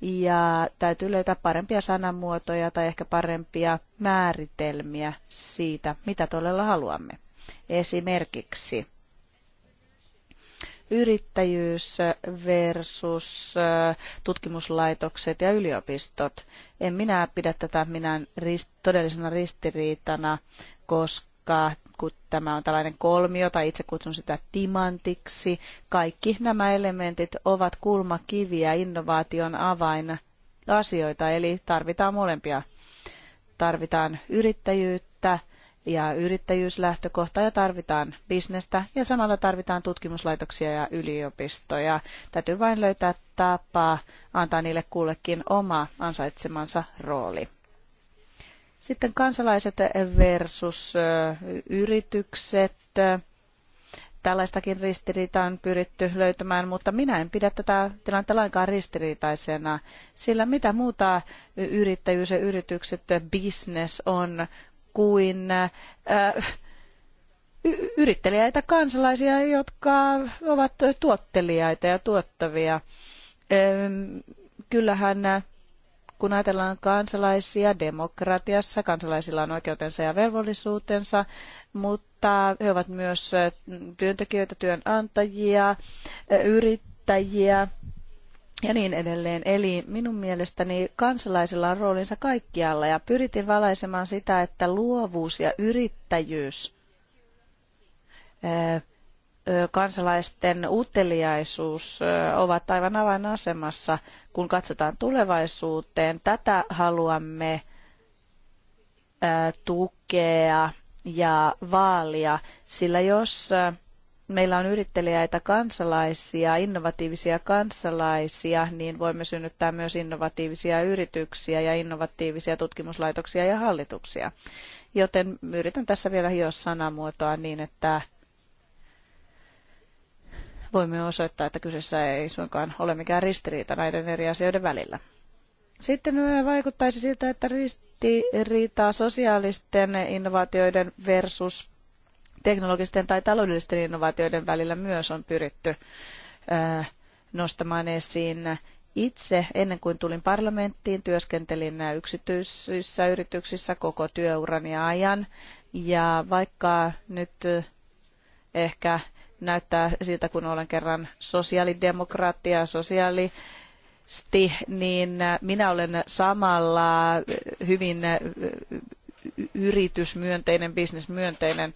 ja täytyy löytää parempia sanamuotoja tai ehkä parempia määritelmiä siitä, mitä todella haluamme. Esimerkiksi yrittäjyys versus äh, tutkimuslaitokset ja yliopistot. En minä pidä tätä minä rist, todellisena ristiriitana, koska kun tämä on tällainen kolmio, tai itse kutsun sitä timantiksi, kaikki nämä elementit ovat kulmakiviä innovaation avain asioita, eli tarvitaan molempia. Tarvitaan yrittäjyyttä, ja yrittäjyyslähtökohtaa ja tarvitaan bisnestä ja samalla tarvitaan tutkimuslaitoksia ja yliopistoja. Täytyy vain löytää tapaa antaa niille kullekin oma ansaitsemansa rooli. Sitten kansalaiset versus yritykset. Tällaistakin ristiriitaa on pyritty löytämään, mutta minä en pidä tätä tilannetta lainkaan ristiriitaisena, sillä mitä muuta yrittäjyys ja yritykset, business on kuin äh, yritteliäitä kansalaisia, jotka ovat tuotteliaita ja tuottavia. Ähm, kyllähän äh, kun ajatellaan kansalaisia demokratiassa, kansalaisilla on oikeutensa ja velvollisuutensa, mutta he ovat myös äh, työntekijöitä, työnantajia, yrittäjiä, ja niin edelleen. Eli minun mielestäni kansalaisilla on roolinsa kaikkialla ja pyritin valaisemaan sitä, että luovuus ja yrittäjyys, kansalaisten uteliaisuus ovat aivan avainasemassa, kun katsotaan tulevaisuuteen. Tätä haluamme tukea ja vaalia, sillä jos meillä on yrittelijäitä kansalaisia, innovatiivisia kansalaisia, niin voimme synnyttää myös innovatiivisia yrityksiä ja innovatiivisia tutkimuslaitoksia ja hallituksia. Joten yritän tässä vielä hioa sanamuotoa niin, että voimme osoittaa, että kyseessä ei suinkaan ole mikään ristiriita näiden eri asioiden välillä. Sitten vaikuttaisi siltä, että ristiriitaa sosiaalisten innovaatioiden versus teknologisten tai taloudellisten innovaatioiden välillä myös on pyritty nostamaan esiin. Itse ennen kuin tulin parlamenttiin, työskentelin yksityisissä yrityksissä koko työurani ajan. Ja vaikka nyt ehkä näyttää siltä, kun olen kerran sosiaalidemokraattia, sosiaali niin minä olen samalla hyvin yritysmyönteinen, bisnesmyönteinen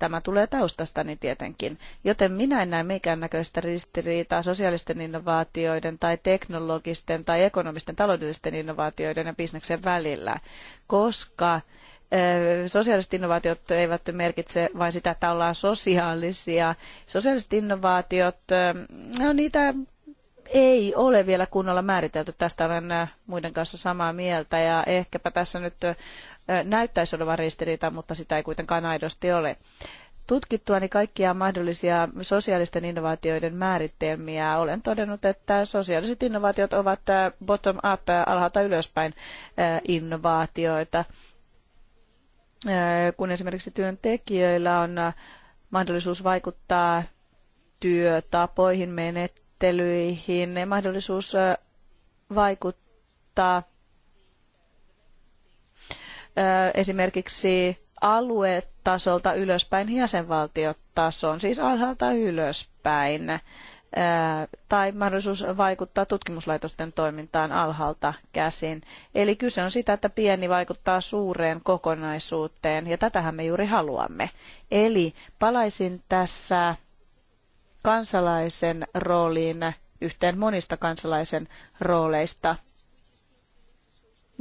Tämä tulee taustastani tietenkin. Joten minä en näe mikään näköistä ristiriitaa sosiaalisten innovaatioiden tai teknologisten tai ekonomisten taloudellisten innovaatioiden ja bisneksen välillä, koska sosiaaliset innovaatiot eivät merkitse vain sitä, että ollaan sosiaalisia. Sosiaaliset innovaatiot, no niitä ei ole vielä kunnolla määritelty. Tästä olen muiden kanssa samaa mieltä ja ehkäpä tässä nyt näyttäisi olevan ristiriita, mutta sitä ei kuitenkaan aidosti ole. Tutkittuani kaikkia mahdollisia sosiaalisten innovaatioiden määritelmiä olen todennut, että sosiaaliset innovaatiot ovat bottom-up, alhaalta ylöspäin innovaatioita. Kun esimerkiksi työntekijöillä on mahdollisuus vaikuttaa työtapoihin, menettelyihin mahdollisuus vaikuttaa esimerkiksi aluetasolta ylöspäin jäsenvaltiotasoon, siis alhaalta ylöspäin, tai mahdollisuus vaikuttaa tutkimuslaitosten toimintaan alhaalta käsin. Eli kyse on sitä, että pieni vaikuttaa suureen kokonaisuuteen, ja tätähän me juuri haluamme. Eli palaisin tässä kansalaisen rooliin yhteen monista kansalaisen rooleista –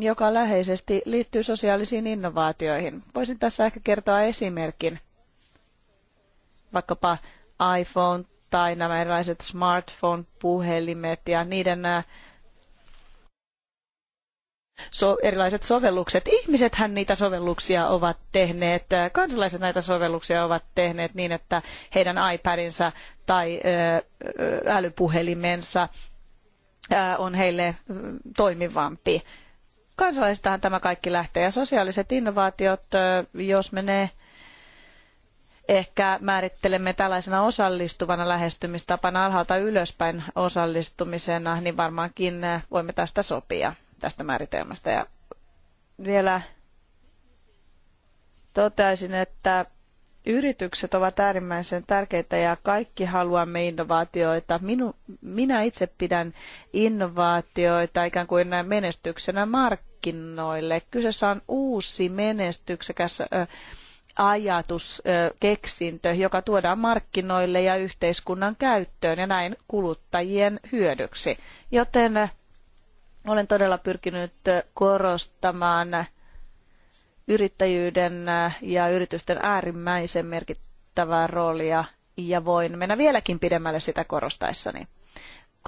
joka läheisesti liittyy sosiaalisiin innovaatioihin. Voisin tässä ehkä kertoa esimerkin, vaikkapa iPhone tai nämä erilaiset smartphone-puhelimet ja niiden äh, so- erilaiset sovellukset. Ihmisethän niitä sovelluksia ovat tehneet, äh, kansalaiset näitä sovelluksia ovat tehneet niin, että heidän iPadinsa tai äh, älypuhelimensa on heille toimivampi kansalaisistahan tämä kaikki lähtee. Ja sosiaaliset innovaatiot, jos me ne ehkä määrittelemme tällaisena osallistuvana lähestymistapana alhaalta ylöspäin osallistumisena, niin varmaankin voimme tästä sopia, tästä määritelmästä. Ja vielä toteaisin, että yritykset ovat äärimmäisen tärkeitä ja kaikki haluamme innovaatioita. Minu, minä itse pidän innovaatioita ikään kuin menestyksenä markkinoilla markkinoille. Kyseessä on uusi menestyksekäs ajatus, keksintö, joka tuodaan markkinoille ja yhteiskunnan käyttöön ja näin kuluttajien hyödyksi. Joten olen todella pyrkinyt korostamaan yrittäjyyden ja yritysten äärimmäisen merkittävää roolia ja voin mennä vieläkin pidemmälle sitä korostaessani.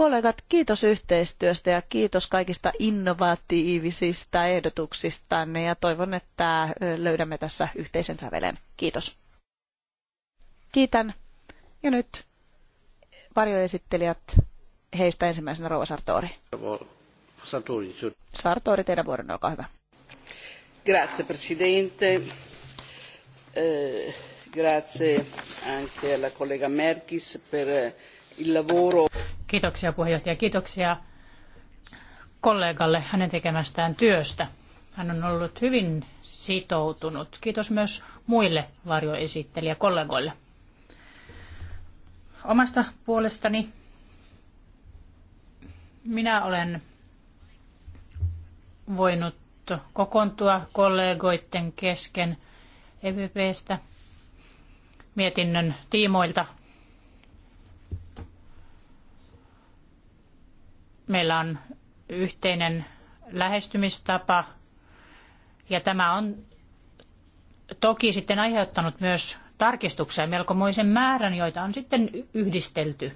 Kollegat, kiitos yhteistyöstä ja kiitos kaikista innovatiivisista ehdotuksistanne ja toivon, että löydämme tässä yhteisen sävelen. Kiitos. Kiitän. Ja nyt varjoesittelijät, heistä ensimmäisenä Rouva Sartori. Sartori, teidän vuoron, olkaa hyvä. Grazie Presidente, eh, grazie anche alla collega Merkis per il lavoro. Kiitoksia puheenjohtaja. Kiitoksia kollegalle hänen tekemästään työstä. Hän on ollut hyvin sitoutunut. Kiitos myös muille varjoesittelijäkollegoille. Omasta puolestani minä olen voinut kokoontua kollegoiden kesken EVPstä mietinnön tiimoilta Meillä on yhteinen lähestymistapa ja tämä on toki sitten aiheuttanut myös tarkistuksia melkomoisen määrän, joita on sitten yhdistelty.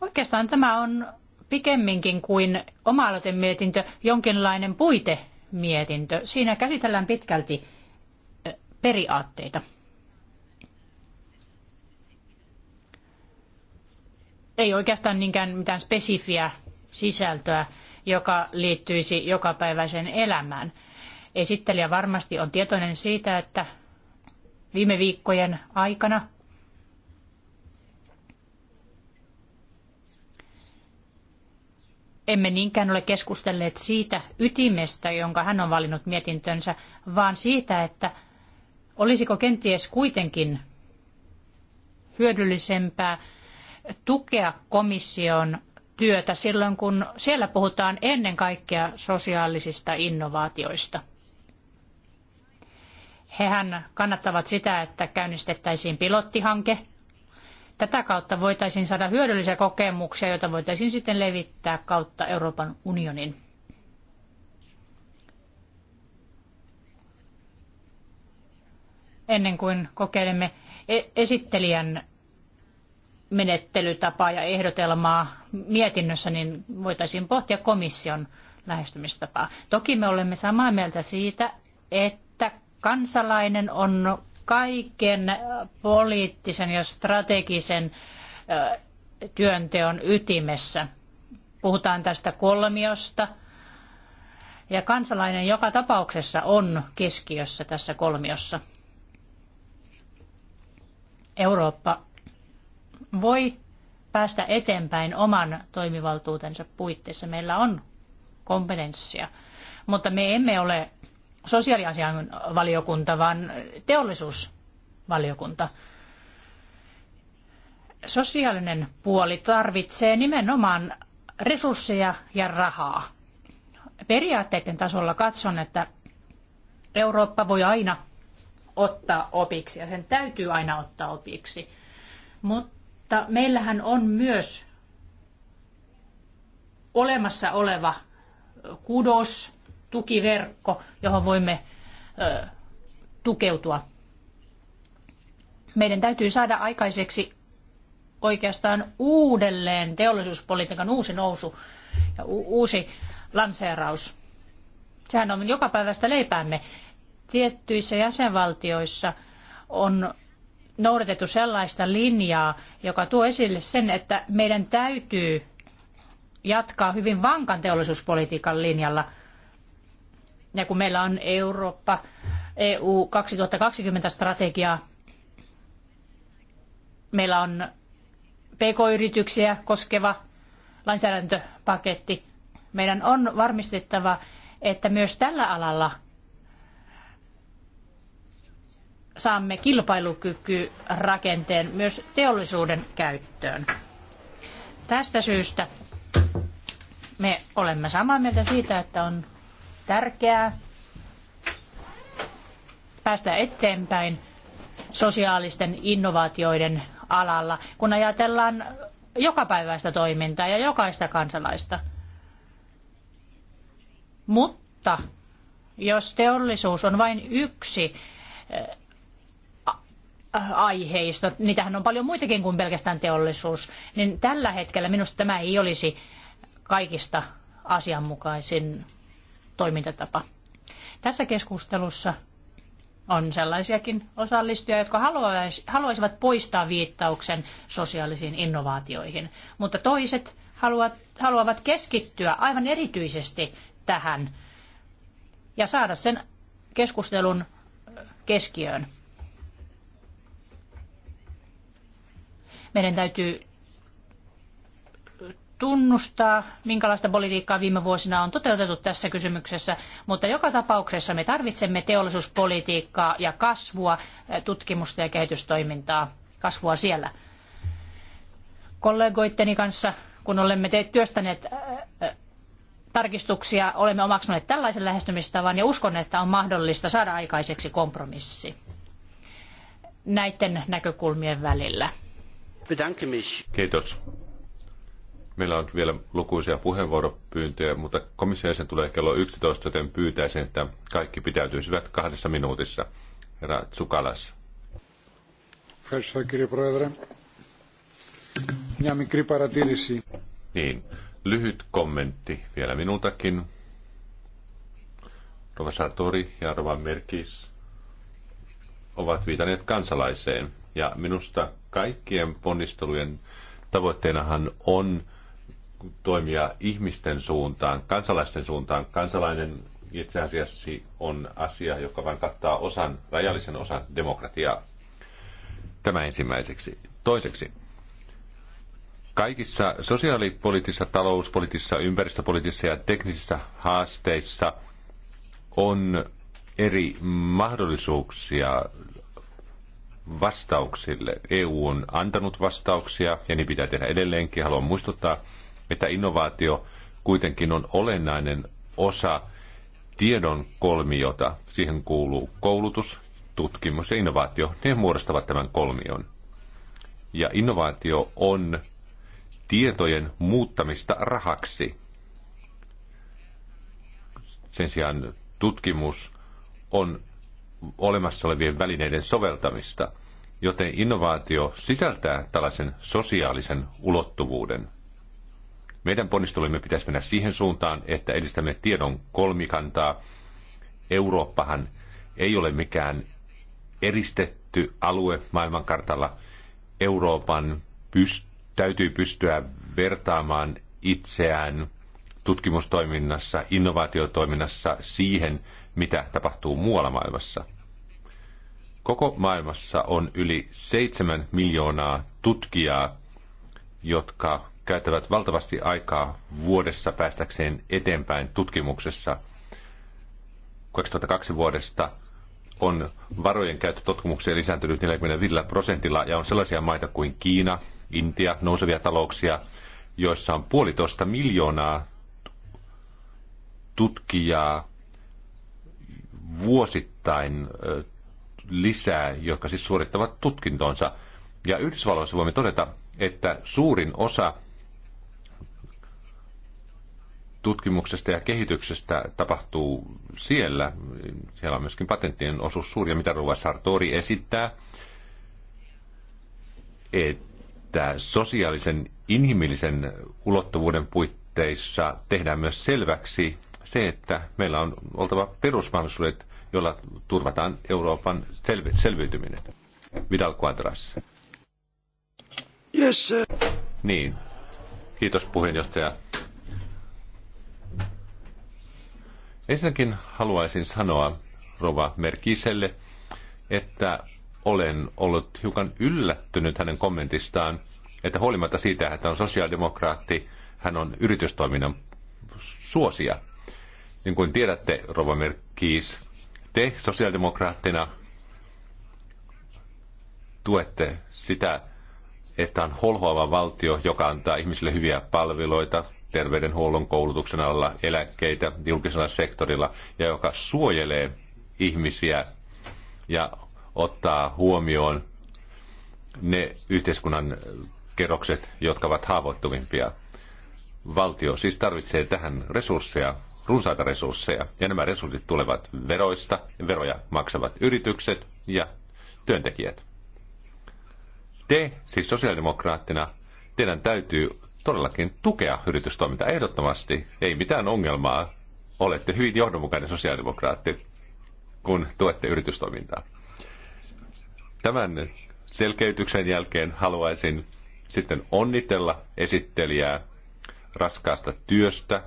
Oikeastaan tämä on pikemminkin kuin oma mietintö jonkinlainen puitemietintö. Siinä käsitellään pitkälti periaatteita. ei oikeastaan niinkään mitään spesifiä sisältöä, joka liittyisi jokapäiväiseen elämään. Esittelijä varmasti on tietoinen siitä, että viime viikkojen aikana emme niinkään ole keskustelleet siitä ytimestä, jonka hän on valinnut mietintönsä, vaan siitä, että olisiko kenties kuitenkin hyödyllisempää tukea komission työtä silloin, kun siellä puhutaan ennen kaikkea sosiaalisista innovaatioista. Hehän kannattavat sitä, että käynnistettäisiin pilottihanke. Tätä kautta voitaisiin saada hyödyllisiä kokemuksia, joita voitaisiin sitten levittää kautta Euroopan unionin. Ennen kuin kokeilemme e- esittelijän menettelytapaa ja ehdotelmaa mietinnössä, niin voitaisiin pohtia komission lähestymistapaa. Toki me olemme samaa mieltä siitä, että kansalainen on kaiken poliittisen ja strategisen työnteon ytimessä. Puhutaan tästä kolmiosta. Ja kansalainen joka tapauksessa on keskiössä tässä kolmiossa. Eurooppa voi päästä eteenpäin oman toimivaltuutensa puitteissa. Meillä on kompetenssia, mutta me emme ole sosiaaliasian valiokunta, vaan teollisuusvaliokunta. Sosiaalinen puoli tarvitsee nimenomaan resursseja ja rahaa. Periaatteiden tasolla katson, että Eurooppa voi aina ottaa opiksi ja sen täytyy aina ottaa opiksi. Mutta mutta meillähän on myös olemassa oleva kudos, tukiverkko, johon voimme ö, tukeutua. Meidän täytyy saada aikaiseksi oikeastaan uudelleen teollisuuspolitiikan uusi nousu ja uusi lanseeraus. Sehän on jokapäiväistä leipäämme. Tiettyissä jäsenvaltioissa on noudatettu sellaista linjaa, joka tuo esille sen, että meidän täytyy jatkaa hyvin vankan teollisuuspolitiikan linjalla. Ja kun meillä on Eurooppa, EU 2020-strategia, meillä on PK-yrityksiä koskeva lainsäädäntöpaketti, meidän on varmistettava, että myös tällä alalla – saamme kilpailukykyrakenteen myös teollisuuden käyttöön. Tästä syystä me olemme samaa mieltä siitä, että on tärkeää päästä eteenpäin sosiaalisten innovaatioiden alalla, kun ajatellaan jokapäiväistä toimintaa ja jokaista kansalaista. Mutta jos teollisuus on vain yksi aiheista, niitähän on paljon muitakin kuin pelkästään teollisuus, niin tällä hetkellä minusta tämä ei olisi kaikista asianmukaisin toimintatapa. Tässä keskustelussa on sellaisiakin osallistujia, jotka haluaisivat poistaa viittauksen sosiaalisiin innovaatioihin, mutta toiset haluavat, haluavat keskittyä aivan erityisesti tähän ja saada sen keskustelun keskiöön. Meidän täytyy tunnustaa, minkälaista politiikkaa viime vuosina on toteutettu tässä kysymyksessä, mutta joka tapauksessa me tarvitsemme teollisuuspolitiikkaa ja kasvua, tutkimusta ja kehitystoimintaa, kasvua siellä. Kollegoitteni kanssa, kun olemme te työstäneet äh, äh, tarkistuksia, olemme omaksuneet tällaisen lähestymistavan ja uskon, että on mahdollista saada aikaiseksi kompromissi näiden näkökulmien välillä bedanke mich. Kiitos. Meillä on vielä lukuisia puheenvuoropyyntöjä, mutta komission jäsen tulee kello 11, joten pyytäisin, että kaikki pitäytyisivät kahdessa minuutissa. Herra Tsukalas. Niin, lyhyt kommentti vielä minultakin. Rova Sartori ja Rova Merkis ovat viitanneet kansalaiseen, ja minusta kaikkien ponnistelujen tavoitteenahan on toimia ihmisten suuntaan, kansalaisten suuntaan. Kansalainen itse asiassa on asia, joka vain kattaa osan, rajallisen osan demokratiaa. Tämä ensimmäiseksi. Toiseksi, kaikissa sosiaalipoliittisissa, talouspoliittisissa, ympäristöpoliittisissa ja teknisissä haasteissa on eri mahdollisuuksia vastauksille. EU on antanut vastauksia ja niin pitää tehdä edelleenkin. Haluan muistuttaa, että innovaatio kuitenkin on olennainen osa tiedon kolmiota. Siihen kuuluu koulutus, tutkimus ja innovaatio. Ne muodostavat tämän kolmion. Ja innovaatio on tietojen muuttamista rahaksi. Sen sijaan tutkimus on olemassa olevien välineiden soveltamista, joten innovaatio sisältää tällaisen sosiaalisen ulottuvuuden. Meidän ponnistelumme pitäisi mennä siihen suuntaan, että edistämme tiedon kolmikantaa. Eurooppahan ei ole mikään eristetty alue maailmankartalla. Euroopan pyst- täytyy pystyä vertaamaan itseään tutkimustoiminnassa, innovaatiotoiminnassa siihen, mitä tapahtuu muualla maailmassa. Koko maailmassa on yli 7 miljoonaa tutkijaa, jotka käyttävät valtavasti aikaa vuodessa päästäkseen eteenpäin tutkimuksessa. 2002 vuodesta on varojen käyttö tutkimukseen lisääntynyt 45 prosentilla ja on sellaisia maita kuin Kiina, Intia, nousevia talouksia, joissa on puolitoista miljoonaa tutkijaa vuosittain lisää, jotka siis suorittavat tutkintonsa. Ja Yhdysvalloissa voimme todeta, että suurin osa tutkimuksesta ja kehityksestä tapahtuu siellä. Siellä on myöskin patenttien osuus suuri, ja mitä Ruva Sartori esittää, että sosiaalisen inhimillisen ulottuvuuden puitteissa tehdään myös selväksi, se, että meillä on oltava perusmahdollisuudet, joilla turvataan Euroopan selvi- selviytyminen. Vidal Quadras. Yes, sir. Niin. Kiitos puheenjohtaja. Ensinnäkin haluaisin sanoa Rova Merkiselle, että olen ollut hiukan yllättynyt hänen kommentistaan, että huolimatta siitä, että hän on sosiaalidemokraatti, hän on yritystoiminnan suosia. Niin kuin tiedätte, Rova Merkkiis, te sosiaalidemokraattina tuette sitä, että on holhoava valtio, joka antaa ihmisille hyviä palveluita, terveydenhuollon koulutuksen alla eläkkeitä julkisella sektorilla ja joka suojelee ihmisiä ja ottaa huomioon ne yhteiskunnan kerrokset, jotka ovat haavoittuvimpia. Valtio siis tarvitsee tähän resursseja runsaita resursseja, ja nämä resurssit tulevat veroista, veroja maksavat yritykset ja työntekijät. Te, siis sosiaalidemokraattina, teidän täytyy todellakin tukea yritystoimintaa ehdottomasti. Ei mitään ongelmaa. Olette hyvin johdonmukainen sosiaalidemokraatti, kun tuette yritystoimintaa. Tämän selkeytyksen jälkeen haluaisin sitten onnitella esittelijää raskaasta työstä.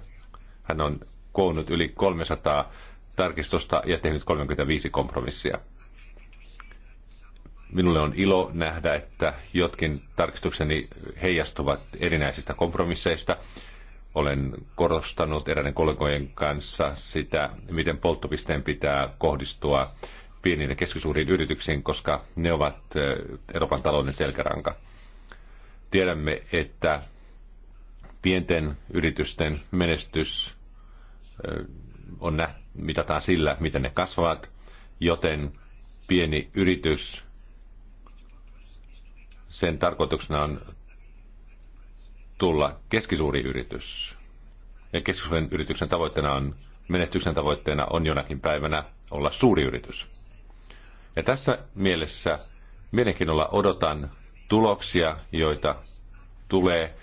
Hän on koonnut yli 300 tarkistusta ja tehnyt 35 kompromissia. Minulle on ilo nähdä, että jotkin tarkistukseni heijastuvat erinäisistä kompromisseista. Olen korostanut eräiden kollegojen kanssa sitä, miten polttopisteen pitää kohdistua pieniin ja keskisuuriin yrityksiin, koska ne ovat Euroopan talouden selkäranka. Tiedämme, että pienten yritysten menestys on nähty, mitataan sillä, miten ne kasvavat, joten pieni yritys, sen tarkoituksena on tulla keskisuuri yritys. Ja keskisuuren yrityksen tavoitteena on, menestyksen tavoitteena on jonakin päivänä olla suuri yritys. Ja tässä mielessä mielenkiinnolla odotan tuloksia, joita tulee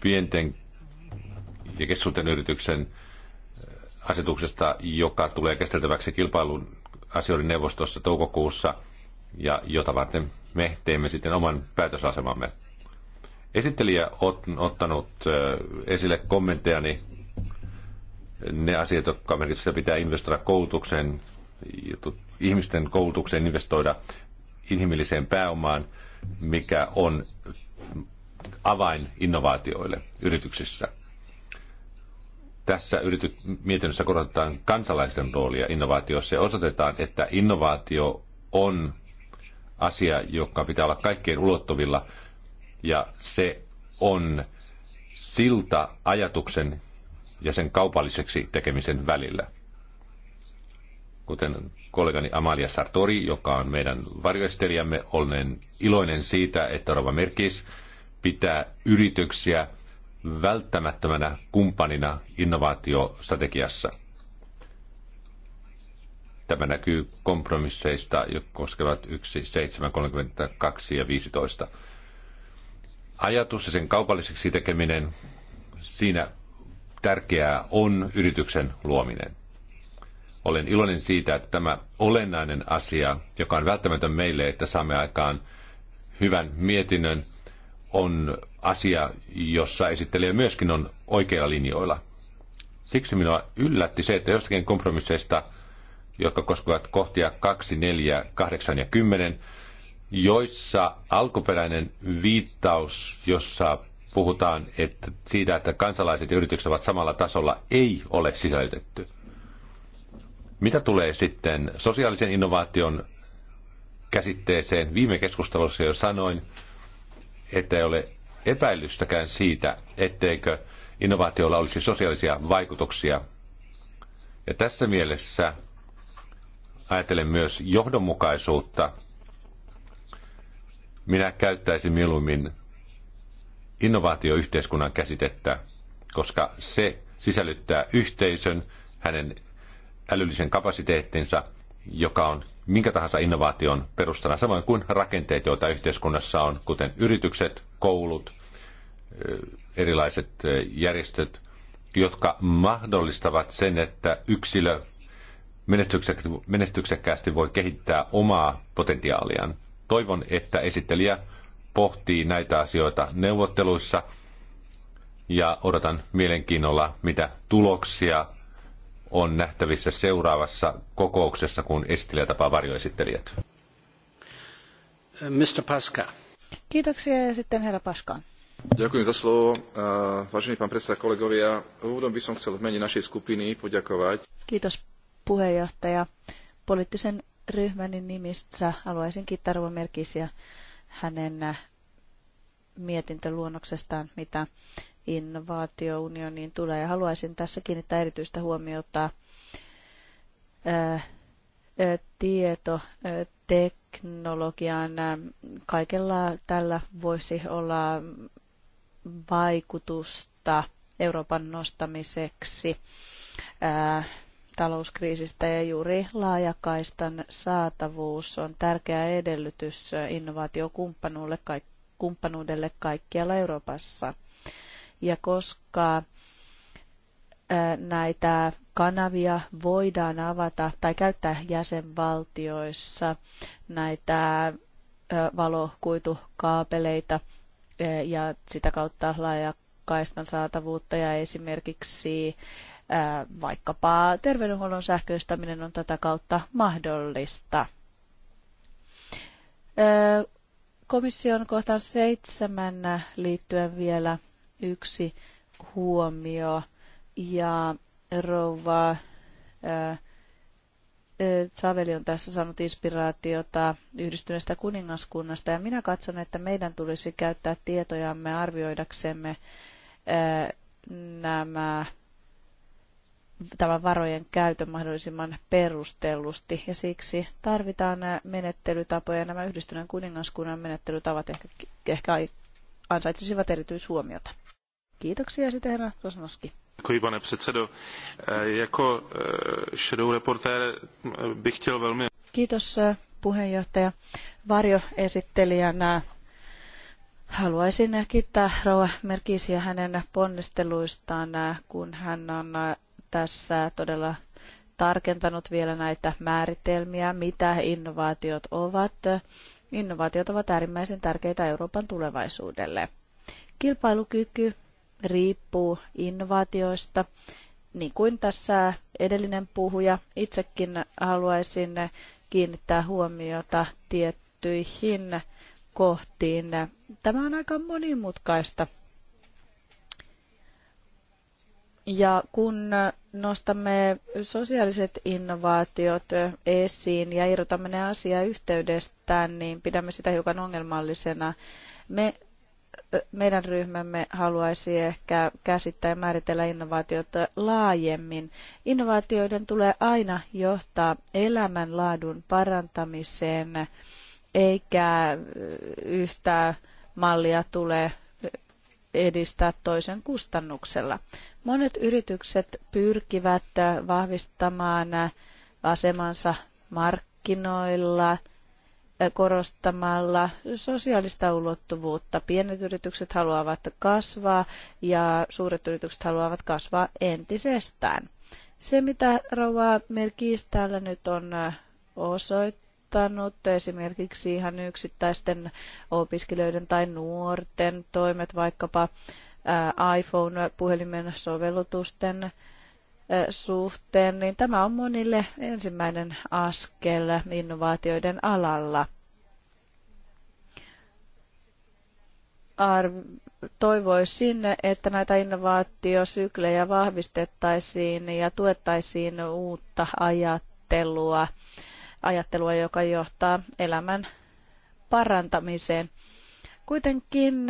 pienten ja keskisuurten yrityksen asetuksesta, joka tulee käsiteltäväksi kilpailun asioiden neuvostossa toukokuussa ja jota varten me teemme sitten oman päätösasemamme. Esittelijä on ottanut esille kommenttejani ne asiat, jotka merkitsevät pitää investoida koulutukseen, ihmisten koulutukseen investoida inhimilliseen pääomaan, mikä on avain innovaatioille yrityksissä – tässä yrity, mietinnössä korotetaan kansalaisten roolia innovaatiossa ja osoitetaan, että innovaatio on asia, joka pitää olla kaikkien ulottuvilla ja se on silta ajatuksen ja sen kaupalliseksi tekemisen välillä. Kuten kollegani Amalia Sartori, joka on meidän varjoistelijamme, olen iloinen siitä, että Rova Merkis pitää yrityksiä – välttämättömänä kumppanina innovaatiostrategiassa. Tämä näkyy kompromisseista, jotka koskevat 1, 7, 32 ja 15. Ajatus ja sen kaupalliseksi tekeminen, siinä tärkeää on yrityksen luominen. Olen iloinen siitä, että tämä olennainen asia, joka on välttämätön meille, että saamme aikaan hyvän mietinnön – on asia, jossa esittelijä myöskin on oikeilla linjoilla. Siksi minua yllätti se, että jostakin kompromisseista, jotka koskevat kohtia 2, 4, 8 ja 10, joissa alkuperäinen viittaus, jossa puhutaan että siitä, että kansalaiset ja yritykset ovat samalla tasolla, ei ole sisällytetty. Mitä tulee sitten sosiaalisen innovaation käsitteeseen? Viime keskustelussa jo sanoin, että ei ole epäilystäkään siitä, etteikö innovaatiolla olisi sosiaalisia vaikutuksia. Ja tässä mielessä ajattelen myös johdonmukaisuutta. Minä käyttäisin mieluummin innovaatioyhteiskunnan käsitettä, koska se sisällyttää yhteisön, hänen älyllisen kapasiteettinsa, joka on minkä tahansa innovaation perustana, samoin kuin rakenteet, joita yhteiskunnassa on, kuten yritykset, koulut, eh, erilaiset eh, järjestöt, jotka mahdollistavat sen, että yksilö menestyksekkäästi voi kehittää omaa potentiaaliaan. Toivon, että esittelijä pohtii näitä asioita neuvotteluissa ja odotan mielenkiinnolla, mitä tuloksia on nähtävissä seuraavassa kokouksessa, kun Estilä tapaa varjoesittelijät. Äh, Mr. Paska. Kiitoksia ja sitten herra Paskaan. Ďakujem za slovo. Äh, vážený pán predseda, kolegovia, úvodom by som chcel v mene našej skupiny poďakovať. Kiitos puheenjohtaja. Poliittisen ryhmäni nimissä haluaisin kiittää Ruva Merkisiä hänen äh, mietintöluonnoksestaan, mitä innovaatiounioniin tulee. Ja haluaisin tässä kiinnittää erityistä huomiota ää, tieto, Kaikella tällä voisi olla vaikutusta Euroopan nostamiseksi ää, talouskriisistä ja juuri laajakaistan saatavuus on tärkeä edellytys innovaatiokumppanuudelle kaikkialla Euroopassa – ja koska näitä kanavia voidaan avata tai käyttää jäsenvaltioissa näitä valokuitukaapeleita ja sitä kautta laajakaistan saatavuutta ja esimerkiksi vaikkapa terveydenhuollon sähköistäminen on tätä kautta mahdollista. Komission kohtaan seitsemän liittyen vielä yksi huomio. Ja rouva äh, äh, Saveli on tässä saanut inspiraatiota yhdistyneestä kuningaskunnasta ja minä katson, että meidän tulisi käyttää tietojamme arvioidaksemme äh, nämä tämän varojen käytön mahdollisimman perustellusti ja siksi tarvitaan nämä menettelytapoja. Nämä yhdistyneen kuningaskunnan menettelytavat ehkä, ehkä ansaitsisivat erityishuomiota. Kiitoksia sitten herra Kosnoski. Děkuji, pane předsedo. Eh, jako eh, shadow reporter eh, bych chtěl velmi... Kiitos puheenjohtaja. Varjoesittelijänä haluaisin kiittää Rouva Merkisiä hänen ponnisteluistaan, kun hän on tässä todella tarkentanut vielä näitä määritelmiä, mitä innovaatiot ovat. Innovaatiot ovat äärimmäisen tärkeitä Euroopan tulevaisuudelle. Kilpailukyky riippuu innovaatioista. Niin kuin tässä edellinen puhuja, itsekin haluaisin kiinnittää huomiota tiettyihin kohtiin. Tämä on aika monimutkaista. Ja kun nostamme sosiaaliset innovaatiot esiin ja irrotamme ne asiayhteydestään, yhteydestään, niin pidämme sitä hiukan ongelmallisena. Me meidän ryhmämme haluaisi ehkä käsittää ja määritellä innovaatiota laajemmin. Innovaatioiden tulee aina johtaa elämänlaadun parantamiseen, eikä yhtä mallia tule edistää toisen kustannuksella. Monet yritykset pyrkivät vahvistamaan asemansa markkinoilla – korostamalla sosiaalista ulottuvuutta. Pienet yritykset haluavat kasvaa ja suuret yritykset haluavat kasvaa entisestään. Se, mitä Rova Merkis täällä nyt on osoittanut, esimerkiksi ihan yksittäisten opiskelijoiden tai nuorten toimet, vaikkapa iPhone-puhelimen sovellutusten suhteen, niin tämä on monille ensimmäinen askel innovaatioiden alalla. Arv- toivoisin, että näitä innovaatiosyklejä vahvistettaisiin ja tuettaisiin uutta ajattelua, ajattelua joka johtaa elämän parantamiseen. Kuitenkin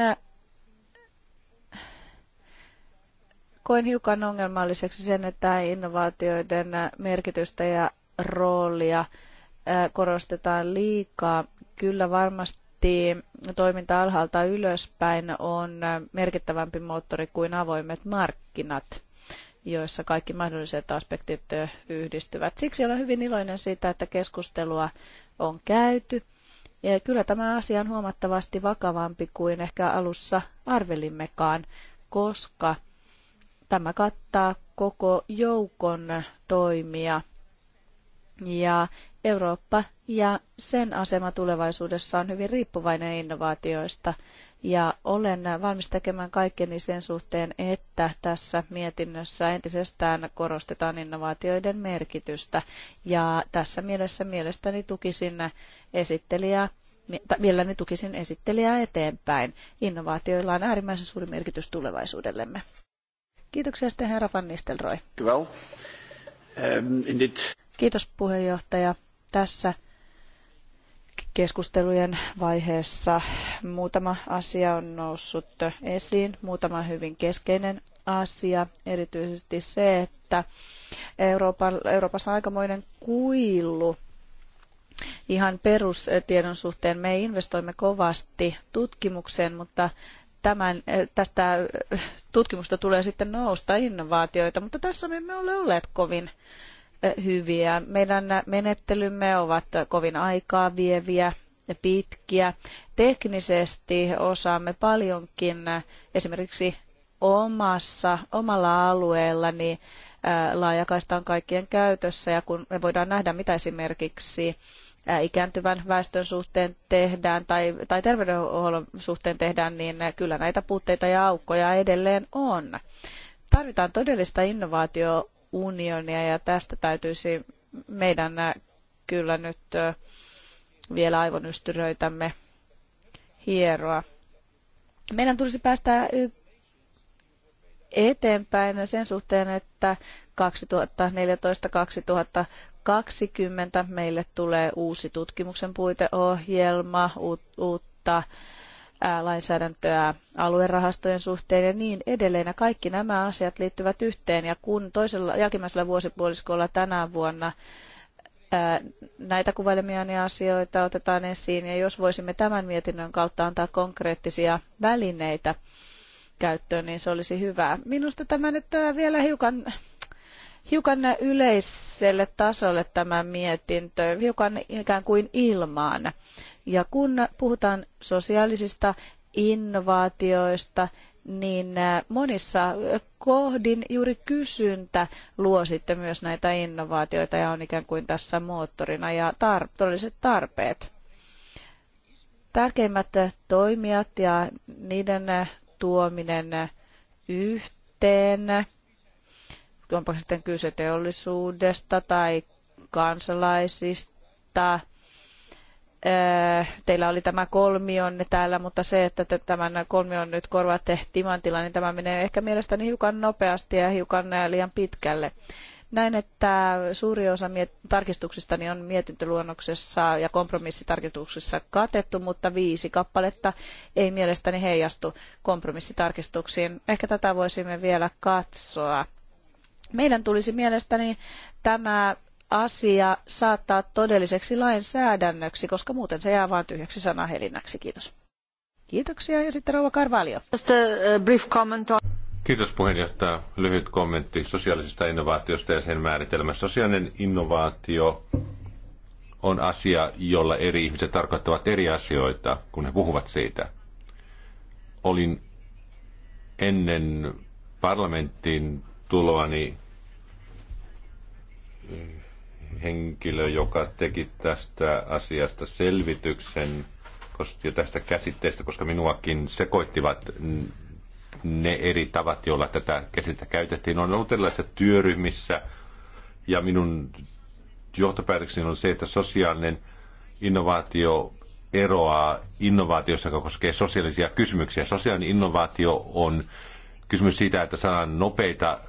koen hiukan ongelmalliseksi sen, että innovaatioiden merkitystä ja roolia korostetaan liikaa. Kyllä varmasti toiminta alhaalta ylöspäin on merkittävämpi moottori kuin avoimet markkinat joissa kaikki mahdolliset aspektit yhdistyvät. Siksi olen hyvin iloinen siitä, että keskustelua on käyty. Ja kyllä tämä asia on huomattavasti vakavampi kuin ehkä alussa arvelimmekaan, koska Tämä kattaa koko joukon toimia. Ja Eurooppa ja sen asema tulevaisuudessa on hyvin riippuvainen innovaatioista. Ja olen valmis tekemään kaikkeni sen suhteen, että tässä mietinnössä entisestään korostetaan innovaatioiden merkitystä. Ja tässä mielessä mielestäni tukisin esittelijää mielelläni tukisin esittelijää eteenpäin. Innovaatioilla on äärimmäisen suuri merkitys tulevaisuudellemme. Kiitoksia sitten herra Van Nistelrooy. Um, Kiitos puheenjohtaja. Tässä keskustelujen vaiheessa muutama asia on noussut esiin, muutama hyvin keskeinen asia, erityisesti se, että Euroopan, Euroopassa on aikamoinen kuilu ihan perustiedon suhteen. Me investoimme kovasti tutkimukseen, mutta tämän, eh, tästä eh, tutkimusta tulee sitten nousta innovaatioita, mutta tässä me emme ole olleet kovin eh, hyviä. Meidän menettelymme ovat kovin aikaa vieviä, pitkiä. Teknisesti osaamme paljonkin esimerkiksi omassa, omalla alueellani laajakaista on kaikkien käytössä ja kun me voidaan nähdä, mitä esimerkiksi ikääntyvän väestön suhteen tehdään tai, tai terveydenhuollon suhteen tehdään, niin kyllä näitä puutteita ja aukkoja edelleen on. Tarvitaan todellista innovaatiounionia ja tästä täytyisi meidän kyllä nyt vielä aivonystyröitämme hieroa. Meidän tulisi päästä eteenpäin sen suhteen, että 2014-2020 2020 meille tulee uusi tutkimuksen puiteohjelma, uutta lainsäädäntöä aluerahastojen suhteen ja niin edelleen. Ja kaikki nämä asiat liittyvät yhteen ja kun toisella jälkimmäisellä vuosipuoliskolla tänä vuonna näitä niin asioita otetaan esiin ja jos voisimme tämän mietinnön kautta antaa konkreettisia välineitä käyttöön, niin se olisi hyvää. Minusta tämä nyt vielä hiukan hiukan yleiselle tasolle tämä mietintö, hiukan ikään kuin ilmaan. Ja kun puhutaan sosiaalisista innovaatioista, niin monissa kohdin juuri kysyntä luo sitten myös näitä innovaatioita ja on ikään kuin tässä moottorina ja tar- todelliset tarpeet. Tärkeimmät toimijat ja niiden tuominen yhteen onpa sitten kyse teollisuudesta tai kansalaisista. Äh, teillä oli tämä kolmionne täällä, mutta se, että tämän kolmion nyt korvaatte timantilla, niin tämä menee ehkä mielestäni hiukan nopeasti ja hiukan äh, liian pitkälle. Näin, että suuri osa miet- tarkistuksista on mietintöluonnoksessa ja kompromissitarkistuksissa katettu, mutta viisi kappaletta ei mielestäni heijastu kompromissitarkistuksiin. Ehkä tätä voisimme vielä katsoa meidän tulisi mielestäni tämä asia saattaa todelliseksi lainsäädännöksi, koska muuten se jää vain tyhjäksi sanahelinäksi. Kiitos. Kiitoksia ja sitten Rouva Carvalho. Just a brief comment Kiitos puheenjohtaja. Lyhyt kommentti sosiaalisesta innovaatiosta ja sen määritelmästä. Sosiaalinen innovaatio on asia, jolla eri ihmiset tarkoittavat eri asioita, kun he puhuvat siitä. Olin ennen parlamentin niin henkilö, joka teki tästä asiasta selvityksen ja tästä käsitteestä, koska minuakin sekoittivat ne eri tavat, joilla tätä käsitettä käytettiin. On ollut erilaisissa työryhmissä ja minun johtopäätökseni on se, että sosiaalinen innovaatio eroaa innovaatiossa, joka koskee sosiaalisia kysymyksiä. Sosiaalinen innovaatio on kysymys siitä, että saadaan nopeita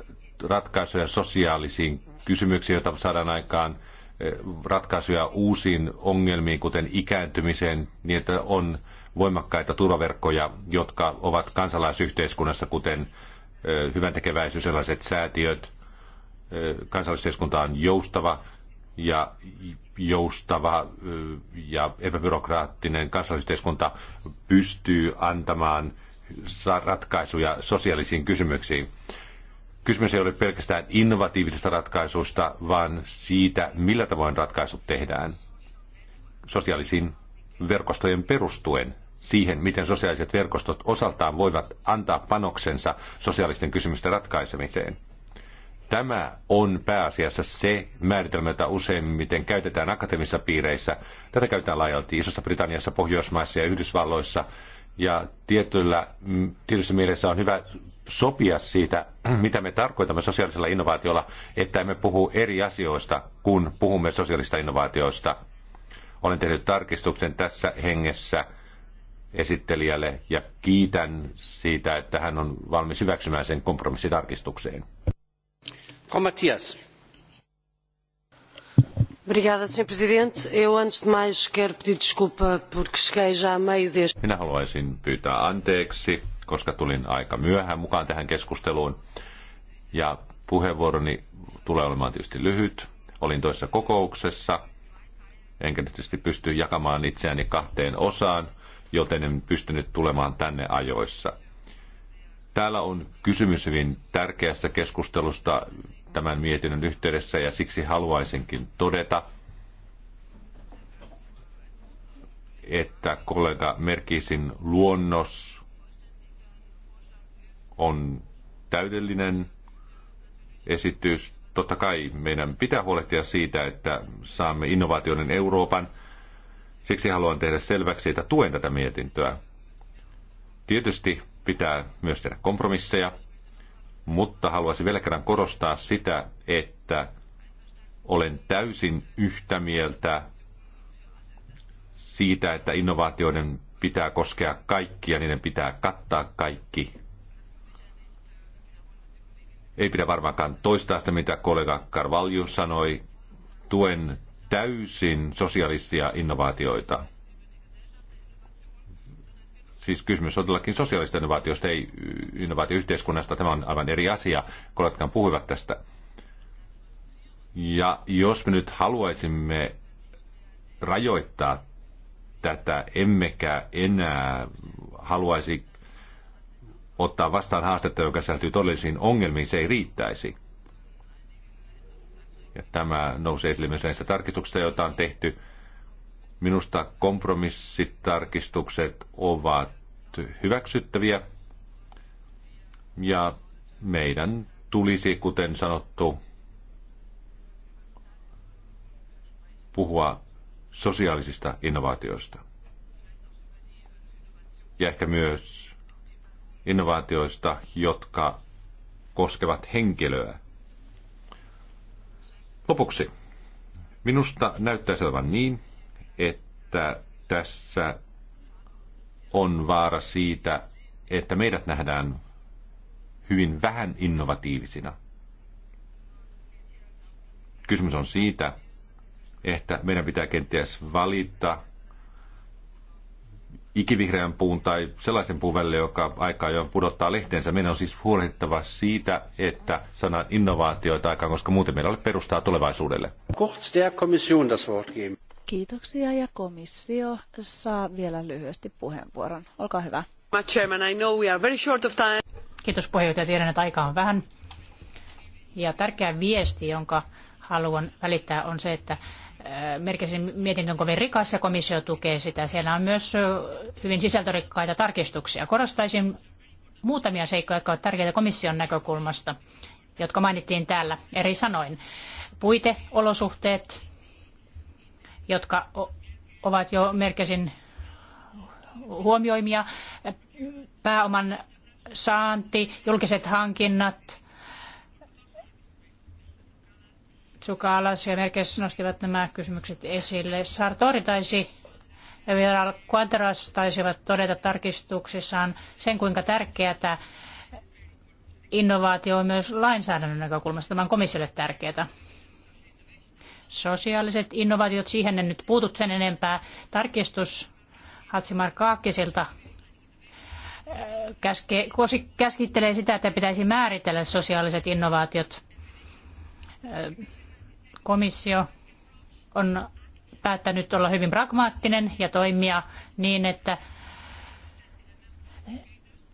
ratkaisuja sosiaalisiin kysymyksiin, joita saadaan aikaan eh, ratkaisuja uusiin ongelmiin, kuten ikääntymiseen, niin että on voimakkaita turvaverkkoja, jotka ovat kansalaisyhteiskunnassa, kuten eh, hyvän tekeväisyys, sellaiset säätiöt. Eh, kansalaisyhteiskunta on joustava ja joustava ja epäbyrokraattinen kansalaisyhteiskunta pystyy antamaan ratkaisuja sosiaalisiin kysymyksiin kysymys ei ole pelkästään innovatiivisista ratkaisuista, vaan siitä, millä tavoin ratkaisut tehdään sosiaalisiin verkostojen perustuen siihen, miten sosiaaliset verkostot osaltaan voivat antaa panoksensa sosiaalisten kysymysten ratkaisemiseen. Tämä on pääasiassa se määritelmä, jota useimmiten käytetään akateemisissa piireissä. Tätä käytetään laajalti Isossa Britanniassa, Pohjoismaissa ja Yhdysvalloissa. Ja tietyllä, tietyllä mielessä on hyvä sopia siitä, [clears throat] mitä me tarkoitamme sosiaalisella innovaatiolla, että emme puhu eri asioista, kun puhumme sosiaalista innovaatioista. Olen tehnyt tarkistuksen tässä hengessä esittelijälle ja kiitän siitä, että hän on valmis hyväksymään sen kompromissitarkistukseen. Frau Obrigada, Sr. Presidente. Eu, antes de mais, quero pedir desculpa porque cheguei já a meio deste... Minä haluaisin pyytää anteeksi koska tulin aika myöhään mukaan tähän keskusteluun. Ja puheenvuoroni tulee olemaan tietysti lyhyt. Olin toisessa kokouksessa, enkä tietysti pysty jakamaan itseäni kahteen osaan, joten en pystynyt tulemaan tänne ajoissa. Täällä on kysymys hyvin tärkeästä keskustelusta tämän mietinnön yhteydessä ja siksi haluaisinkin todeta, että kollega Merkisin luonnos on täydellinen esitys. Totta kai meidän pitää huolehtia siitä, että saamme innovaatioiden Euroopan. Siksi haluan tehdä selväksi, että tuen tätä mietintöä. Tietysti pitää myös tehdä kompromisseja, mutta haluaisin vielä kerran korostaa sitä, että olen täysin yhtä mieltä siitä, että innovaatioiden pitää koskea kaikkia, niiden pitää kattaa kaikki ei pidä varmaankaan toistaa sitä, mitä kollega Carvalho sanoi. Tuen täysin sosialistia innovaatioita. Siis kysymys on todellakin sosiaalista innovaatiosta, ei innovaatioyhteiskunnasta. Tämä on aivan eri asia. Kolletkaan puhuivat tästä. Ja jos me nyt haluaisimme rajoittaa tätä, emmekä enää haluaisi ottaa vastaan haastetta, joka sisältyy todellisiin ongelmiin, se ei riittäisi. Ja tämä nousee esille myös näistä tarkistuksista, joita on tehty. Minusta kompromissitarkistukset ovat hyväksyttäviä. Ja meidän tulisi, kuten sanottu, puhua sosiaalisista innovaatioista. Ja ehkä myös innovaatioista, jotka koskevat henkilöä. Lopuksi. Minusta näyttäisi olevan niin, että tässä on vaara siitä, että meidät nähdään hyvin vähän innovatiivisina. Kysymys on siitä, että meidän pitää kenties valita ikivihreän puun tai sellaisen puun välille, joka aika jo pudottaa lehtensä. Meidän on siis huolehdittava siitä, että sana innovaatioita aikaa, koska muuten meillä ei ole perustaa tulevaisuudelle. Kiitoksia ja komissio saa vielä lyhyesti puheenvuoron. Olkaa hyvä. Kiitos puheenjohtaja. Tiedän, että aika on vähän. Ja tärkeä viesti, jonka haluan välittää, on se, että merkisin mietintö on kovin rikas ja komissio tukee sitä. Siellä on myös hyvin sisältörikkaita tarkistuksia. Korostaisin muutamia seikkoja, jotka ovat tärkeitä komission näkökulmasta, jotka mainittiin täällä eri sanoin. Puiteolosuhteet, jotka ovat jo merkisin huomioimia, pääoman saanti, julkiset hankinnat, Tsukalas ja Merkes nostivat nämä kysymykset esille. Sartori taisi ja vielä Quadras taisivat todeta tarkistuksissaan sen, kuinka tärkeätä innovaatio on myös lainsäädännön näkökulmasta. Tämä on komissiolle tärkeää. Sosiaaliset innovaatiot, siihen en nyt puutut sen enempää. Tarkistus Hatsimar Kaakkisilta äh, käske, käskittelee sitä, että pitäisi määritellä sosiaaliset innovaatiot äh, komissio on päättänyt olla hyvin pragmaattinen ja toimia niin, että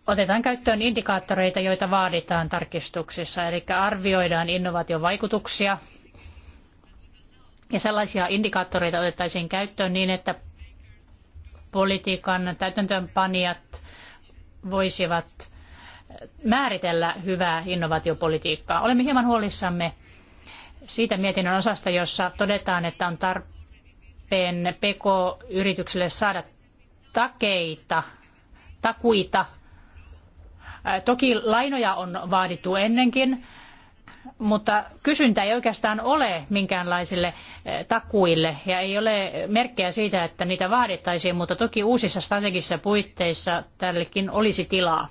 otetaan käyttöön indikaattoreita, joita vaaditaan tarkistuksissa, eli arvioidaan innovaation vaikutuksia. Ja sellaisia indikaattoreita otettaisiin käyttöön niin, että politiikan täytäntöönpanijat voisivat määritellä hyvää innovaatiopolitiikkaa. Olemme hieman huolissamme siitä mietinnön osasta, jossa todetaan, että on tarpeen PK-yrityksille saada takeita, takuita. Toki lainoja on vaadittu ennenkin, mutta kysyntä ei oikeastaan ole minkäänlaisille takuille ja ei ole merkkejä siitä, että niitä vaadittaisiin, mutta toki uusissa strategisissa puitteissa tällekin olisi tilaa.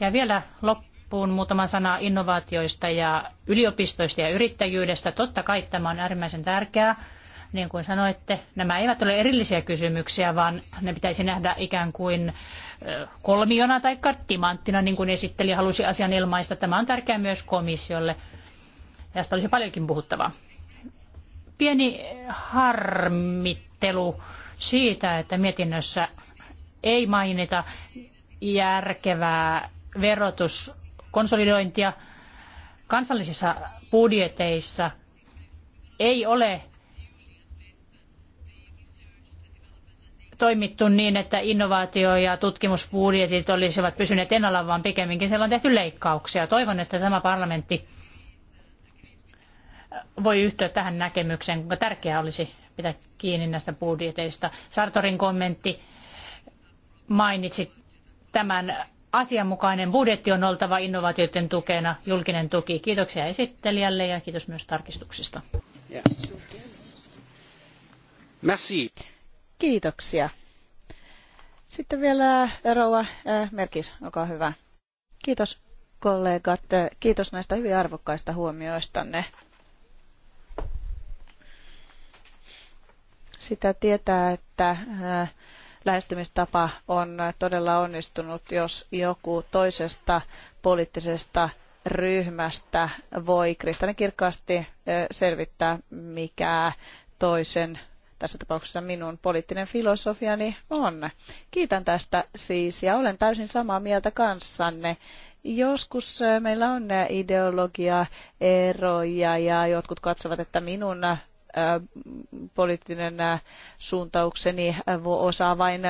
Ja vielä loppuun loppuun muutama sana innovaatioista ja yliopistoista ja yrittäjyydestä. Totta kai tämä on äärimmäisen tärkeää. Niin kuin sanoitte, nämä eivät ole erillisiä kysymyksiä, vaan ne pitäisi nähdä ikään kuin kolmiona tai timanttina, niin kuin esitteli halusi asian ilmaista. Tämä on tärkeää myös komissiolle. Tästä olisi paljonkin puhuttavaa. Pieni harmittelu siitä, että mietinnössä ei mainita järkevää verotus, konsolidointia. Kansallisissa budjeteissa ei ole toimittu niin, että innovaatio- ja tutkimusbudjetit olisivat pysyneet ennallaan, vaan pikemminkin siellä on tehty leikkauksia. Toivon, että tämä parlamentti voi yhtyä tähän näkemykseen, kuinka tärkeää olisi pitää kiinni näistä budjeteista. Sartorin kommentti mainitsi tämän asianmukainen budjetti on oltava innovaatioiden tukena, julkinen tuki. Kiitoksia esittelijälle ja kiitos myös tarkistuksista. Merci. Kiitoksia. Sitten vielä eh, Rouva eh, Merkis, olkaa hyvä. Kiitos kollegat. Eh, kiitos näistä hyvin arvokkaista huomioistanne. Sitä tietää, että lähestymistapa on todella onnistunut, jos joku toisesta poliittisesta ryhmästä voi kristallinkirkkaasti selvittää, mikä toisen tässä tapauksessa minun poliittinen filosofiani on. Kiitän tästä siis ja olen täysin samaa mieltä kanssanne. Joskus meillä on ideologiaeroja ja jotkut katsovat, että minun poliittinen suuntaukseni osaa vain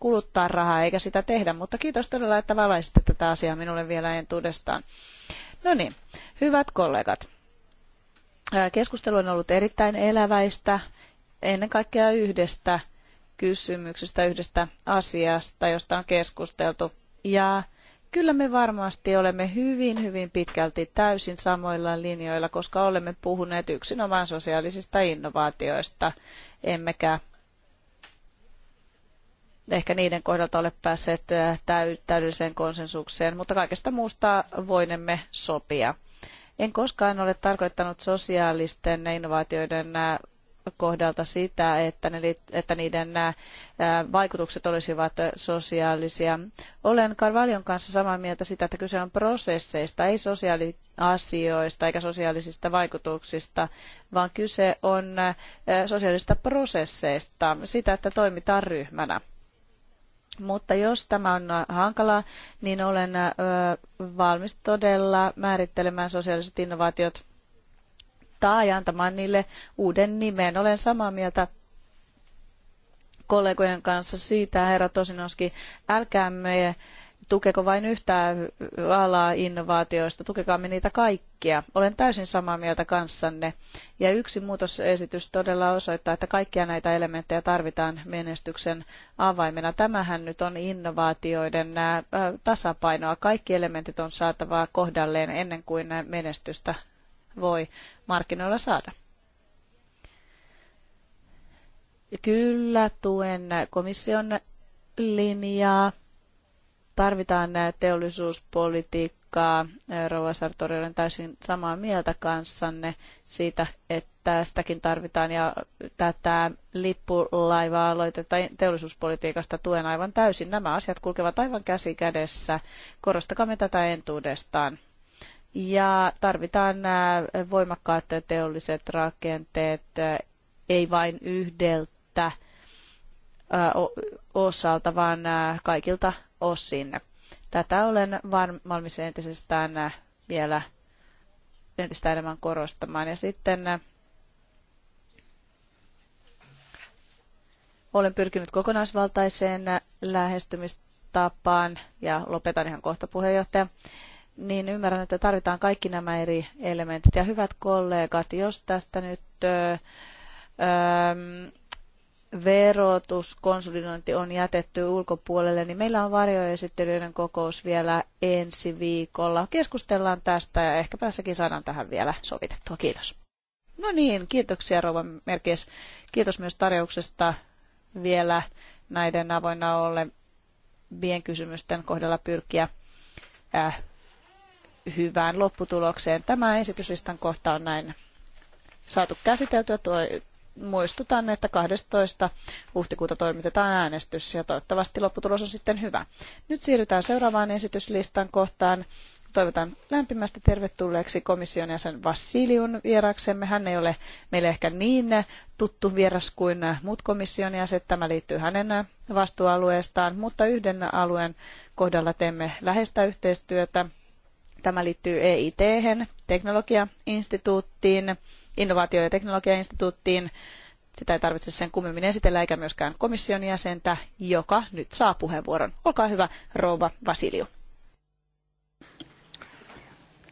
kuluttaa rahaa eikä sitä tehdä, mutta kiitos todella, että valaisitte tätä asiaa minulle vielä entuudestaan. No niin, hyvät kollegat. Keskustelu on ollut erittäin eläväistä, ennen kaikkea yhdestä kysymyksestä, yhdestä asiasta, josta on keskusteltu. Ja Kyllä me varmasti olemme hyvin, hyvin pitkälti täysin samoilla linjoilla, koska olemme puhuneet yksinomaan sosiaalisista innovaatioista, emmekä ehkä niiden kohdalta ole päässeet täydelliseen konsensukseen, mutta kaikesta muusta voinemme sopia. En koskaan ole tarkoittanut sosiaalisten innovaatioiden kohdalta sitä, että, ne, että niiden vaikutukset olisivat sosiaalisia. Olen Carvaljon kanssa samaa mieltä sitä, että kyse on prosesseista, ei sosiaaliasioista eikä sosiaalisista vaikutuksista, vaan kyse on sosiaalisista prosesseista, sitä, että toimitaan ryhmänä. Mutta jos tämä on hankalaa, niin olen valmis todella määrittelemään sosiaaliset innovaatiot muuttaa ja antamaan niille uuden nimen. Olen samaa mieltä kollegojen kanssa siitä, herra Tosinoski, älkäämme tukeko vain yhtä alaa innovaatioista, tukekaamme niitä kaikkia. Olen täysin samaa mieltä kanssanne. Ja yksi muutosesitys todella osoittaa, että kaikkia näitä elementtejä tarvitaan menestyksen avaimena. Tämähän nyt on innovaatioiden äh, tasapainoa. Kaikki elementit on saatava kohdalleen ennen kuin menestystä voi markkinoilla saada. Kyllä tuen komission linjaa. Tarvitaan teollisuuspolitiikkaa. Rova Sartori, olen täysin samaa mieltä kanssanne siitä, että sitäkin tarvitaan ja tätä lippulaivaa aloitetta teollisuuspolitiikasta tuen aivan täysin. Nämä asiat kulkevat aivan käsi kädessä. korostakamme tätä entuudestaan ja tarvitaan nämä äh, voimakkaat teolliset rakenteet, äh, ei vain yhdeltä äh, osalta, vaan kaikilta osin. Tätä olen valmis entisestään vielä entistä enemmän korostamaan. Ja sitten olen pyrkinyt kokonaisvaltaiseen lähestymistapaan ja lopetan ihan kohta puheenjohtaja niin ymmärrän, että tarvitaan kaikki nämä eri elementit. Ja hyvät kollegat, jos tästä nyt ö, ö, verotuskonsolidointi on jätetty ulkopuolelle, niin meillä on varjoesittelyiden kokous vielä ensi viikolla. Keskustellaan tästä ja ehkä päässäkin saadaan tähän vielä sovitettua. Kiitos. No niin, kiitoksia Rova Merkies. Kiitos myös tarjouksesta vielä näiden avoinna olevien kysymysten kohdalla pyrkiä äh, hyvään lopputulokseen. Tämä esityslistan kohta on näin saatu käsiteltyä. Tuo, muistutan, että 12. huhtikuuta toimitetaan äänestys ja toivottavasti lopputulos on sitten hyvä. Nyt siirrytään seuraavaan esityslistan kohtaan. Toivotan lämpimästi tervetulleeksi komission jäsen Vassiliun vieraksemme. Hän ei ole meille ehkä niin tuttu vieras kuin muut komission jäsenet. Tämä liittyy hänen vastuualueestaan, mutta yhden alueen kohdalla teemme läheistä yhteistyötä Tämä liittyy EIT, teknologiainstituuttiin, innovaatio- ja teknologiainstituuttiin. Sitä ei tarvitse sen kummemmin esitellä, eikä myöskään komission jäsentä, joka nyt saa puheenvuoron. Olkaa hyvä, rouva Vasiliu.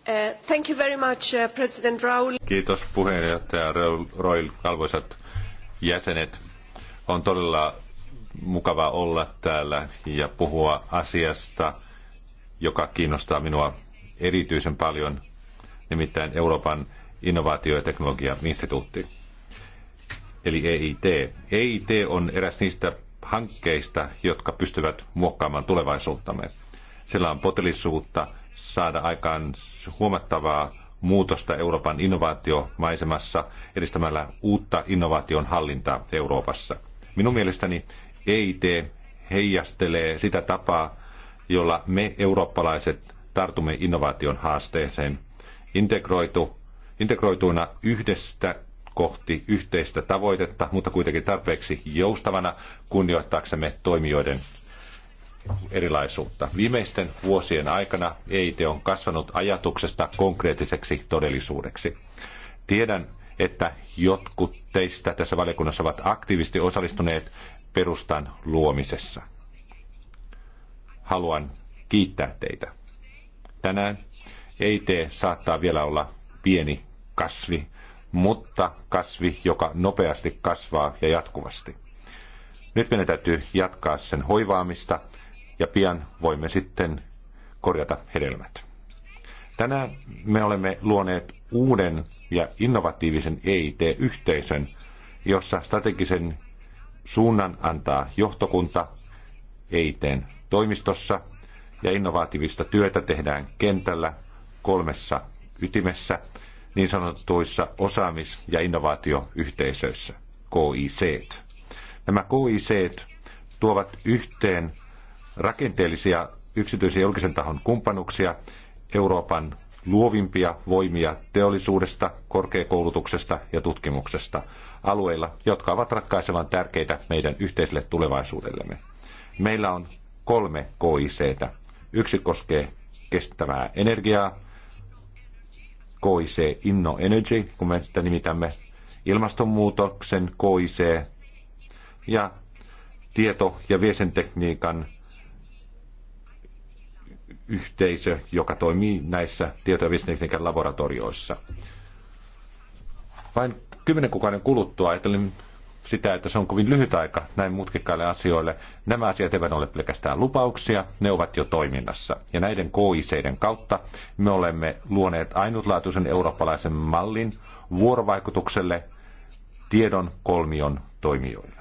Uh, thank you very much, uh, President Raul. Kiitos puheenjohtaja Roil, arvoisat jäsenet. On todella mukava olla täällä ja puhua asiasta, joka kiinnostaa minua erityisen paljon, nimittäin Euroopan innovaatio- ja teknologia-instituutti, eli EIT. EIT on eräs niistä hankkeista, jotka pystyvät muokkaamaan tulevaisuuttamme. Sillä on potilisuutta saada aikaan huomattavaa muutosta Euroopan innovaatiomaisemassa edistämällä uutta innovaation hallintaa Euroopassa. Minun mielestäni EIT heijastelee sitä tapaa, jolla me eurooppalaiset tartumme innovaation haasteeseen. Integroitu, integroituina yhdestä kohti yhteistä tavoitetta, mutta kuitenkin tarpeeksi joustavana kunnioittaaksemme toimijoiden erilaisuutta. Viimeisten vuosien aikana EIT on kasvanut ajatuksesta konkreettiseksi todellisuudeksi. Tiedän, että jotkut teistä tässä valiokunnassa ovat aktiivisesti osallistuneet perustan luomisessa. Haluan kiittää teitä tänään. EIT saattaa vielä olla pieni kasvi, mutta kasvi, joka nopeasti kasvaa ja jatkuvasti. Nyt meidän täytyy jatkaa sen hoivaamista ja pian voimme sitten korjata hedelmät. Tänään me olemme luoneet uuden ja innovatiivisen EIT-yhteisön, jossa strategisen suunnan antaa johtokunta EITn toimistossa – ja innovatiivista työtä tehdään kentällä kolmessa ytimessä, niin sanotuissa osaamis- ja innovaatioyhteisöissä, KIC. -t. Nämä KIC tuovat yhteen rakenteellisia yksityisen julkisen tahon kumppanuksia, Euroopan luovimpia voimia teollisuudesta, korkeakoulutuksesta ja tutkimuksesta alueilla, jotka ovat ratkaisevan tärkeitä meidän yhteiselle tulevaisuudellemme. Meillä on kolme KICtä. Yksi koskee kestävää energiaa, KIC Inno Energy, kun me sitä nimitämme ilmastonmuutoksen KIC, ja tieto- ja viestintekniikan yhteisö, joka toimii näissä tieto- ja viestintekniikan laboratorioissa. Vain kymmenen kuukauden kuluttua ajattelin sitä, että se on kovin lyhyt aika näin mutkikkaille asioille. Nämä asiat eivät ole pelkästään lupauksia, ne ovat jo toiminnassa. Ja näiden koiseiden kautta me olemme luoneet ainutlaatuisen eurooppalaisen mallin vuorovaikutukselle tiedon kolmion toimijoille.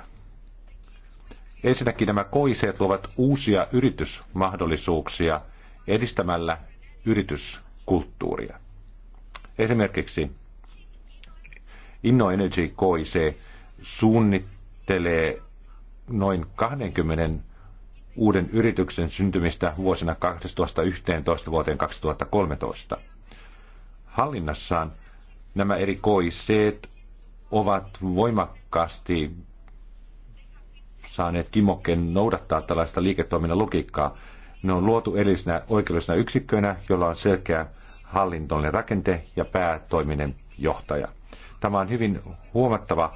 Ensinnäkin nämä koiseet luovat uusia yritysmahdollisuuksia edistämällä yrityskulttuuria. Esimerkiksi InnoEnergy KIC suunnittelee noin 20 uuden yrityksen syntymistä vuosina 2011 vuoteen 2013. Hallinnassaan nämä eri KIC ovat voimakkaasti saaneet kimokken noudattaa tällaista liiketoiminnan logiikkaa. Ne on luotu erillisenä oikeudellisena yksikköinä, jolla on selkeä hallintollinen rakente ja päätoiminen johtaja. Tämä on hyvin huomattava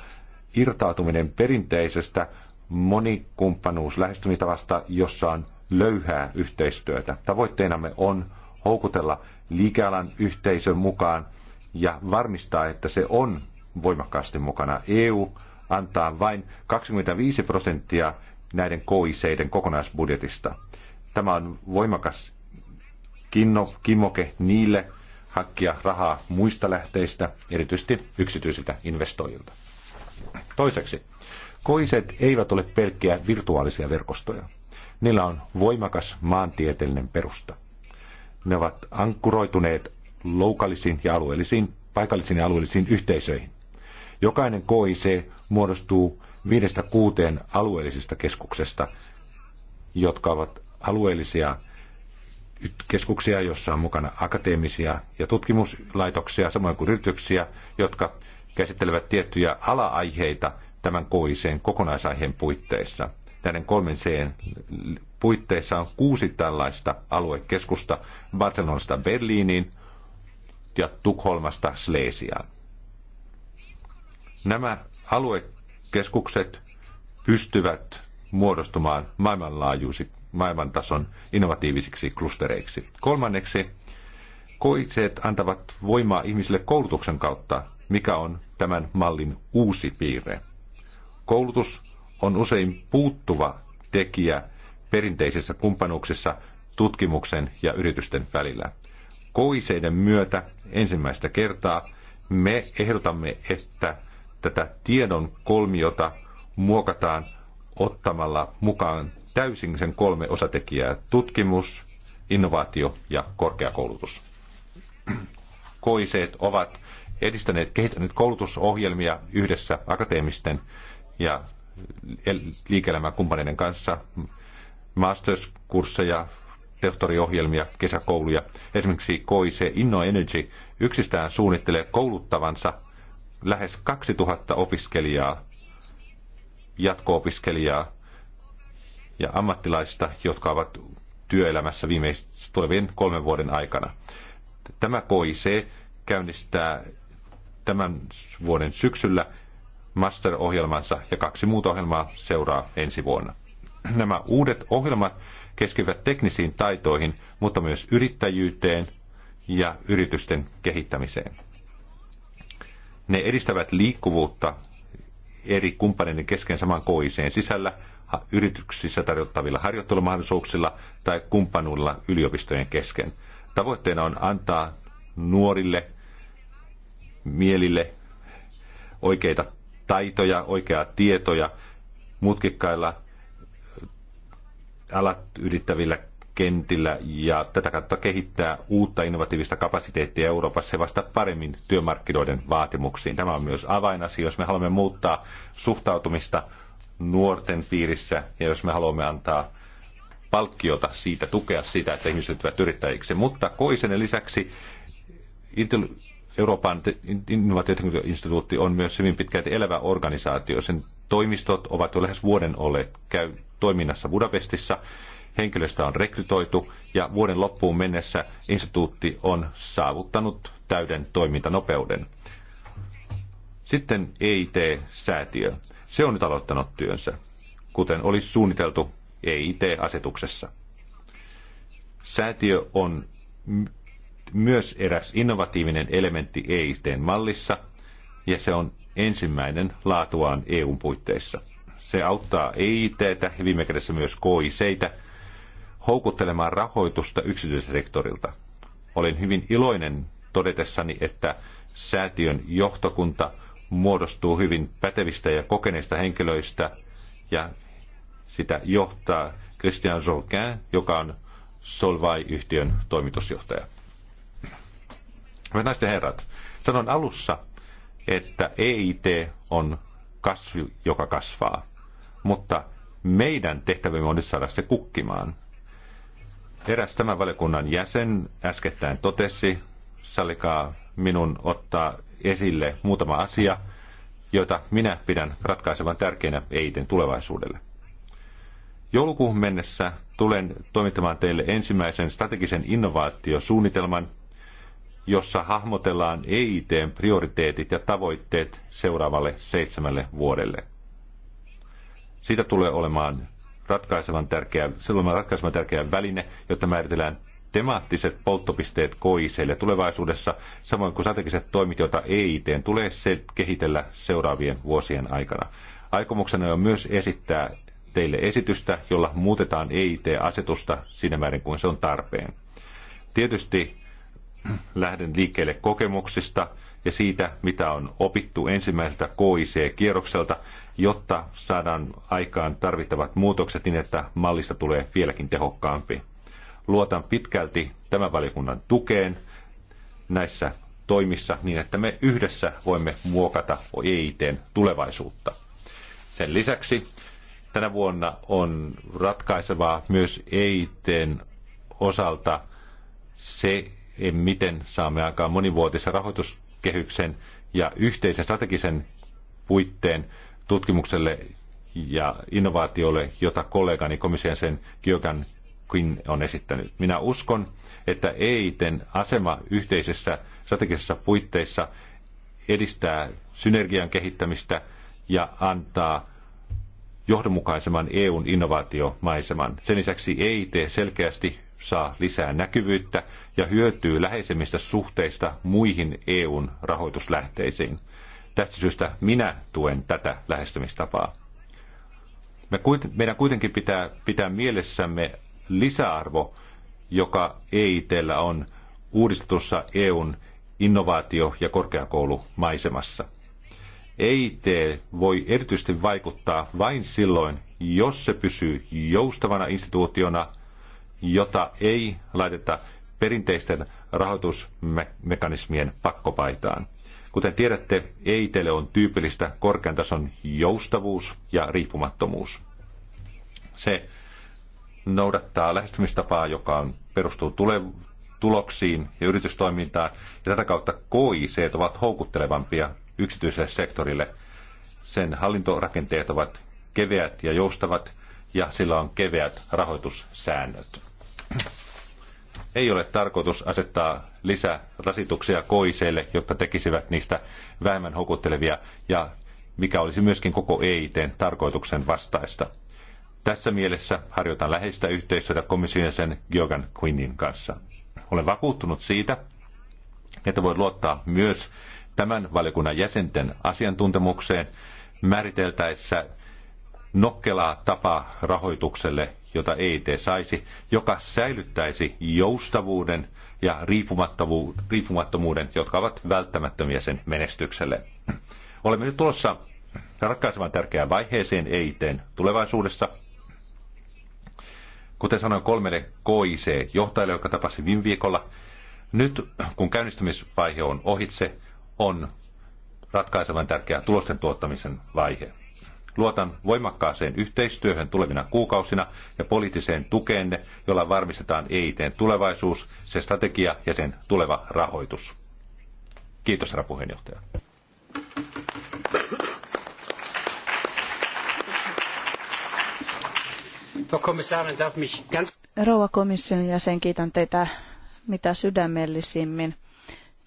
irtautuminen perinteisestä monikumppanuuslähestymistavasta, jossa on löyhää yhteistyötä. Tavoitteenamme on houkutella liikealan yhteisön mukaan ja varmistaa, että se on voimakkaasti mukana. EU antaa vain 25 prosenttia näiden KICiden kokonaisbudjetista. Tämä on voimakas kinno, kimmoke niille hakkia rahaa muista lähteistä, erityisesti yksityisiltä investoijilta. Toiseksi, koiset eivät ole pelkkiä virtuaalisia verkostoja. Niillä on voimakas maantieteellinen perusta. Ne ovat ankkuroituneet loukallisiin ja alueellisiin, paikallisiin ja alueellisiin yhteisöihin. Jokainen KIC muodostuu viidestä kuuteen alueellisista keskuksesta, jotka ovat alueellisia keskuksia, joissa on mukana akateemisia ja tutkimuslaitoksia, samoin kuin yrityksiä, jotka käsittelevät tiettyjä ala-aiheita tämän koiseen kokonaisaiheen puitteissa. Näiden kolmen C puitteissa on kuusi tällaista aluekeskusta Barcelonasta Berliiniin ja Tukholmasta Slesiaan. Nämä aluekeskukset pystyvät muodostumaan maailmanlaajuisiksi maailmantason innovatiivisiksi klustereiksi. Kolmanneksi, koitseet antavat voimaa ihmisille koulutuksen kautta mikä on tämän mallin uusi piirre. Koulutus on usein puuttuva tekijä perinteisissä kumppanuuksissa tutkimuksen ja yritysten välillä. Koiseiden myötä ensimmäistä kertaa me ehdotamme, että tätä tiedon kolmiota muokataan ottamalla mukaan täysin sen kolme osatekijää, tutkimus, innovaatio ja korkeakoulutus. Koiseet ovat edistäneet, kehittäneet koulutusohjelmia yhdessä akateemisten ja liike-elämän kumppaneiden kanssa, masterskursseja, tehtoriohjelmia, kesäkouluja. Esimerkiksi KIC Inno Energy yksistään suunnittelee kouluttavansa lähes 2000 opiskelijaa, jatko-opiskelijaa ja ammattilaista, jotka ovat työelämässä viimeisten tulevien kolmen vuoden aikana. Tämä KIC käynnistää tämän vuoden syksyllä master-ohjelmansa ja kaksi muuta ohjelmaa seuraa ensi vuonna. Nämä uudet ohjelmat keskivät teknisiin taitoihin, mutta myös yrittäjyyteen ja yritysten kehittämiseen. Ne edistävät liikkuvuutta eri kumppaneiden kesken saman koiseen sisällä, yrityksissä tarjottavilla harjoittelumahdollisuuksilla tai kumppanuilla yliopistojen kesken. Tavoitteena on antaa nuorille mielille oikeita taitoja, oikeaa tietoja mutkikkailla alat ylittävillä kentillä ja tätä kautta kehittää uutta innovatiivista kapasiteettia Euroopassa ja vasta paremmin työmarkkinoiden vaatimuksiin. Tämä on myös avainasia, jos me haluamme muuttaa suhtautumista nuorten piirissä ja jos me haluamme antaa palkkiota siitä, tukea sitä, että ihmiset ovat yrittäjiksi. Mutta koisen lisäksi Euroopan innovaatioteknologiainstituutti on myös hyvin pitkälti elävä organisaatio. Sen toimistot ovat jo lähes vuoden olleet käy toiminnassa Budapestissa. Henkilöstä on rekrytoitu ja vuoden loppuun mennessä instituutti on saavuttanut täyden toimintanopeuden. Sitten EIT-säätiö. Se on nyt aloittanut työnsä, kuten olisi suunniteltu EIT-asetuksessa. Säätiö on myös eräs innovatiivinen elementti EITn mallissa, ja se on ensimmäinen laatuaan EUn puitteissa. Se auttaa EITtä ja viime kädessä myös KICtä houkuttelemaan rahoitusta yksityiseltä sektorilta. Olin hyvin iloinen todetessani, että säätiön johtokunta muodostuu hyvin pätevistä ja kokeneista henkilöistä ja sitä johtaa Christian Jorquin, joka on Solvay-yhtiön toimitusjohtaja. Hyvät naiset ja herrat, sanon alussa, että EIT on kasvi, joka kasvaa. Mutta meidän tehtävämme on nyt saada se kukkimaan. Eräs tämän valiokunnan jäsen äskettäin totesi, salikaa minun ottaa esille muutama asia, joita minä pidän ratkaisevan tärkeinä EITen tulevaisuudelle. Joulukuuhun mennessä tulen toimittamaan teille ensimmäisen strategisen innovaatiosuunnitelman, jossa hahmotellaan EITn prioriteetit ja tavoitteet seuraavalle seitsemälle vuodelle. Siitä tulee olemaan ratkaisevan tärkeä, silloin ratkaisevan tärkeä väline, jotta määritellään temaattiset polttopisteet koiseille tulevaisuudessa, samoin kuin strategiset toimit, joita EIT tulee se kehitellä seuraavien vuosien aikana. Aikomuksena on myös esittää teille esitystä, jolla muutetaan EIT-asetusta siinä määrin kuin se on tarpeen. Tietysti lähden liikkeelle kokemuksista ja siitä, mitä on opittu ensimmäiseltä KIC-kierrokselta, jotta saadaan aikaan tarvittavat muutokset niin, että mallista tulee vieläkin tehokkaampi. Luotan pitkälti tämän valiokunnan tukeen näissä toimissa niin, että me yhdessä voimme muokata EITn tulevaisuutta. Sen lisäksi tänä vuonna on ratkaisevaa myös EITn osalta se, miten saamme aikaan monivuotisen rahoituskehyksen ja yhteisen strategisen puitteen tutkimukselle ja innovaatiolle, jota kollegani komission sen Kyokan Quinn on esittänyt. Minä uskon, että EITen asema yhteisessä strategisessa puitteissa edistää synergian kehittämistä ja antaa johdonmukaisemman EUn innovaatiomaiseman. Sen lisäksi EIT selkeästi saa lisää näkyvyyttä ja hyötyy läheisemmistä suhteista muihin EUn rahoituslähteisiin. Tästä syystä minä tuen tätä lähestymistapaa. Me meidän kuitenkin pitää pitää mielessämme lisäarvo, joka EITllä on uudistetussa EUn innovaatio- ja korkeakoulumaisemassa. EIT voi erityisesti vaikuttaa vain silloin, jos se pysyy joustavana instituutiona – jota ei laiteta perinteisten rahoitusmekanismien pakkopaitaan. Kuten tiedätte, EITlle on tyypillistä korkean tason joustavuus ja riippumattomuus. Se noudattaa lähestymistapaa, joka on perustuu tule- tuloksiin ja yritystoimintaan, ja tätä kautta KIC ovat houkuttelevampia yksityiselle sektorille. Sen hallintorakenteet ovat keveät ja joustavat, ja sillä on keveät rahoitussäännöt. Ei ole tarkoitus asettaa lisärasituksia koiseille, jotka tekisivät niistä vähemmän houkuttelevia ja mikä olisi myöskin koko EITn tarkoituksen vastaista. Tässä mielessä harjoitan läheistä yhteistyötä komission sen Georgan Quinnin kanssa. Olen vakuuttunut siitä, että voi luottaa myös tämän valiokunnan jäsenten asiantuntemukseen määriteltäessä nokkelaa tapaa rahoitukselle jota EIT saisi, joka säilyttäisi joustavuuden ja riippumattomuuden, jotka ovat välttämättömiä sen menestykselle. Olemme nyt tulossa ratkaisevan tärkeään vaiheeseen EITn tulevaisuudessa. Kuten sanoin kolmelle KIC-johtajalle, joka tapasi viime viikolla, nyt kun käynnistymisvaihe on ohitse, on ratkaisevan tärkeä tulosten tuottamisen vaihe. Luotan voimakkaaseen yhteistyöhön tulevina kuukausina ja poliittiseen tukeenne, jolla varmistetaan EITn tulevaisuus, sen strategia ja sen tuleva rahoitus. Kiitos, herra puheenjohtaja. Rouva komission jäsen, kiitän teitä mitä sydämellisimmin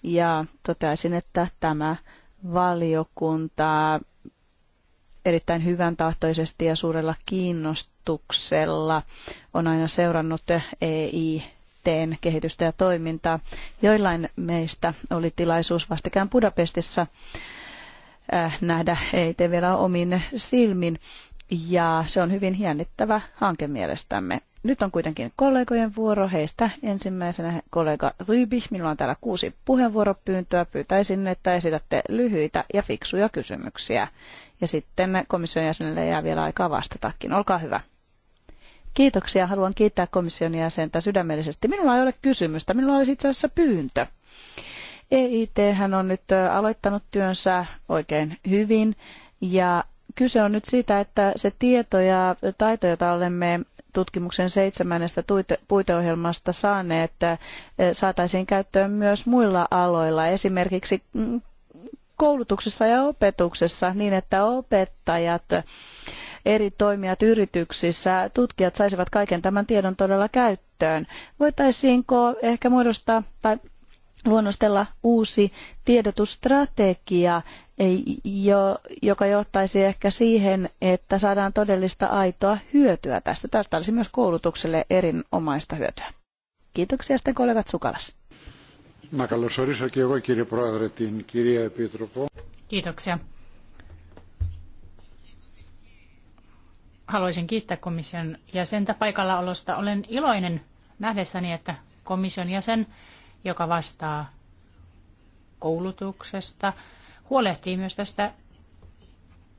ja toteaisin, että tämä valiokunta erittäin hyvän tahtoisesti ja suurella kiinnostuksella on aina seurannut EI teen kehitystä ja toimintaa. Joillain meistä oli tilaisuus vastikään Budapestissa äh, nähdä EIT vielä omin silmin ja se on hyvin jännittävä hanke mielestämme. Nyt on kuitenkin kollegojen vuoro. Heistä ensimmäisenä kollega Ryby. Minulla on täällä kuusi puheenvuoropyyntöä. Pyytäisin, että esitätte lyhyitä ja fiksuja kysymyksiä. Ja sitten komission jäsenelle jää vielä aikaa vastatakin. Olkaa hyvä. Kiitoksia. Haluan kiittää komission jäsentä sydämellisesti. Minulla ei ole kysymystä. Minulla olisi itse asiassa pyyntö. EIT on nyt aloittanut työnsä oikein hyvin ja kyse on nyt siitä, että se tieto ja taito, jota olemme tutkimuksen seitsemännestä puiteohjelmasta saaneet äh, saataisiin käyttöön myös muilla aloilla, esimerkiksi mm, koulutuksessa ja opetuksessa niin, että opettajat, eri toimijat yrityksissä, tutkijat saisivat kaiken tämän tiedon todella käyttöön. Voitaisiinko ehkä muodostaa tai luonnostella uusi tiedotusstrategia, e, jo, joka johtaisi ehkä siihen, että saadaan todellista aitoa hyötyä tästä. Tästä olisi myös koulutukselle erinomaista hyötyä. Kiitoksia sitten kollegat Sukalas. Kiitoksia. Haluaisin kiittää komission jäsentä paikallaolosta. Olen iloinen nähdessäni, että komission jäsen joka vastaa koulutuksesta, huolehtii myös tästä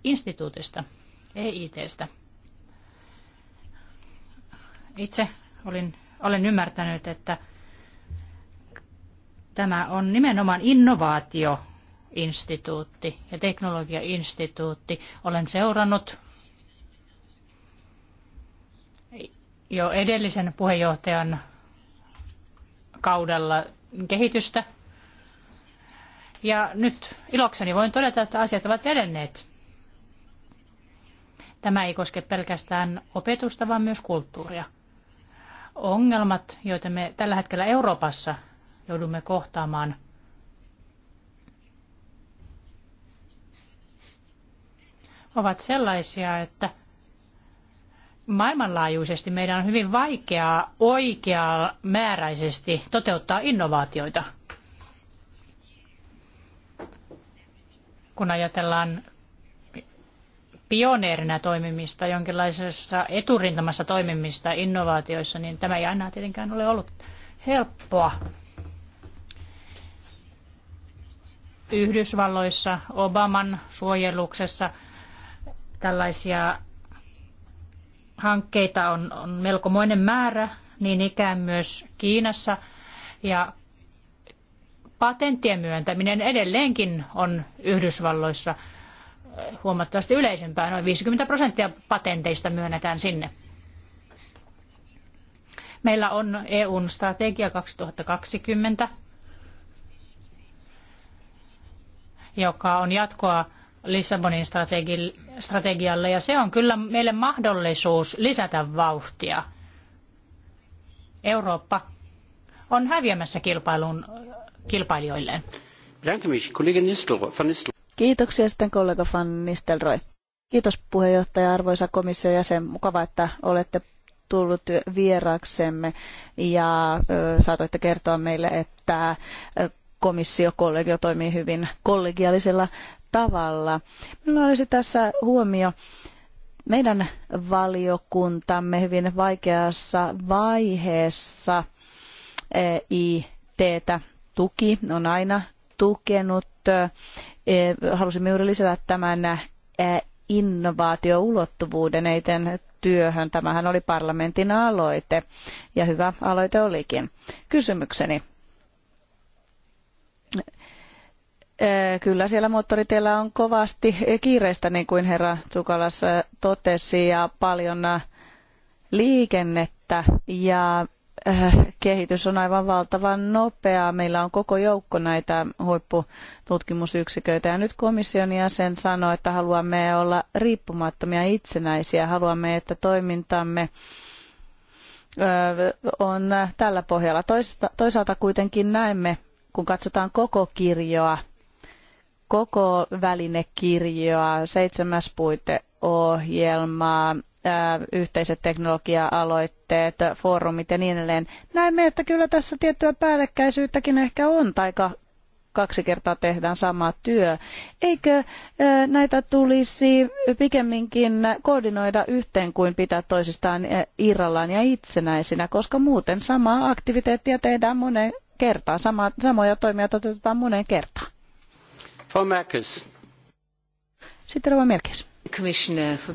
instituutista, EITstä. Itse olin, olen ymmärtänyt, että tämä on nimenomaan innovaatioinstituutti ja teknologiainstituutti. Olen seurannut jo edellisen puheenjohtajan kaudella kehitystä. Ja nyt ilokseni voin todeta, että asiat ovat edenneet. Tämä ei koske pelkästään opetusta, vaan myös kulttuuria. Ongelmat, joita me tällä hetkellä Euroopassa joudumme kohtaamaan, ovat sellaisia, että – maailmanlaajuisesti meidän on hyvin vaikeaa oikeaa määräisesti toteuttaa innovaatioita. Kun ajatellaan pioneerina toimimista, jonkinlaisessa eturintamassa toimimista innovaatioissa, niin tämä ei aina tietenkään ole ollut helppoa. Yhdysvalloissa, Obaman suojeluksessa tällaisia Hankkeita on, on melkomoinen määrä, niin ikään myös Kiinassa. Ja patenttien myöntäminen edelleenkin on Yhdysvalloissa huomattavasti yleisempää. Noin 50 prosenttia patenteista myönnetään sinne. Meillä on EUn strategia 2020, joka on jatkoa Lissabonin strategi- strategialle ja se on kyllä meille mahdollisuus lisätä vauhtia. Eurooppa on häviämässä kilpailun äh, kilpailijoilleen. Kiitoksia sitten kollega Van Nistelrooy. Kiitos puheenjohtaja, arvoisa komission jäsen. Mukava, että olette tullut vieraaksemme ja saatoitte kertoa meille, että komissiokollegio toimii hyvin kollegiaalisella tavalla. Minulla olisi tässä huomio meidän valiokuntamme hyvin vaikeassa vaiheessa eh, IT-tä tuki on aina tukenut. Eh, halusimme juuri lisätä tämän eh, innovaatioulottuvuuden eiten työhön. Tämähän oli parlamentin aloite ja hyvä aloite olikin. Kysymykseni Eh, kyllä siellä moottoriteillä on kovasti kiireistä, niin kuin herra Tsukalas eh, totesi, ja paljon eh, liikennettä ja kehitys on aivan valtavan nopeaa. Meillä on koko joukko näitä huippututkimusyksiköitä ja nyt komission jäsen sanoi, että haluamme olla riippumattomia itsenäisiä. Haluamme, että toimintamme on tällä pohjalla. Toisaalta kuitenkin näemme, kun katsotaan koko kirjoa, koko välinekirjoa, seitsemäs puiteohjelmaa, yhteiset teknologia-aloitteet, foorumit ja niin edelleen. Näemme, että kyllä tässä tiettyä päällekkäisyyttäkin ehkä on, tai kaksi kertaa tehdään sama työ. Eikö näitä tulisi pikemminkin koordinoida yhteen kuin pitää toisistaan irrallaan ja itsenäisinä, koska muuten samaa aktiviteettia tehdään moneen kertaan, samoja toimia toteutetaan moneen kertaan. Sitten Rova Merkis. Uh,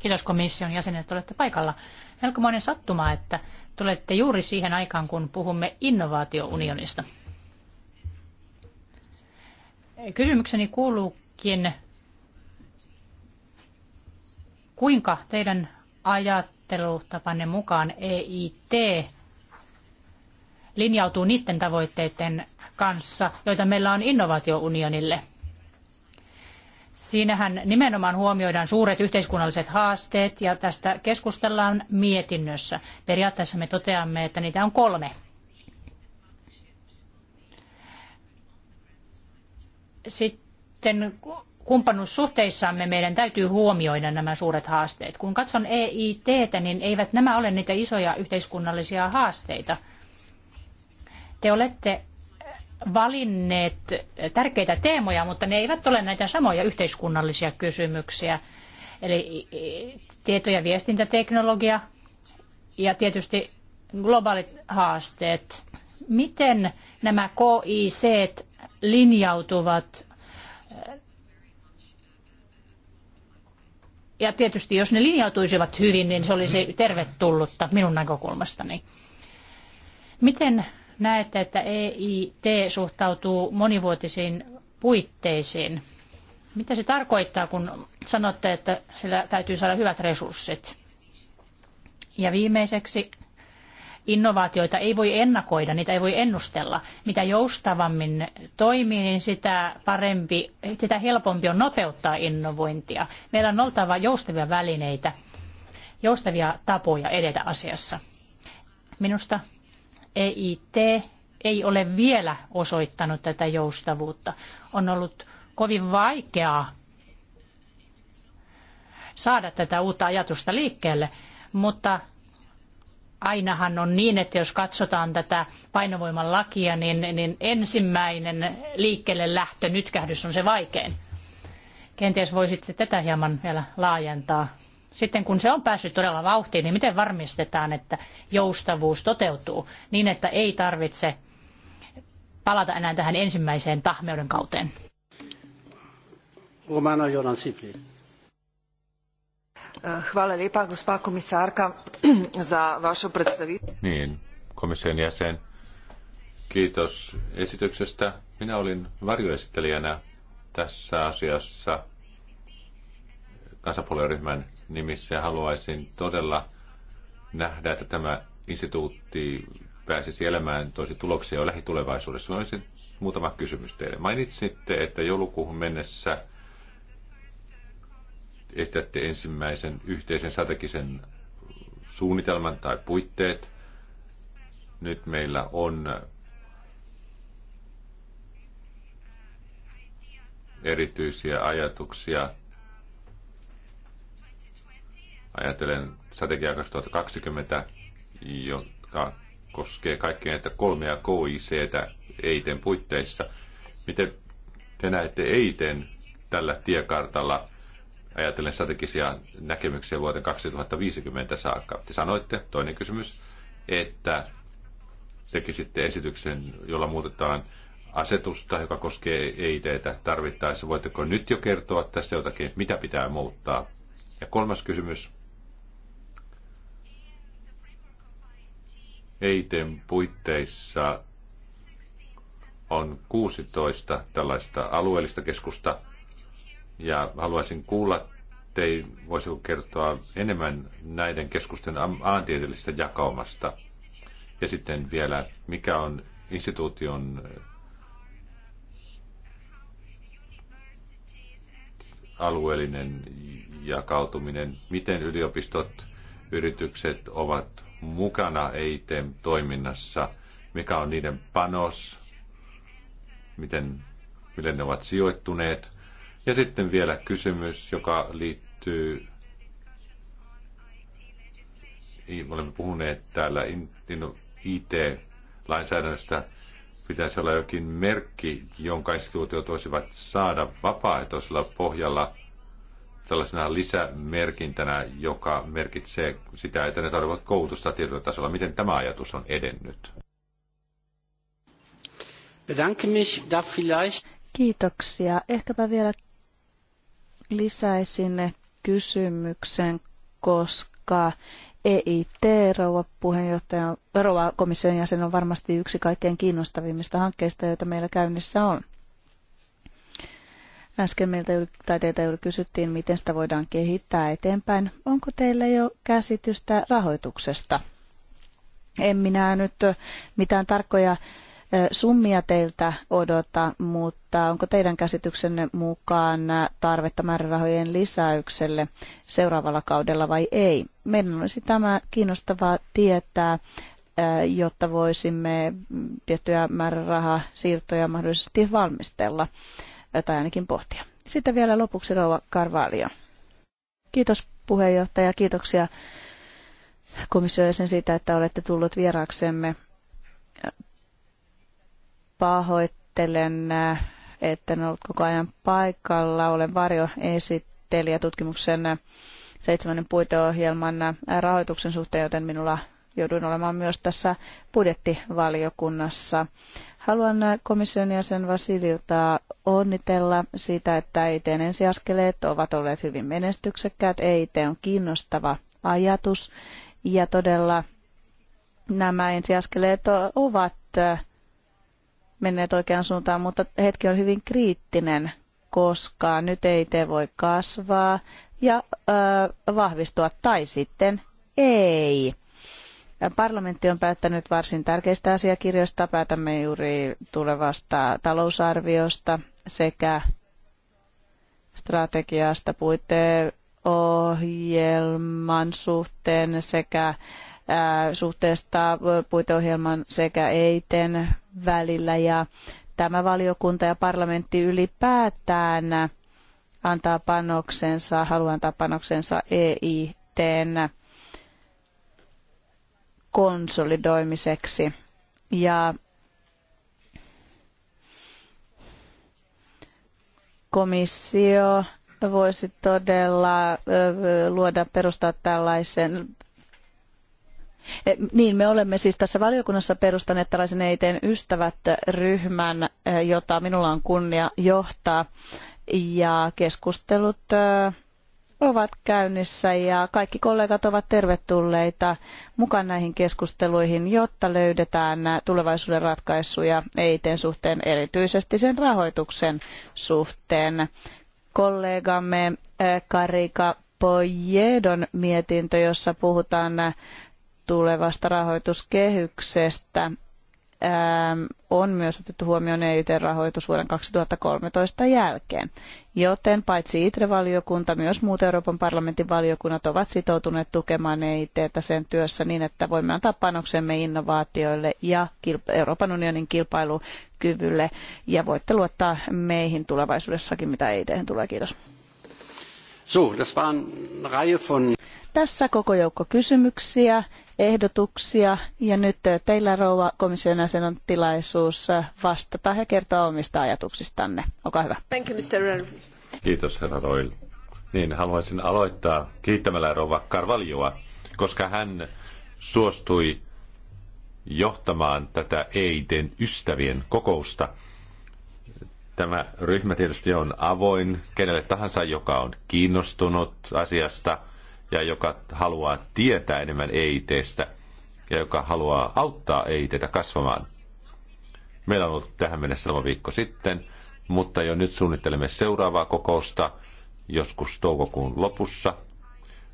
Kiitos komission jäsenet, että olette paikalla. Melkomoinen sattuma, että tulette juuri siihen aikaan, kun puhumme innovaatiounionista. Kysymykseni kuuluukin, kuinka teidän ajattelutapanne mukaan EIT linjautuu niiden tavoitteiden kanssa, joita meillä on innovaatiounionille. Siinähän nimenomaan huomioidaan suuret yhteiskunnalliset haasteet ja tästä keskustellaan mietinnössä. Periaatteessa me toteamme, että niitä on kolme. Sitten kumppanuussuhteissamme meidän täytyy huomioida nämä suuret haasteet. Kun katson EITtä, niin eivät nämä ole niitä isoja yhteiskunnallisia haasteita. Te olette valinneet tärkeitä teemoja, mutta ne eivät ole näitä samoja yhteiskunnallisia kysymyksiä. Eli tieto- ja viestintäteknologia ja tietysti globaalit haasteet. Miten nämä KIC linjautuvat ja tietysti jos ne linjautuisivat hyvin, niin se olisi tervetullutta minun näkökulmastani. Miten näette, että EIT suhtautuu monivuotisiin puitteisiin? Mitä se tarkoittaa, kun sanotte, että sillä täytyy saada hyvät resurssit? Ja viimeiseksi, innovaatioita ei voi ennakoida, niitä ei voi ennustella. Mitä joustavammin toimii, niin sitä parempi, sitä helpompi on nopeuttaa innovointia. Meillä on oltava joustavia välineitä, joustavia tapoja edetä asiassa. Minusta EIT ei ole vielä osoittanut tätä joustavuutta. On ollut kovin vaikeaa saada tätä uutta ajatusta liikkeelle, mutta ainahan on niin, että jos katsotaan tätä painovoiman lakia, niin, niin ensimmäinen liikkeelle lähtö, nytkähdys on se vaikein. Kenties voisitte tätä hieman vielä laajentaa sitten kun se on päässyt todella vauhtiin, niin miten varmistetaan, että joustavuus toteutuu niin, että ei tarvitse palata enää tähän ensimmäiseen tahmeuden kauteen? Romano Jonan Sipli. Eh, hvala lijepa, gospa komisarka, [clears throat] za vašu predstavit. Niin, komission jäsen. Kiitos esityksestä. Minä olin varjoesittelijänä tässä asiassa kansanpuolueryhmän nimissä ja haluaisin todella nähdä, että tämä instituutti pääsisi elämään toisi tuloksia jo lähitulevaisuudessa. Mä olisin muutama kysymys teille. Mainitsitte, että joulukuuhun mennessä estätte ensimmäisen yhteisen strategisen suunnitelman tai puitteet. Nyt meillä on erityisiä ajatuksia Ajatelen strategiaa 2020, joka koskee kaikkea näitä kolmea KIC EITen puitteissa. Miten te näette EITen tällä tiekartalla ajatellen strategisia näkemyksiä vuoteen 2050 saakka? Te sanoitte, toinen kysymys, että tekisitte esityksen, jolla muutetaan asetusta, joka koskee EITtä tarvittaessa. Voitteko nyt jo kertoa tästä jotakin, mitä pitää muuttaa? Ja kolmas kysymys, EITen puitteissa on 16 tällaista alueellista keskusta, ja haluaisin kuulla tei, voisiko kertoa enemmän näiden keskusten maantieteellisestä jakaumasta. Ja sitten vielä, mikä on instituution alueellinen jakautuminen, miten yliopistot, yritykset ovat mukana EIT-toiminnassa, mikä on niiden panos, miten, miten ne ovat sijoittuneet. Ja sitten vielä kysymys, joka liittyy olemme puhuneet täällä IT-lainsäädännöstä, pitäisi olla jokin merkki, jonka instituutiot voisivat saada vapaaehtoisella pohjalla – tällaisena lisämerkintänä, joka merkitsee sitä, että ne tarvitsevat koulutusta tietyllä tasolla. Miten tämä ajatus on edennyt? Kiitoksia. Ehkäpä vielä lisäisin kysymyksen, koska EIT, rouva, puheenjohtaja, rouva komission jäsen, on varmasti yksi kaikkein kiinnostavimmista hankkeista, joita meillä käynnissä on. Äsken meiltä tai teiltä juuri kysyttiin, miten sitä voidaan kehittää eteenpäin. Onko teillä jo käsitystä rahoituksesta? En minä nyt mitään tarkkoja summia teiltä odota, mutta onko teidän käsityksenne mukaan tarvetta määrärahojen lisäykselle seuraavalla kaudella vai ei? Meidän olisi tämä kiinnostavaa tietää, jotta voisimme tiettyjä määrärahasiirtoja mahdollisesti valmistella tai ainakin pohtia. Sitten vielä lopuksi Rouva Karvaalio. Kiitos puheenjohtaja, kiitoksia komissiolle sen siitä, että olette tullut vieraaksemme. Pahoittelen, että en ollut koko ajan paikalla. Olen varjoesittelijä tutkimuksen seitsemännen puiteohjelman rahoituksen suhteen, joten minulla jouduin olemaan myös tässä budjettivaliokunnassa. Haluan äh, komission jäsen Vasililta onnitella siitä, että EITn ensiaskeleet ovat olleet hyvin menestyksekkäät. EIT on kiinnostava ajatus ja todella nämä ensiaskeleet ovat äh, menneet oikeaan suuntaan, mutta hetki on hyvin kriittinen, koska nyt EIT voi kasvaa ja ö, äh, vahvistua tai sitten ei. Parlamentti on päättänyt varsin tärkeistä asiakirjoista. Päätämme juuri tulevasta talousarviosta sekä strategiasta puiteohjelman suhteen sekä suhteesta puiteohjelman sekä EITen välillä ja tämä valiokunta ja parlamentti ylipäätään antaa panoksensa, haluaa antaa panoksensa EITn konsolidoimiseksi. Ja komissio voisi todella luoda, perustaa tällaisen e, niin, me olemme siis tässä valiokunnassa perustaneet tällaisen eiteen ystävät-ryhmän, jota minulla on kunnia johtaa. Ja keskustelut ovat käynnissä ja kaikki kollegat ovat tervetulleita mukaan näihin keskusteluihin, jotta löydetään tulevaisuuden ratkaisuja EITen suhteen, erityisesti sen rahoituksen suhteen. Kollegamme eh, Karika Pojedon mietintö, jossa puhutaan tulevasta rahoituskehyksestä, on myös otettu huomioon EIT-rahoitus vuoden 2013 jälkeen, joten paitsi ITRE-valiokunta, myös muut Euroopan parlamentin valiokunnat ovat sitoutuneet tukemaan EIT-tä sen työssä niin, että voimme antaa panoksemme innovaatioille ja Euroopan unionin kilpailukyvylle, ja voitte luottaa meihin tulevaisuudessakin, mitä EIT tulee. Kiitos. So, das eine Reihe von... Tässä koko joukko kysymyksiä, ehdotuksia ja nyt teillä rouva komission jäsen on tilaisuus vastata ja kertoa omista ajatuksistanne. Olkaa hyvä. Thank you, Mr. Kiitos herra Roil. Niin, haluaisin aloittaa kiittämällä rouva Karvaljoa, koska hän suostui johtamaan tätä EITen ystävien kokousta – Tämä ryhmä tietysti on avoin kenelle tahansa, joka on kiinnostunut asiasta ja joka haluaa tietää enemmän EITstä ja joka haluaa auttaa EITtä kasvamaan. Meillä on ollut tähän mennessä sama viikko sitten, mutta jo nyt suunnittelemme seuraavaa kokousta joskus toukokuun lopussa.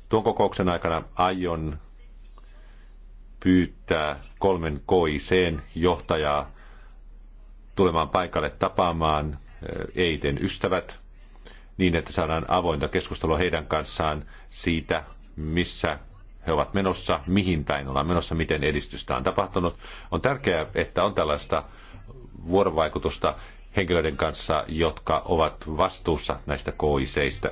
Tuon kokouksen aikana aion pyytää kolmen KICn johtajaa tulemaan paikalle tapaamaan Eiten ystävät niin, että saadaan avointa keskustelua heidän kanssaan siitä, missä he ovat menossa, mihin päin ollaan menossa, miten edistystä on tapahtunut. On tärkeää, että on tällaista vuorovaikutusta henkilöiden kanssa, jotka ovat vastuussa näistä koiseista.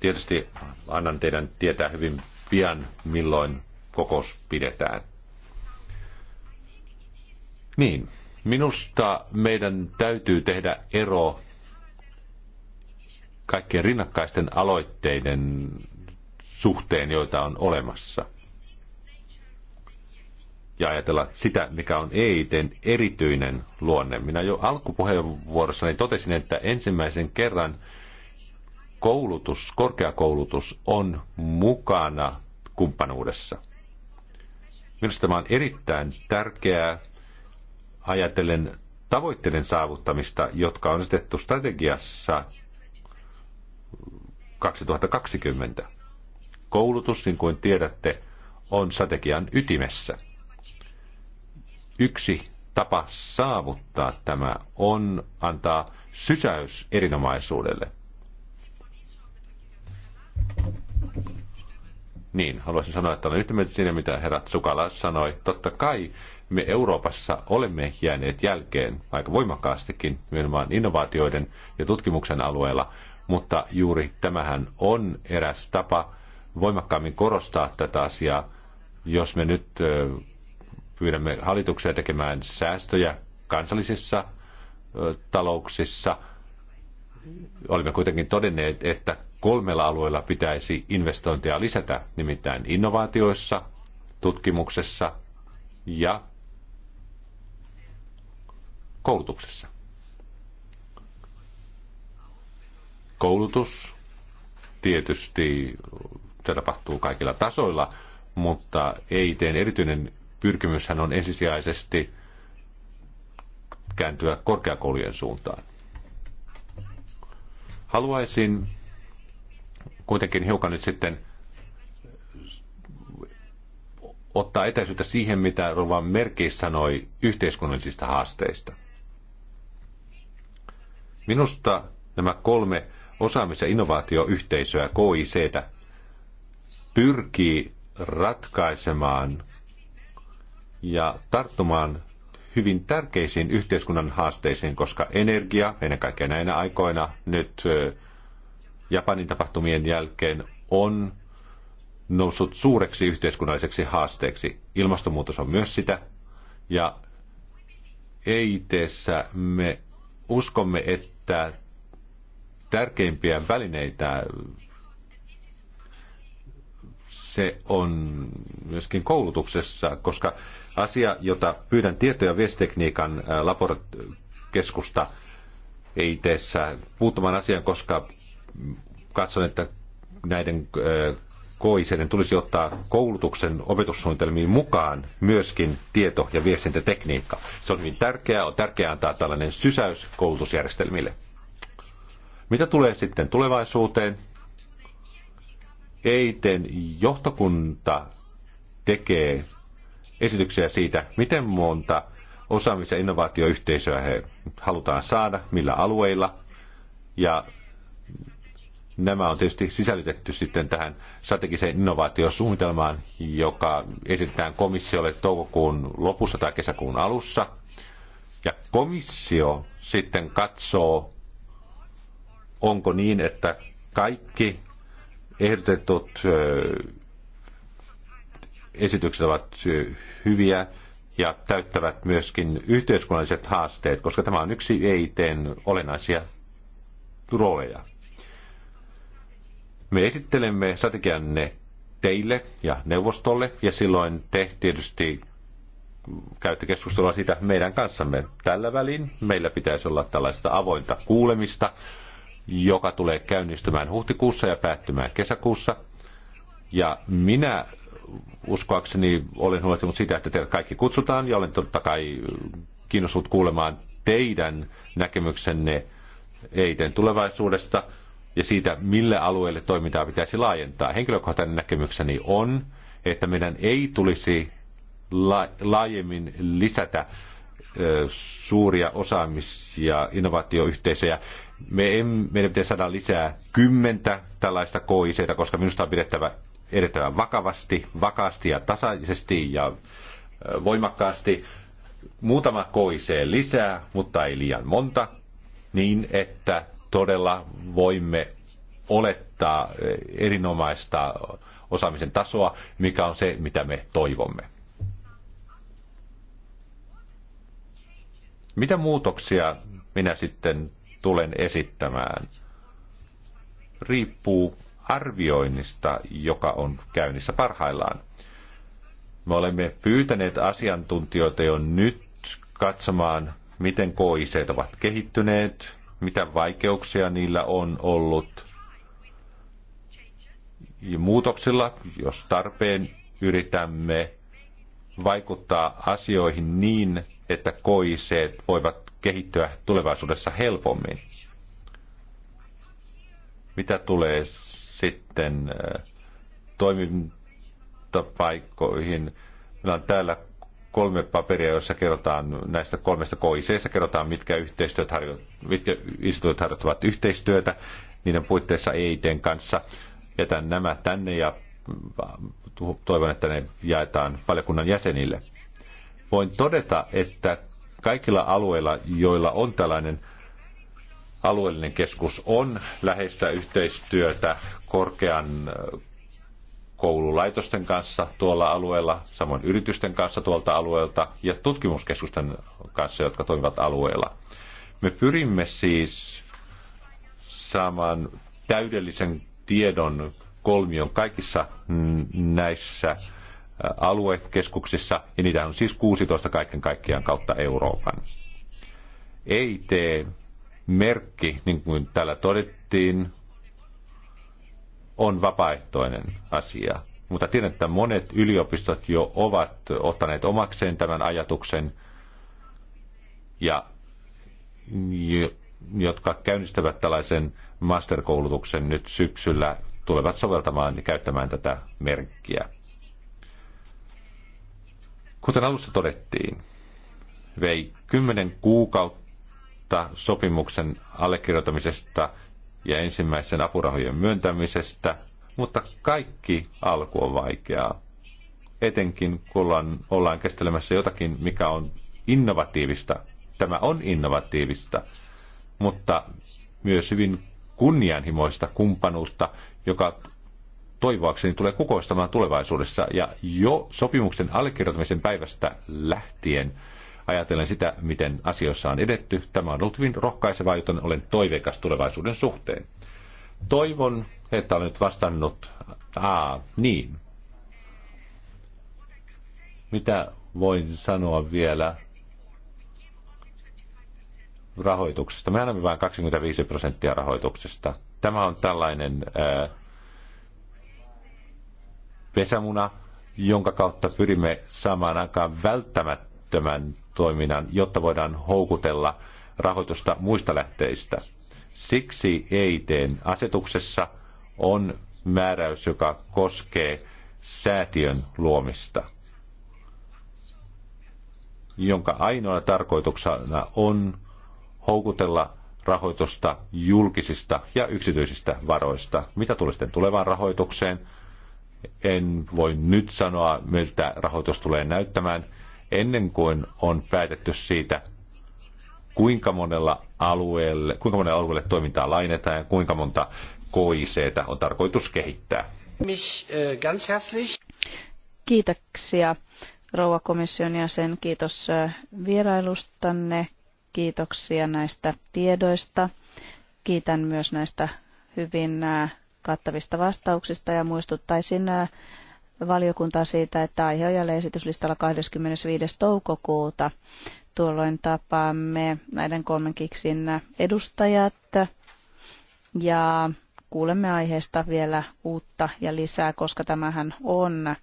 Tietysti annan teidän tietää hyvin pian, milloin kokous pidetään. Niin, Minusta meidän täytyy tehdä ero kaikkien rinnakkaisten aloitteiden suhteen, joita on olemassa. Ja ajatella sitä, mikä on eiten erityinen luonne. Minä jo alkupuheenvuorossani totesin, että ensimmäisen kerran koulutus, korkeakoulutus on mukana kumppanuudessa. Minusta tämä on erittäin tärkeää ajatellen tavoitteiden saavuttamista, jotka on asetettu strategiassa 2020. Koulutus, niin kuin tiedätte, on strategian ytimessä. Yksi tapa saavuttaa tämä on antaa sysäys erinomaisuudelle. Niin, haluaisin sanoa, että olen yhtä siinä, mitä herrat Sukala sanoi. Totta kai me Euroopassa olemme jääneet jälkeen aika voimakkaastikin nimenomaan innovaatioiden ja tutkimuksen alueella, mutta juuri tämähän on eräs tapa voimakkaammin korostaa tätä asiaa, jos me nyt pyydämme hallituksia tekemään säästöjä kansallisissa talouksissa. Olemme kuitenkin todenneet, että kolmella alueella pitäisi investointeja lisätä, nimittäin innovaatioissa, tutkimuksessa ja koulutuksessa. Koulutus tietysti tämä tapahtuu kaikilla tasoilla, mutta EITn erityinen pyrkimyshän on ensisijaisesti kääntyä korkeakoulujen suuntaan. Haluaisin kuitenkin hiukan nyt sitten ottaa etäisyyttä siihen, mitä Rovan Merki sanoi yhteiskunnallisista haasteista. Minusta nämä kolme osaamis- ja innovaatioyhteisöä, KIC, pyrkii ratkaisemaan ja tarttumaan hyvin tärkeisiin yhteiskunnan haasteisiin, koska energia, ennen kaikkea näinä aikoina, nyt Japanin tapahtumien jälkeen on noussut suureksi yhteiskunnalliseksi haasteeksi. Ilmastonmuutos on myös sitä. Ja EITssä me uskomme, että tärkeimpiä välineitä se on myöskin koulutuksessa, koska asia, jota pyydän tieto- ja viestitekniikan laboratoriokeskusta eit puuttumaan asiaan, koska katson, että näiden koiseiden tulisi ottaa koulutuksen opetussuunnitelmiin mukaan myöskin tieto- ja viestintätekniikka. Se on hyvin tärkeää, on tärkeää antaa tällainen sysäys koulutusjärjestelmille. Mitä tulee sitten tulevaisuuteen? Eiten johtokunta tekee esityksiä siitä, miten monta osaamis- ja innovaatioyhteisöä he halutaan saada, millä alueilla. Ja Nämä on tietysti sisällytetty sitten tähän strategiseen innovaatiosuunnitelmaan, joka esitetään komissiolle toukokuun lopussa tai kesäkuun alussa. Ja komissio sitten katsoo, onko niin, että kaikki ehdotetut esitykset ovat hyviä ja täyttävät myöskin yhteiskunnalliset haasteet, koska tämä on yksi EITn olennaisia rooleja. Me esittelemme strategianne teille ja neuvostolle, ja silloin te tietysti käytte keskustelua siitä meidän kanssamme. Tällä välin meillä pitäisi olla tällaista avointa kuulemista, joka tulee käynnistymään huhtikuussa ja päättymään kesäkuussa. Ja minä uskoakseni olen huolestunut siitä, että teidät kaikki kutsutaan ja olen totta kai kiinnostunut kuulemaan teidän näkemyksenne eiten tulevaisuudesta – ja siitä, millä alueelle toimintaa pitäisi laajentaa. Henkilökohtainen näkemykseni on, että meidän ei tulisi laajemmin lisätä suuria osaamis- ja innovaatioyhteisöjä. Me em, meidän pitäisi saada lisää kymmentä tällaista KICtä, koska minusta on pidettävä edettävä vakavasti, vakaasti ja tasaisesti ja voimakkaasti. Muutama KIC lisää, mutta ei liian monta, niin että todella voimme olettaa eh, erinomaista osaamisen tasoa, mikä on se, mitä me toivomme. Mitä muutoksia minä sitten tulen esittämään? Riippuu arvioinnista, joka on käynnissä parhaillaan. Me olemme pyytäneet asiantuntijoita jo nyt katsomaan, miten koiset ovat kehittyneet, mitä vaikeuksia niillä on ollut ja muutoksilla, jos tarpeen yritämme vaikuttaa asioihin niin, että koiseet voivat kehittyä tulevaisuudessa helpommin. Mitä tulee sitten äh, toimintapaikkoihin? Meillä on täällä kolme paperia, joissa kerrotaan näistä kolmesta koiseista, kerrotaan mitkä, yhteistyöt harjo- mitkä instituutit harjoittavat yhteistyötä niiden puitteissa EITn kanssa. Jätän nämä tänne ja toivon, että ne jaetaan valiokunnan jäsenille. Voin todeta, että kaikilla alueilla, joilla on tällainen alueellinen keskus, on läheistä yhteistyötä korkean koululaitosten kanssa tuolla alueella, samoin yritysten kanssa tuolta alueelta ja tutkimuskeskusten kanssa, jotka toimivat alueella. Me pyrimme siis saamaan täydellisen tiedon kolmion kaikissa näissä aluekeskuksissa, ja niitä on siis 16 kaiken kaikkiaan kautta Euroopan. EIT-merkki, niin kuin täällä todettiin, on vapaaehtoinen asia. Mutta tiedän, että monet yliopistot jo ovat ottaneet omakseen tämän ajatuksen, ja jotka käynnistävät tällaisen masterkoulutuksen nyt syksyllä, tulevat soveltamaan ja käyttämään tätä merkkiä. Kuten alussa todettiin, vei kymmenen kuukautta sopimuksen allekirjoitamisesta – ja ensimmäisen apurahojen myöntämisestä, mutta kaikki alku on vaikeaa. Etenkin kun ollaan, ollaan kestelemässä jotakin, mikä on innovatiivista. Tämä on innovatiivista, mutta myös hyvin kunnianhimoista kumppanuutta, joka toivoakseni tulee kukoistamaan tulevaisuudessa. Ja jo sopimuksen allekirjoittamisen päivästä lähtien – ajatellen sitä, miten asioissa on edetty. Tämä on ollut hyvin rohkaisevaa, joten olen toiveikas tulevaisuuden suhteen. Toivon, että olen nyt vastannut, a niin. Mitä voin sanoa vielä rahoituksesta? Me annamme vain 25 prosenttia rahoituksesta. Tämä on tällainen ää, äh, pesämuna, jonka kautta pyrimme saamaan aikaan välttämättömän toiminnan, jotta voidaan houkutella rahoitusta muista lähteistä. Siksi EITn asetuksessa on määräys, joka koskee säätiön luomista, jonka ainoana tarkoituksena on houkutella rahoitusta julkisista ja yksityisistä varoista. Mitä tulee sitten tulevaan rahoitukseen? En voi nyt sanoa, miltä rahoitus tulee näyttämään ennen kuin on päätetty siitä, kuinka monella alueelle, kuinka monella alueelle toimintaa lainetaan ja kuinka monta KICtä on tarkoitus kehittää. Mich, äh, ganz herzlich. Kiitoksia rouva komission jäsen, kiitos äh, vierailustanne, kiitoksia näistä tiedoista. Kiitän myös näistä hyvin äh, kattavista vastauksista ja muistuttaisin äh, valiokuntaa siitä, että aihe on jälleen esityslistalla 25. toukokuuta. Tuolloin tapaamme näiden kolmen kiksin edustajat ja kuulemme aiheesta vielä uutta ja lisää, koska tämähän on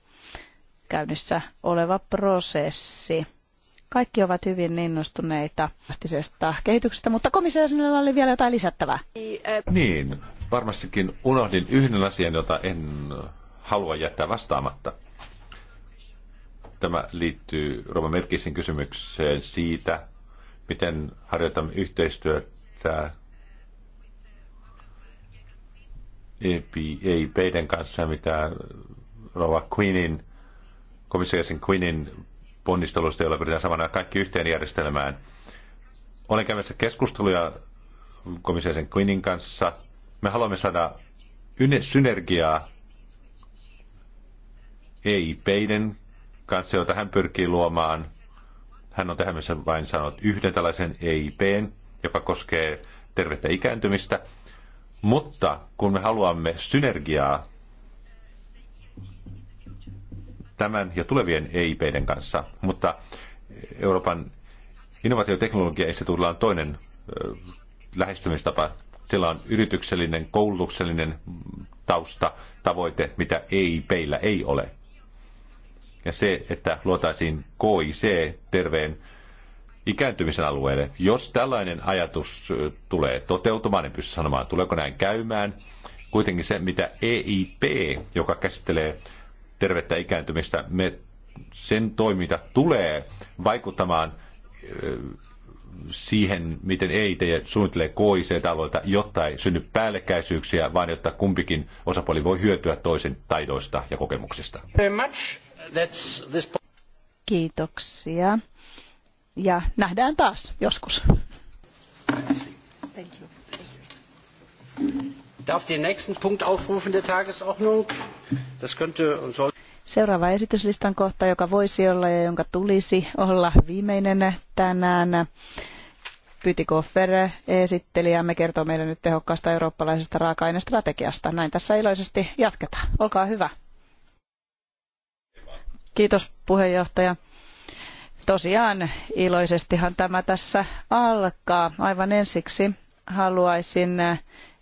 käynnissä oleva prosessi. Kaikki ovat hyvin innostuneita vastisesta kehityksestä, mutta sinulla oli vielä jotain lisättävää. Niin, varmastikin unohdin yhden asian, jota en halua jättää vastaamatta. Tämä liittyy Roma Merkisin kysymykseen siitä, miten harjoitamme yhteistyötä EIPiden kanssa, mitä Rova Queenin, komissiojäsen Queenin ponnistelusta, jolla pyritään samana kaikki yhteen järjestelmään. Olen käymässä keskusteluja komissiojäsen Queenin kanssa. Me haluamme saada synergiaa ei-peiden kanssa, jota hän pyrkii luomaan. Hän on tähän mennessä vain sanonut yhden tällaisen EIPn, joka koskee tervettä ikääntymistä. Mutta kun me haluamme synergiaa tämän ja tulevien EIPiden kanssa, mutta Euroopan innovaatioteknologia-instituutilla on toinen lähestymistapa. Sillä on yrityksellinen, koulutuksellinen tausta, tavoite, mitä EIPillä ei ole ja se, että luotaisiin KIC terveen ikääntymisen alueelle. Jos tällainen ajatus tulee toteutumaan, en pysty sanomaan, tuleeko näin käymään. Kuitenkin se, mitä EIP, joka käsittelee tervettä ikääntymistä, me, sen toiminta tulee vaikuttamaan siihen, miten EIT suunnittelee KIC-alueita, jotta ei synny päällekkäisyyksiä, vaan jotta kumpikin osapuoli voi hyötyä toisen taidoista ja kokemuksista. Very much that's this... Kiitoksia. Ja nähdään taas joskus. Thank you. Darf den nächsten Punkt aufrufen der Tagesordnung? Das könnte und soll... Seuraava esityslistan kohta, joka voisi olla ja jonka tulisi olla viimeinen tänään. ja esittelijämme kertoo meille nyt tehokkaasta eurooppalaisesta raaka-ainestrategiasta. Näin tässä iloisesti jatketaan. Olkaa hyvä. Kiitos puheenjohtaja. Tosiaan iloisestihan tämä tässä alkaa. Aivan ensiksi haluaisin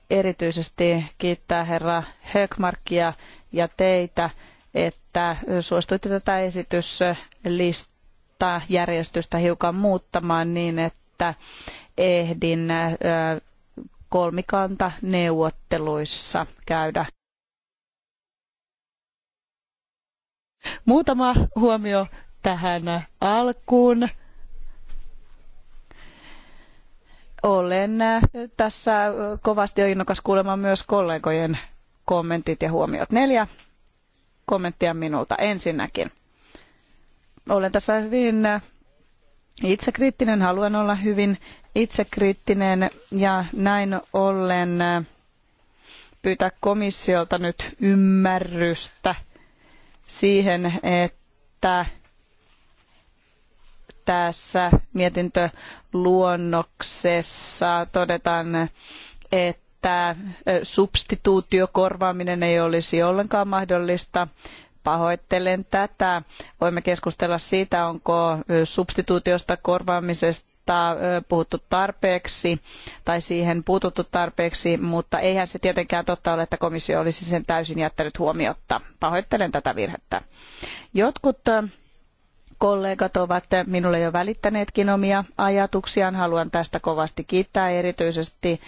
erityisesti kiittää herra Högmarkia ja teitä, että suostuitte tätä esityslistaa järjestystä hiukan muuttamaan niin, että ehdin kolmikanta neuvotteluissa käydä Muutama huomio tähän alkuun. Olen tässä kovasti jo innokas kuulemaan myös kollegojen kommentit ja huomiot. Neljä kommenttia minulta ensinnäkin. Olen tässä hyvin itsekriittinen, haluan olla hyvin itsekriittinen ja näin ollen pyytää komissiolta nyt ymmärrystä – siihen, että tässä mietintöluonnoksessa todetaan, että substituutiokorvaaminen ei olisi ollenkaan mahdollista. Pahoittelen tätä. Voimme keskustella siitä, onko substituutiosta korvaamisesta kohtaa puhuttu tarpeeksi tai siihen puututtu tarpeeksi, mutta eihän se tietenkään totta ole, että komissio olisi sen täysin jättänyt huomiotta. Pahoittelen tätä virhettä. Jotkut kollegat ovat minulle jo välittäneetkin omia ajatuksiaan. Haluan tästä kovasti kiittää erityisesti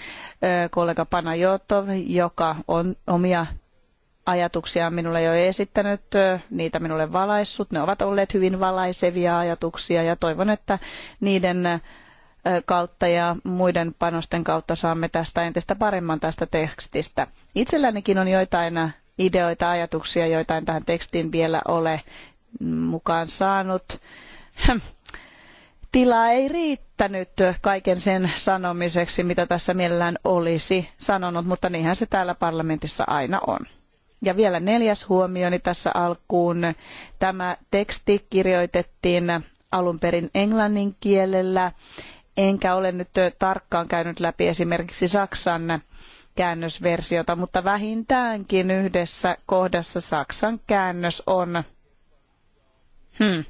kollega Panajotov, joka on omia ajatuksia on minulle jo esittänyt, niitä minulle valaissut. Ne ovat olleet hyvin valaisevia ajatuksia ja toivon, että niiden kautta ja muiden panosten kautta saamme tästä entistä paremman tästä tekstistä. Itsellänikin on joitain ideoita, ajatuksia, joita en tähän tekstiin vielä ole mukaan saanut. Tilaa ei riittänyt kaiken sen sanomiseksi, mitä tässä mielellään olisi sanonut, mutta niinhän se täällä parlamentissa aina on. Ja vielä neljäs huomioni tässä alkuun. Tämä teksti kirjoitettiin alun perin englannin kielellä, enkä ole nyt tarkkaan käynyt läpi esimerkiksi Saksan käännösversiota, mutta vähintäänkin yhdessä kohdassa Saksan käännös on hmm,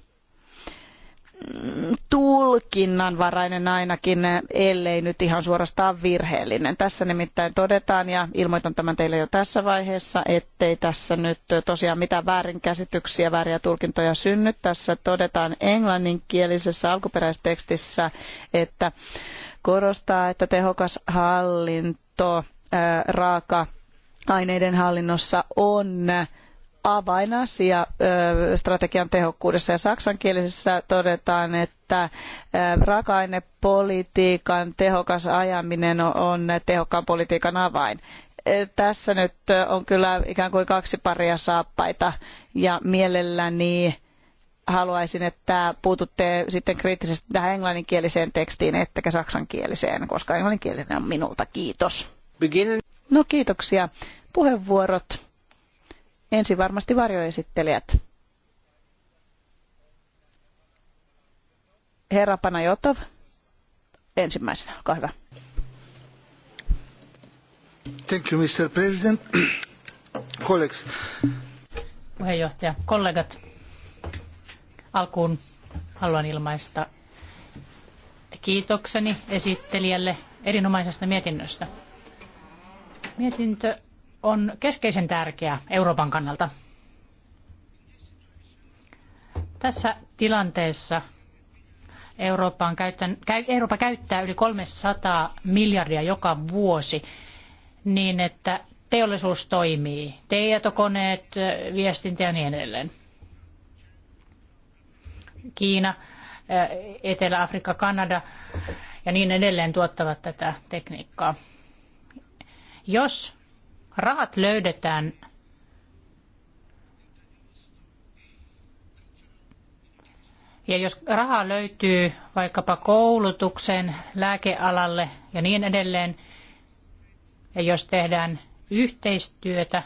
tulkinnanvarainen ainakin, ellei nyt ihan suorastaan virheellinen. Tässä nimittäin todetaan, ja ilmoitan tämän teille jo tässä vaiheessa, ettei tässä nyt tosiaan mitään väärinkäsityksiä, vääriä tulkintoja synny. Tässä todetaan englanninkielisessä alkuperäistekstissä, että korostaa, että tehokas hallinto raaka-aineiden hallinnossa on avainasia strategian tehokkuudessa. Ja saksankielisessä todetaan, että raaka-ainepolitiikan tehokas ajaminen on tehokkaan politiikan avain. Tässä nyt on kyllä ikään kuin kaksi paria saappaita ja mielelläni haluaisin, että puututte sitten kriittisesti tähän englanninkieliseen tekstiin, ettekä saksankieliseen, koska englanninkielinen on minulta. Kiitos. No kiitoksia. Puheenvuorot Ensin varmasti varjoesittelijät. Herra Panajotov, ensimmäisenä, olkaa hyvä. Thank you, Mr. President. [clears throat] Colleagues. Puheenjohtaja, kollegat. Alkuun haluan ilmaista kiitokseni esittelijälle erinomaisesta mietinnöstä. Mietintö on keskeisen tärkeä Euroopan kannalta. Tässä tilanteessa Euroopan Eurooppa käyttää yli 300 miljardia joka vuosi niin, että teollisuus toimii, tietokoneet, viestintä ja niin edelleen. Kiina, eh, Etelä-Afrikka, Kanada ja niin edelleen tuottavat tätä tekniikkaa. Jos rahat löydetään Ja jos rahaa löytyy vaikkapa koulutukseen, lääkealalle ja niin edelleen, ja jos tehdään yhteistyötä,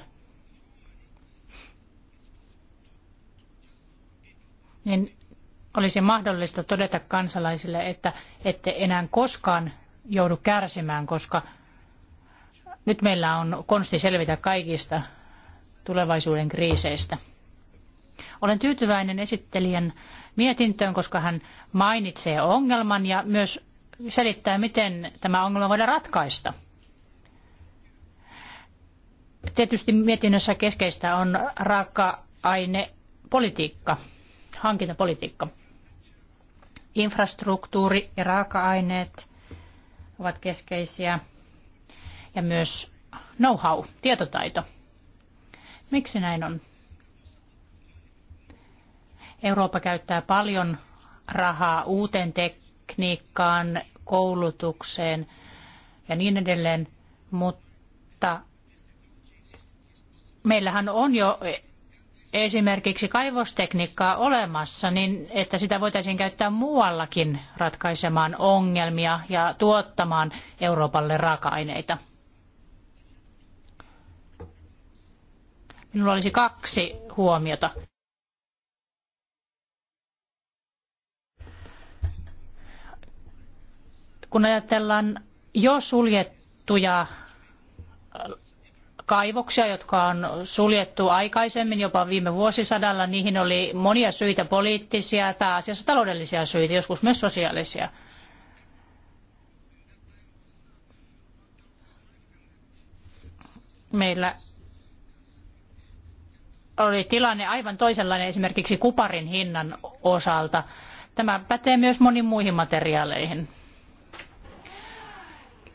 niin olisi mahdollista todeta kansalaisille, että ette enää koskaan joudu kärsimään, koska nyt meillä on konsti selvitä kaikista tulevaisuuden kriiseistä. Olen tyytyväinen esittelijän mietintöön, koska hän mainitsee ongelman ja myös selittää, miten tämä ongelma voidaan ratkaista. Tietysti mietinnössä keskeistä on raaka-ainepolitiikka, hankintapolitiikka. Infrastruktuuri ja raaka-aineet ovat keskeisiä ja myös know-how, tietotaito. Miksi näin on? Eurooppa käyttää paljon rahaa uuteen tekniikkaan, koulutukseen ja niin edelleen, mutta meillähän on jo esimerkiksi kaivostekniikkaa olemassa, niin että sitä voitaisiin käyttää muuallakin ratkaisemaan ongelmia ja tuottamaan Euroopalle raaka-aineita. Minulla olisi kaksi huomiota. Kun ajatellaan jo suljettuja äh, kaivoksia, jotka on suljettu aikaisemmin, jopa viime vuosisadalla. Niihin oli monia syitä, poliittisia, pääasiassa taloudellisia syitä, joskus myös sosiaalisia. Meillä oli tilanne aivan toisenlainen esimerkiksi kuparin hinnan osalta. Tämä pätee myös moniin muihin materiaaleihin.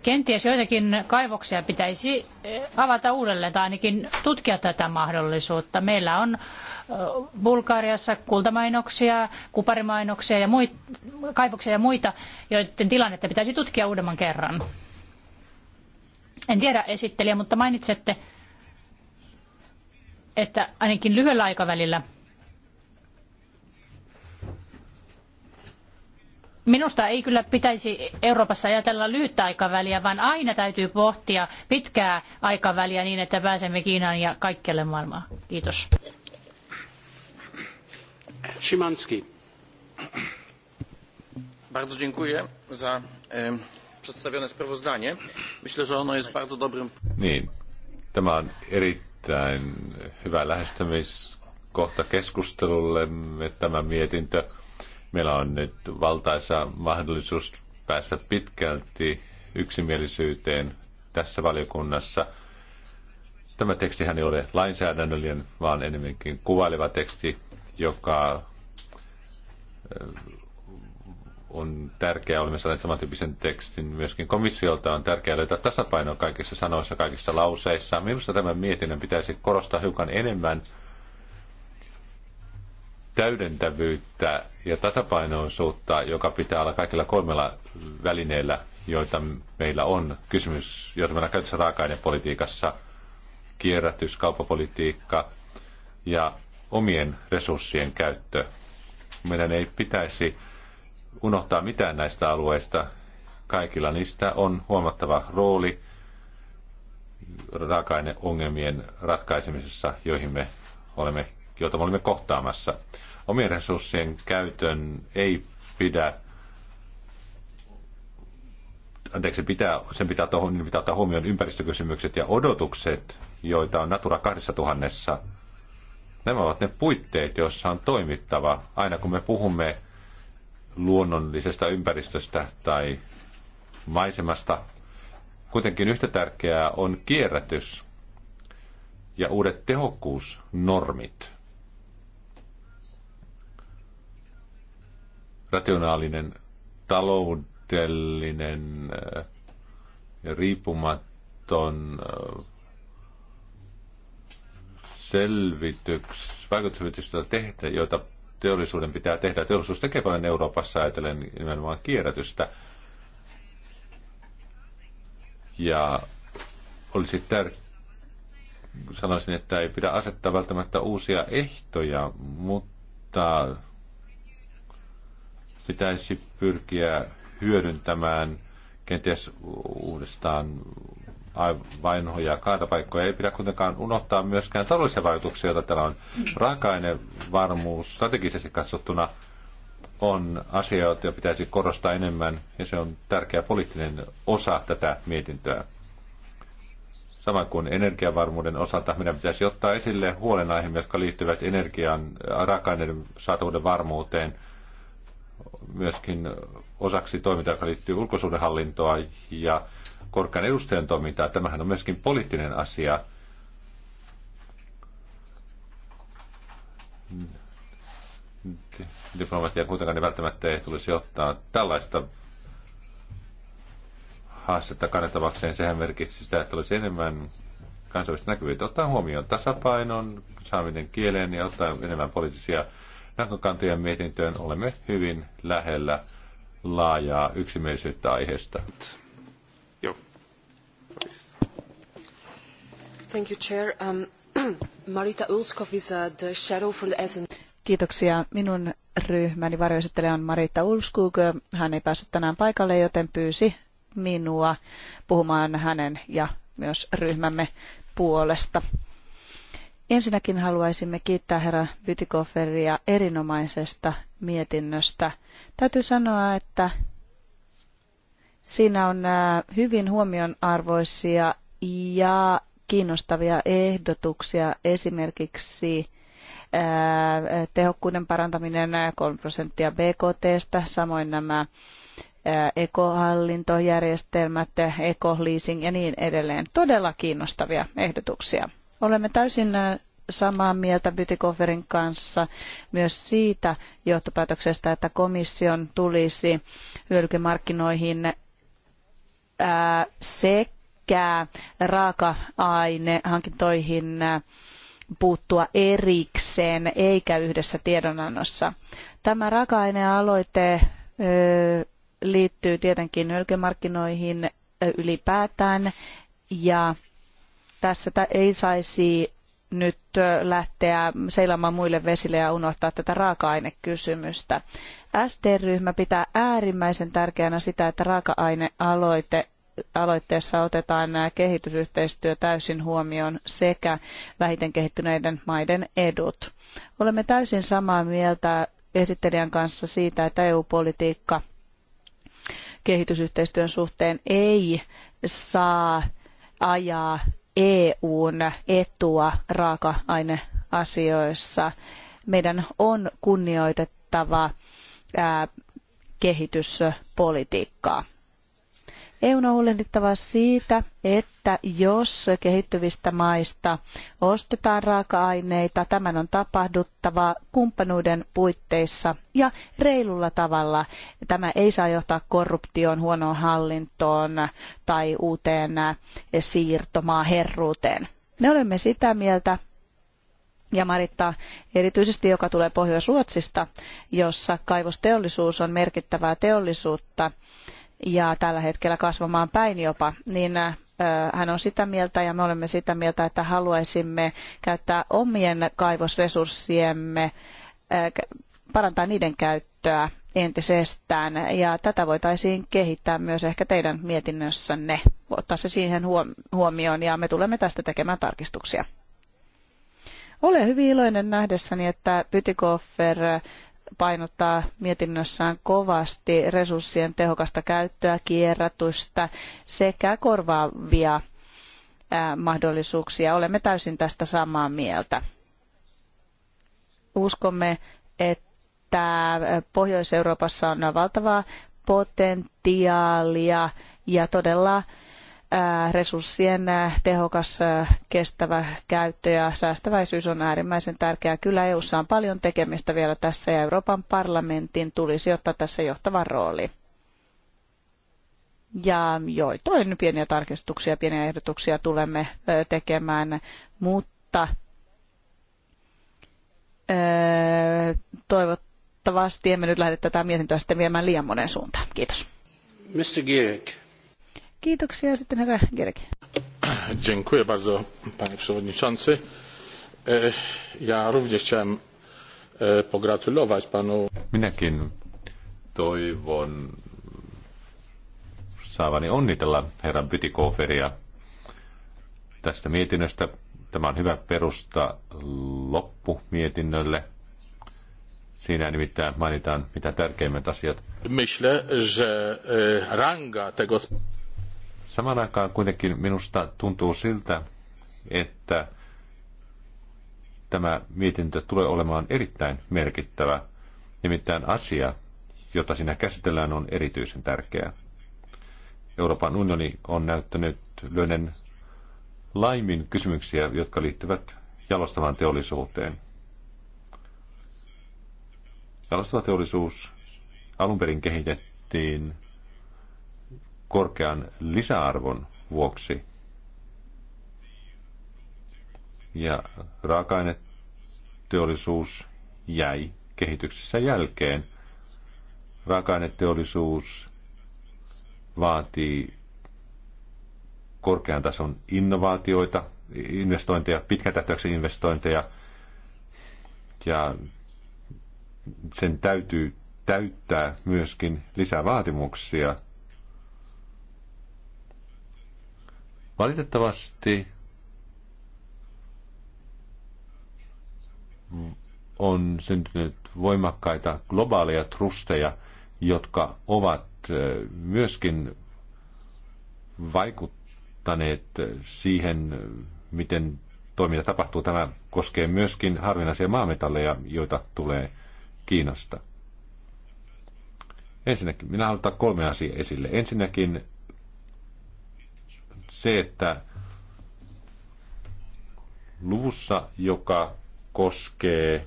Kenties joitakin kaivoksia pitäisi eh, avata uudelleen tai ainakin tutkia tätä mahdollisuutta. Meillä on eh, Bulgariassa kultamainoksia, kuparimainoksia ja muita, kaivoksia ja muita, joiden tilannetta pitäisi tutkia uudemman kerran. En tiedä esittelijä, mutta mainitsette että ainakin lyhyellä aikavälillä Minusta ei kyllä pitäisi Euroopassa ajatella lyhyttä aikaväliä, vaan aina täytyy pohtia pitkää aikaväliä niin, että pääsemme Kiinaan ja kaikkialle maailmaan. Kiitos. Szymanski. Bardzo dziękuję za przedstawione sprawozdanie. Myślę, że ono jest bardzo dobrym... Niin, tämä on eri erittäin hyvä lähestymiskohta keskustelullemme tämä mietintö. Meillä on nyt valtaisa mahdollisuus päästä pitkälti yksimielisyyteen tässä valiokunnassa. Tämä tekstihän ei ole lainsäädännöllinen, vaan enemmänkin kuvaileva teksti, joka on tärkeää, olemme saaneet samantyyppisen tekstin myöskin komissiolta, on tärkeää löytää tasapaino kaikissa sanoissa, kaikissa lauseissa. Minusta tämän mietinnön pitäisi korostaa hiukan enemmän täydentävyyttä ja tasapainoisuutta, joka pitää olla kaikilla kolmella välineellä, joita meillä on. Kysymys, joita meillä käytössä raaka politiikassa, kierrätys, kauppapolitiikka ja omien resurssien käyttö. Meidän ei pitäisi unohtaa mitään näistä alueista. Kaikilla niistä on huomattava rooli raaka-aineongelmien ratkaisemisessa, joihin me olemme, joita me olemme kohtaamassa. Omien resurssien käytön ei pidä anteeksi, pitää, sen pitää, niin pitää ottaa huomioon ympäristökysymykset ja odotukset, joita on Natura 2000. Nämä ovat ne puitteet, joissa on toimittava. Aina kun me puhumme luonnollisesta ympäristöstä tai maisemasta. Kuitenkin yhtä tärkeää on kierrätys ja uudet tehokkuusnormit. Rationaalinen, taloudellinen ja äh, riippumaton äh, selvitys, vaikutusselvitystä tehtä, joita teollisuuden pitää tehdä. Teollisuus tekee paljon Euroopassa ajatellen nimenomaan kierrätystä. Ja olisi tärkeää, sanoisin, että ei pidä asettaa välttämättä uusia ehtoja, mutta pitäisi pyrkiä hyödyntämään kenties uudestaan vanhoja kaatapaikkoja. Ei pidä kuitenkaan unohtaa myöskään taloudellisia vaikutuksia, joita täällä on. raaka varmuus strategisesti katsottuna on asia, jota pitäisi korostaa enemmän, ja se on tärkeä poliittinen osa tätä mietintöä. Samoin kuin energiavarmuuden osalta meidän pitäisi ottaa esille huolenaihe, jotka liittyvät energian raaka-aineiden saatavuuden varmuuteen, myöskin osaksi toimintaa, joka liittyy ulkosuudenhallintoa ja korkean edustajan toimintaa. Tämähän on myöskin poliittinen asia. Diplomatia kuitenkaan ei välttämättä ei tulisi ottaa tällaista haastetta kannettavakseen. Sehän merkitsi sitä, että olisi enemmän kansallista näkyvyyttä. Ottaa huomioon tasapainon, saaminen kieleen ja ottaa enemmän poliittisia näkökantoja mietintöön. Olemme hyvin lähellä laajaa yksimielisyyttä aiheesta. Thank you, Chair. Um, [clears throat] Marita Ulskov is uh, the shadow for the SN. Kiitoksia. Minun ryhmäni varjoesittelijä on Marita Ulskog. Hän ei päässyt tänään paikalle, joten pyysi minua puhumaan hänen ja myös ryhmämme puolesta. Ensinnäkin haluaisimme kiittää herra Bytikoferia erinomaisesta mietinnöstä. Täytyy sanoa, että Siinä on hyvin huomionarvoisia ja kiinnostavia ehdotuksia, esimerkiksi tehokkuuden parantaminen 3 prosenttia BKT, samoin nämä ekohallintojärjestelmät, ekoleasing ja niin edelleen. Todella kiinnostavia ehdotuksia. Olemme täysin samaa mieltä Bytikoferin kanssa myös siitä johtopäätöksestä, että komission tulisi hyödykemarkkinoihin sekä raaka-ainehankintoihin äh, puuttua erikseen eikä yhdessä tiedonannossa. Tämä raaka-ainealoite äh, liittyy tietenkin öljymarkkinoihin äh, ylipäätään ja tässä ei saisi nyt lähteä seilaamaan muille vesille ja unohtaa tätä raaka-ainekysymystä. ST-ryhmä pitää äärimmäisen tärkeänä sitä, että raaka-ainealoite aloitteessa otetaan kehitysyhteistyö täysin huomioon sekä vähiten kehittyneiden maiden edut. Olemme täysin samaa mieltä esittelijän kanssa siitä, että EU-politiikka kehitysyhteistyön suhteen ei saa ajaa EUn etua raaka-aineasioissa. Meidän on kunnioitettava kehityspolitiikkaa. EU on huolehdittava siitä, että jos kehittyvistä maista ostetaan raaka-aineita, tämän on tapahduttava kumppanuuden puitteissa ja reilulla tavalla. Tämä ei saa johtaa korruptioon, huonoon hallintoon tai uuteen siirtomaaherruuteen. Me olemme sitä mieltä, ja Maritta erityisesti, joka tulee Pohjois-Ruotsista, jossa kaivosteollisuus on merkittävää teollisuutta, ja tällä hetkellä kasvamaan päin jopa, niin äh, hän on sitä mieltä ja me olemme sitä mieltä, että haluaisimme käyttää omien kaivosresurssiemme, äh, parantaa niiden käyttöä entisestään ja tätä voitaisiin kehittää myös ehkä teidän mietinnössänne, ottaa se siihen huomioon ja me tulemme tästä tekemään tarkistuksia. Olen hyvin iloinen nähdessäni, että Pytikoffer painottaa mietinnössään kovasti resurssien tehokasta käyttöä, kierrätystä sekä korvaavia mahdollisuuksia. Olemme täysin tästä samaa mieltä. Uskomme, että Pohjois-Euroopassa on valtavaa potentiaalia ja todella Äh, resurssien äh, tehokas, äh, kestävä käyttö ja säästäväisyys on äärimmäisen tärkeää. Kyllä EU:ssa on paljon tekemistä vielä tässä ja Euroopan parlamentin tulisi ottaa tässä johtava rooli. Ja joitoin pieniä tarkistuksia, pieniä ehdotuksia tulemme tekemään, mutta toivottavasti emme nyt lähde tätä mietintöä sitten viemään liian monen suuntaan. Kiitos. Mr. Kiitoksia sitten herra Gerke. Dziękuję bardzo, panie przewodniczący. E, ja również chciałem e, pogratulować panu. Minäkin toivon saavani onnitella herran Bytikoferia tästä mietinnöstä. Tämä on hyvä perusta loppumietinnölle. Siinä nimittäin mainitaan mitä tärkeimmät asiat. Myślę, że e, ranga tego Samaan aikaan kuitenkin minusta tuntuu siltä, että tämä mietintö tulee olemaan erittäin merkittävä. Nimittäin asia, jota siinä käsitellään, on erityisen tärkeä. Euroopan unioni on näyttänyt lyönen laimin kysymyksiä, jotka liittyvät jalostavaan teollisuuteen. Jalostava teollisuus alun perin kehitettiin korkean lisäarvon vuoksi. Ja raaka-aineteollisuus jäi kehityksessä jälkeen. Raaka-aineteollisuus vaatii korkean tason innovaatioita, investointeja, pitkätähtäyksen investointeja, ja sen täytyy täyttää myöskin lisävaatimuksia – Valitettavasti on syntynyt voimakkaita globaaleja trusteja, jotka ovat myöskin vaikuttaneet siihen, miten toiminta tapahtuu. Tämä koskee myöskin harvinaisia maametalleja, joita tulee Kiinasta. Ensinnäkin, minä haluan ottaa kolme asiaa esille. Ensinnäkin se, että luvussa, joka koskee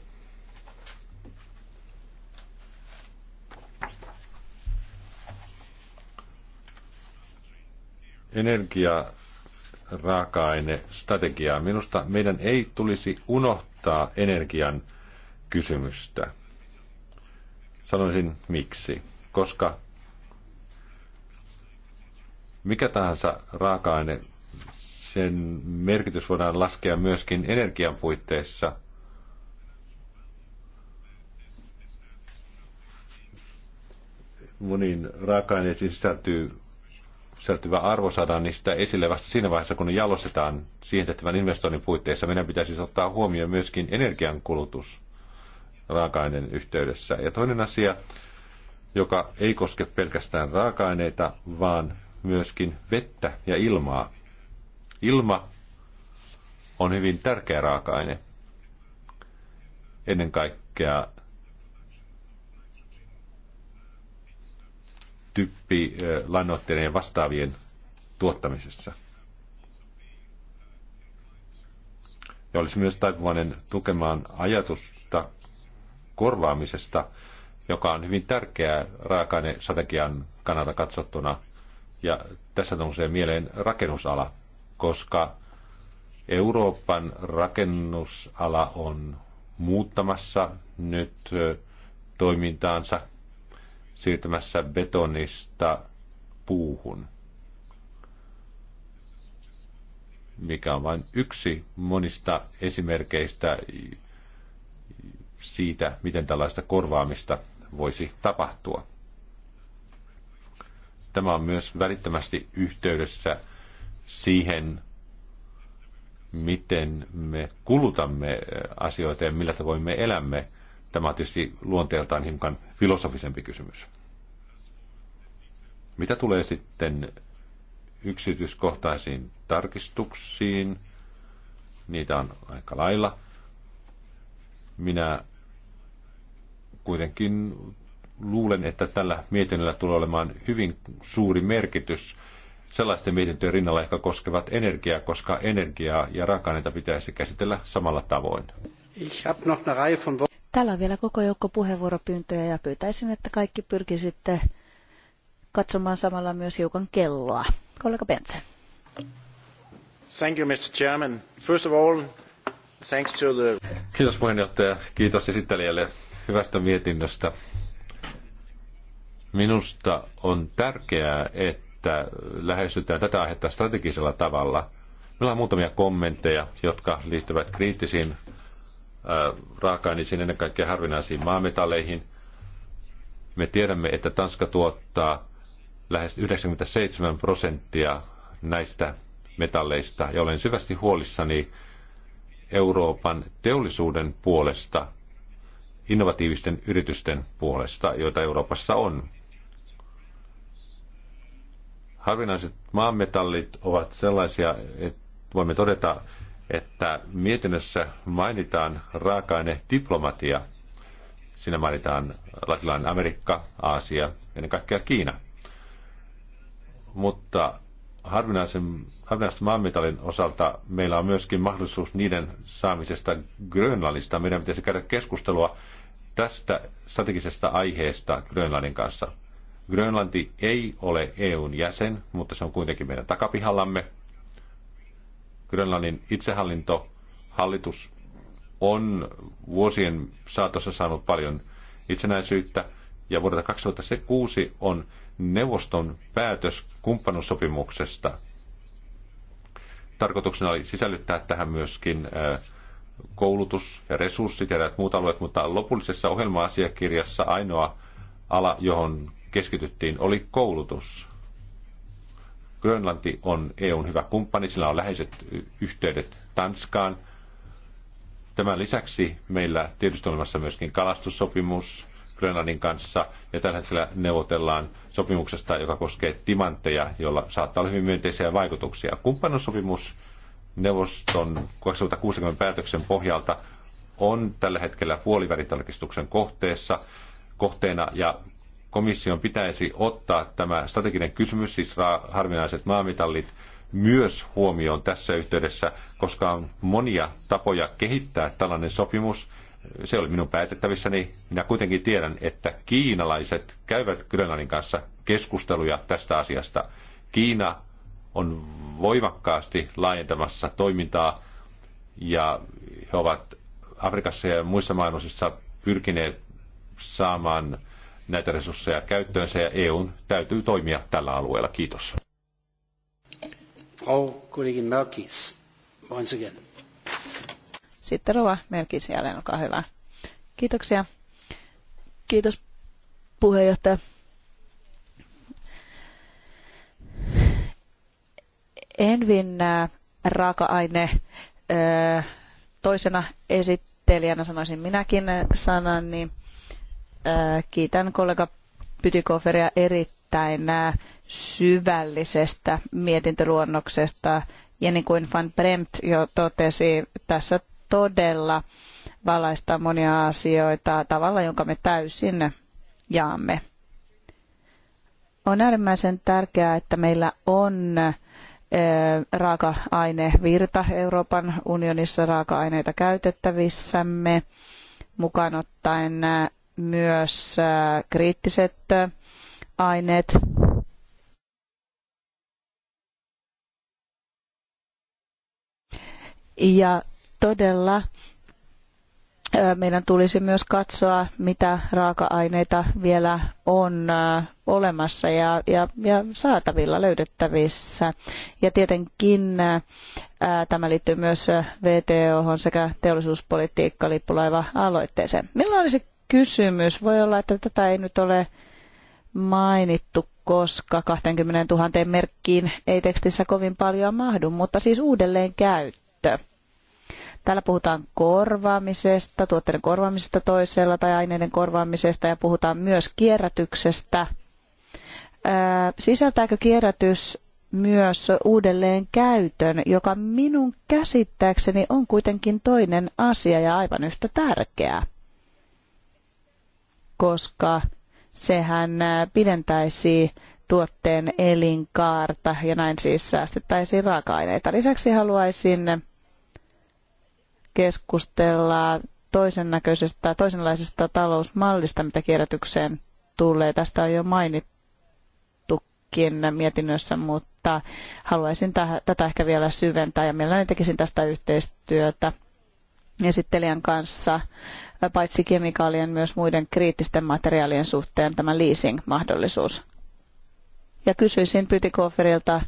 energia raaka strategiaa. Minusta meidän ei tulisi unohtaa energian kysymystä. Sanoisin miksi. Koska mikä tahansa raaka-aine, sen merkitys voidaan laskea myöskin energian puitteissa. Moniin raaka-aineisiin sisältyy sisältyvä arvo saadaan niistä esille vasta siinä vaiheessa, kun ne jalostetaan siihen tehtävän investoinnin puitteissa. Meidän pitäisi siis ottaa huomioon myöskin energiankulutus raaka-aineen yhteydessä. Ja toinen asia, joka ei koske pelkästään raaka-aineita, vaan myöskin vettä ja ilmaa. Ilma on hyvin tärkeä raaka-aine. Ennen kaikkea typpi lannoitteiden ja vastaavien tuottamisessa. Ja olisi myös taipuvainen tukemaan ajatusta korvaamisesta, joka on hyvin tärkeä raaka-aine strategian kannalta katsottuna – ja tässä nousee mieleen rakennusala, koska Euroopan rakennusala on muuttamassa nyt toimintaansa siirtymässä betonista puuhun, mikä on vain yksi monista esimerkkeistä siitä, miten tällaista korvaamista voisi tapahtua. Tämä on myös välittömästi yhteydessä siihen, miten me kulutamme asioita ja millä tavoin me elämme. Tämä on tietysti luonteeltaan hiukan filosofisempi kysymys. Mitä tulee sitten yksityiskohtaisiin tarkistuksiin, niitä on aika lailla. Minä kuitenkin luulen, että tällä mietinnöllä tulee olemaan hyvin suuri merkitys sellaisten mietintöjen rinnalla, jotka koskevat energiaa, koska energiaa ja raaka-aineita pitäisi käsitellä samalla tavoin. Täällä on vielä koko joukko puheenvuoropyyntöjä ja pyytäisin, että kaikki pyrkisitte katsomaan samalla myös hiukan kelloa. Kollega Bentse. Thank you, Mr. Chairman. First of all, thanks to the... Kiitos puheenjohtaja. Kiitos esittelijälle hyvästä mietinnöstä. Minusta on tärkeää, että lähestytään tätä aihetta strategisella tavalla. Meillä on muutamia kommentteja, jotka liittyvät kriittisiin raaka-aineisiin, ennen kaikkea harvinaisiin maametalleihin. Me tiedämme, että Tanska tuottaa lähes 97 prosenttia näistä metalleista, ja olen syvästi huolissani Euroopan teollisuuden puolesta, innovatiivisten yritysten puolesta, joita Euroopassa on harvinaiset maanmetallit ovat sellaisia, että voimme todeta, että mietinnössä mainitaan raaka-aine diplomatia. Siinä mainitaan Latinalainen Amerikka, Aasia, ennen kaikkea Kiina. Mutta harvinaisen, harvinaisen maanmetallin osalta meillä on myöskin mahdollisuus niiden saamisesta Grönlannista. Meidän pitäisi käydä keskustelua tästä strategisesta aiheesta Grönlannin kanssa. Grönlanti ei ole EUn jäsen, mutta se on kuitenkin meidän takapihallamme. Grönlannin itsehallinto, hallitus on vuosien saatossa saanut paljon itsenäisyyttä ja vuodelta 2006 on neuvoston päätös kumppanussopimuksesta Tarkoituksena oli sisällyttää tähän myöskin äh, koulutus ja resurssit ja muut alueet, mutta lopullisessa ohjelma-asiakirjassa ainoa ala, johon keskityttiin, oli koulutus. Grönlanti on EUn hyvä kumppani, sillä on läheiset yhteydet Tanskaan. Tämän lisäksi meillä tietysti olemassa myöskin kalastussopimus Grönlannin kanssa, ja tällä hetkellä neuvotellaan sopimuksesta, joka koskee timantteja, jolla saattaa olla hyvin myönteisiä vaikutuksia. Kumppanussopimus neuvoston 2060 päätöksen pohjalta on tällä hetkellä puolivälitarkistuksen kohteessa, kohteena ja komission pitäisi ottaa tämä strateginen kysymys, siis harvinaiset maamitallit, myös huomioon tässä yhteydessä, koska on monia tapoja kehittää tällainen sopimus. Se oli minun päätettävissäni. Minä kuitenkin tiedän, että kiinalaiset käyvät Grönlannin kanssa keskusteluja tästä asiasta. Kiina on voimakkaasti laajentamassa toimintaa ja he ovat Afrikassa ja muissa maailmassa pyrkineet saamaan näitä resursseja käyttöönsä ja EUn täytyy toimia tällä alueella. Kiitos. Frau Kollegin Merkis, once again. Sitten Rova Merkis jälleen, olkaa hyvä. Kiitoksia. Kiitos puheenjohtaja. Envin äh, raaka-aine äh, toisena esittelijänä sanoisin minäkin sanan, niin Äh, kiitän kollega Pytikoferia erittäin äh, syvällisestä mietintöluonnoksesta. Ja niin kuin Van Bremt jo totesi, tässä todella valaistaan monia asioita tavalla, jonka me täysin jaamme. On äärimmäisen tärkeää, että meillä on äh, raaka-ainevirta Euroopan unionissa raaka-aineita käytettävissämme, mukaan ottaen myös äh, kriittiset äh, aineet. Ja todella äh, meidän tulisi myös katsoa, mitä raaka-aineita vielä on olemassa ja, ja, ja saatavilla, löydettävissä. Ja tietenkin ää, tämä liittyy myös VTO sekä teollisuuspolitiikka lippulaiva aloitteeseen. Milloin olisi kysymys. Voi olla, että tätä ei nyt ole mainittu, koska 20 000 merkkiin ei tekstissä kovin paljon mahdu, mutta siis uudelleen käyttö. Täällä puhutaan korvaamisesta, tuotteiden korvaamisesta toisella tai aineiden korvaamisesta ja puhutaan myös kierrätyksestä. Sisältääkö kierrätys myös uudelleen käytön, joka minun käsittääkseni on kuitenkin toinen asia ja aivan yhtä tärkeää? koska sehän pidentäisi tuotteen elinkaarta ja näin siis säästettäisiin raaka-aineita. Lisäksi haluaisin keskustella toisen näköisestä, toisenlaisesta talousmallista, mitä kierrätykseen tulee. Tästä on jo mainittukin mietinnössä, mutta haluaisin täh- tätä ehkä vielä syventää ja mielelläni tekisin tästä yhteistyötä esittelijän kanssa paitsi kemikaalien myös muiden kriittisten materiaalien suhteen tämä leasing-mahdollisuus. Ja kysyisin Pytikoferilta,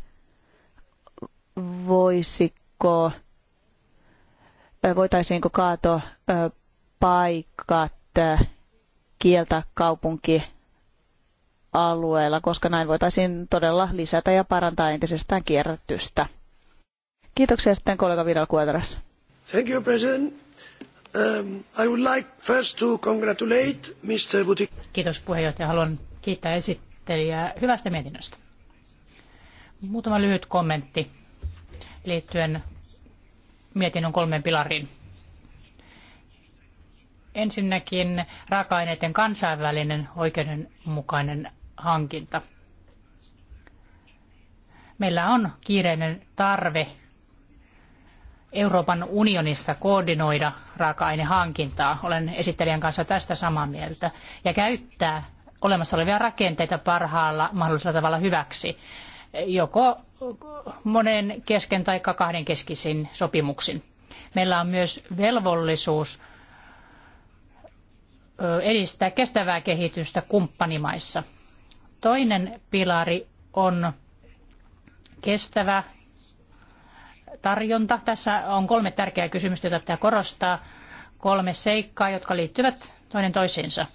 voisiko, voitaisiinko kaatopaikat kieltää kaupunki alueella, koska näin voitaisiin todella lisätä ja parantaa entisestään kierrätystä. Kiitoksia sitten kollega Vidal Kuotaras. Thank you, President. Um, arvoisa puhemies Kiitos Haluan kiittää esittelijää hyvästä mietinnöstä. Muutama lyhyt kommentti liittyen mietinnön kolmeen pilariin. Ensinnäkin raaka-aineiden kansainvälinen oikeudenmukainen hankinta. Meillä on kiireinen tarve Euroopan unionissa koordinoida raaka-ainehankintaa. Olen esittelijän kanssa tästä samaa mieltä. Ja käyttää olemassa olevia rakenteita parhaalla mahdollisella tavalla hyväksi, joko monen kesken tai kahden keskisin sopimuksin. Meillä on myös velvollisuus edistää kestävää kehitystä kumppanimaissa. Toinen pilari on kestävä tarjonta. Tässä on kolme tärkeää kysymystä, joita pitää korostaa. Kolme seikkaa, jotka liittyvät toinen toisiinsa.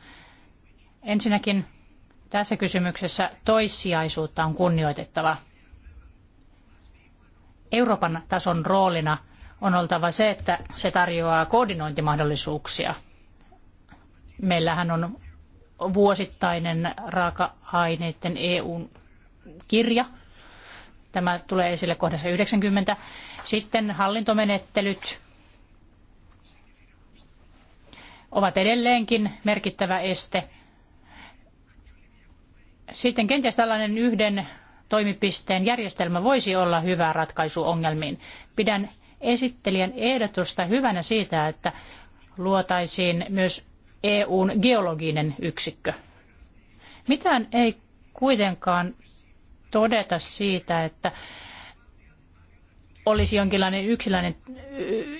Ensinnäkin tässä kysymyksessä toissijaisuutta on kunnioitettava. Euroopan tason roolina on oltava se, että se tarjoaa koordinointimahdollisuuksia. Meillähän on vuosittainen raaka-aineiden EUn kirja – Tämä tulee esille kohdassa 90. Sitten hallintomenettelyt ovat edelleenkin merkittävä este. Sitten kenties tällainen yhden toimipisteen järjestelmä voisi olla hyvä ratkaisu ongelmiin. Pidän esittelijän ehdotusta hyvänä siitä, että luotaisiin myös EUn geologinen yksikkö. Mitään ei kuitenkaan todeta siitä, että olisi jonkinlainen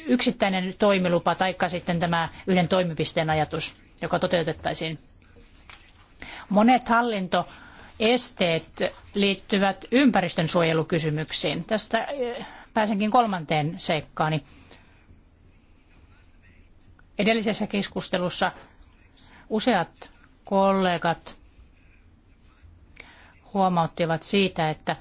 yksittäinen toimilupa tai sitten tämä yhden toimipisteen ajatus, joka toteutettaisiin. Monet hallintoesteet liittyvät ympäristönsuojelukysymyksiin. Tästä eh, pääsenkin kolmanteen seikkaani. Edellisessä keskustelussa useat kollegat huomauttivat siitä, että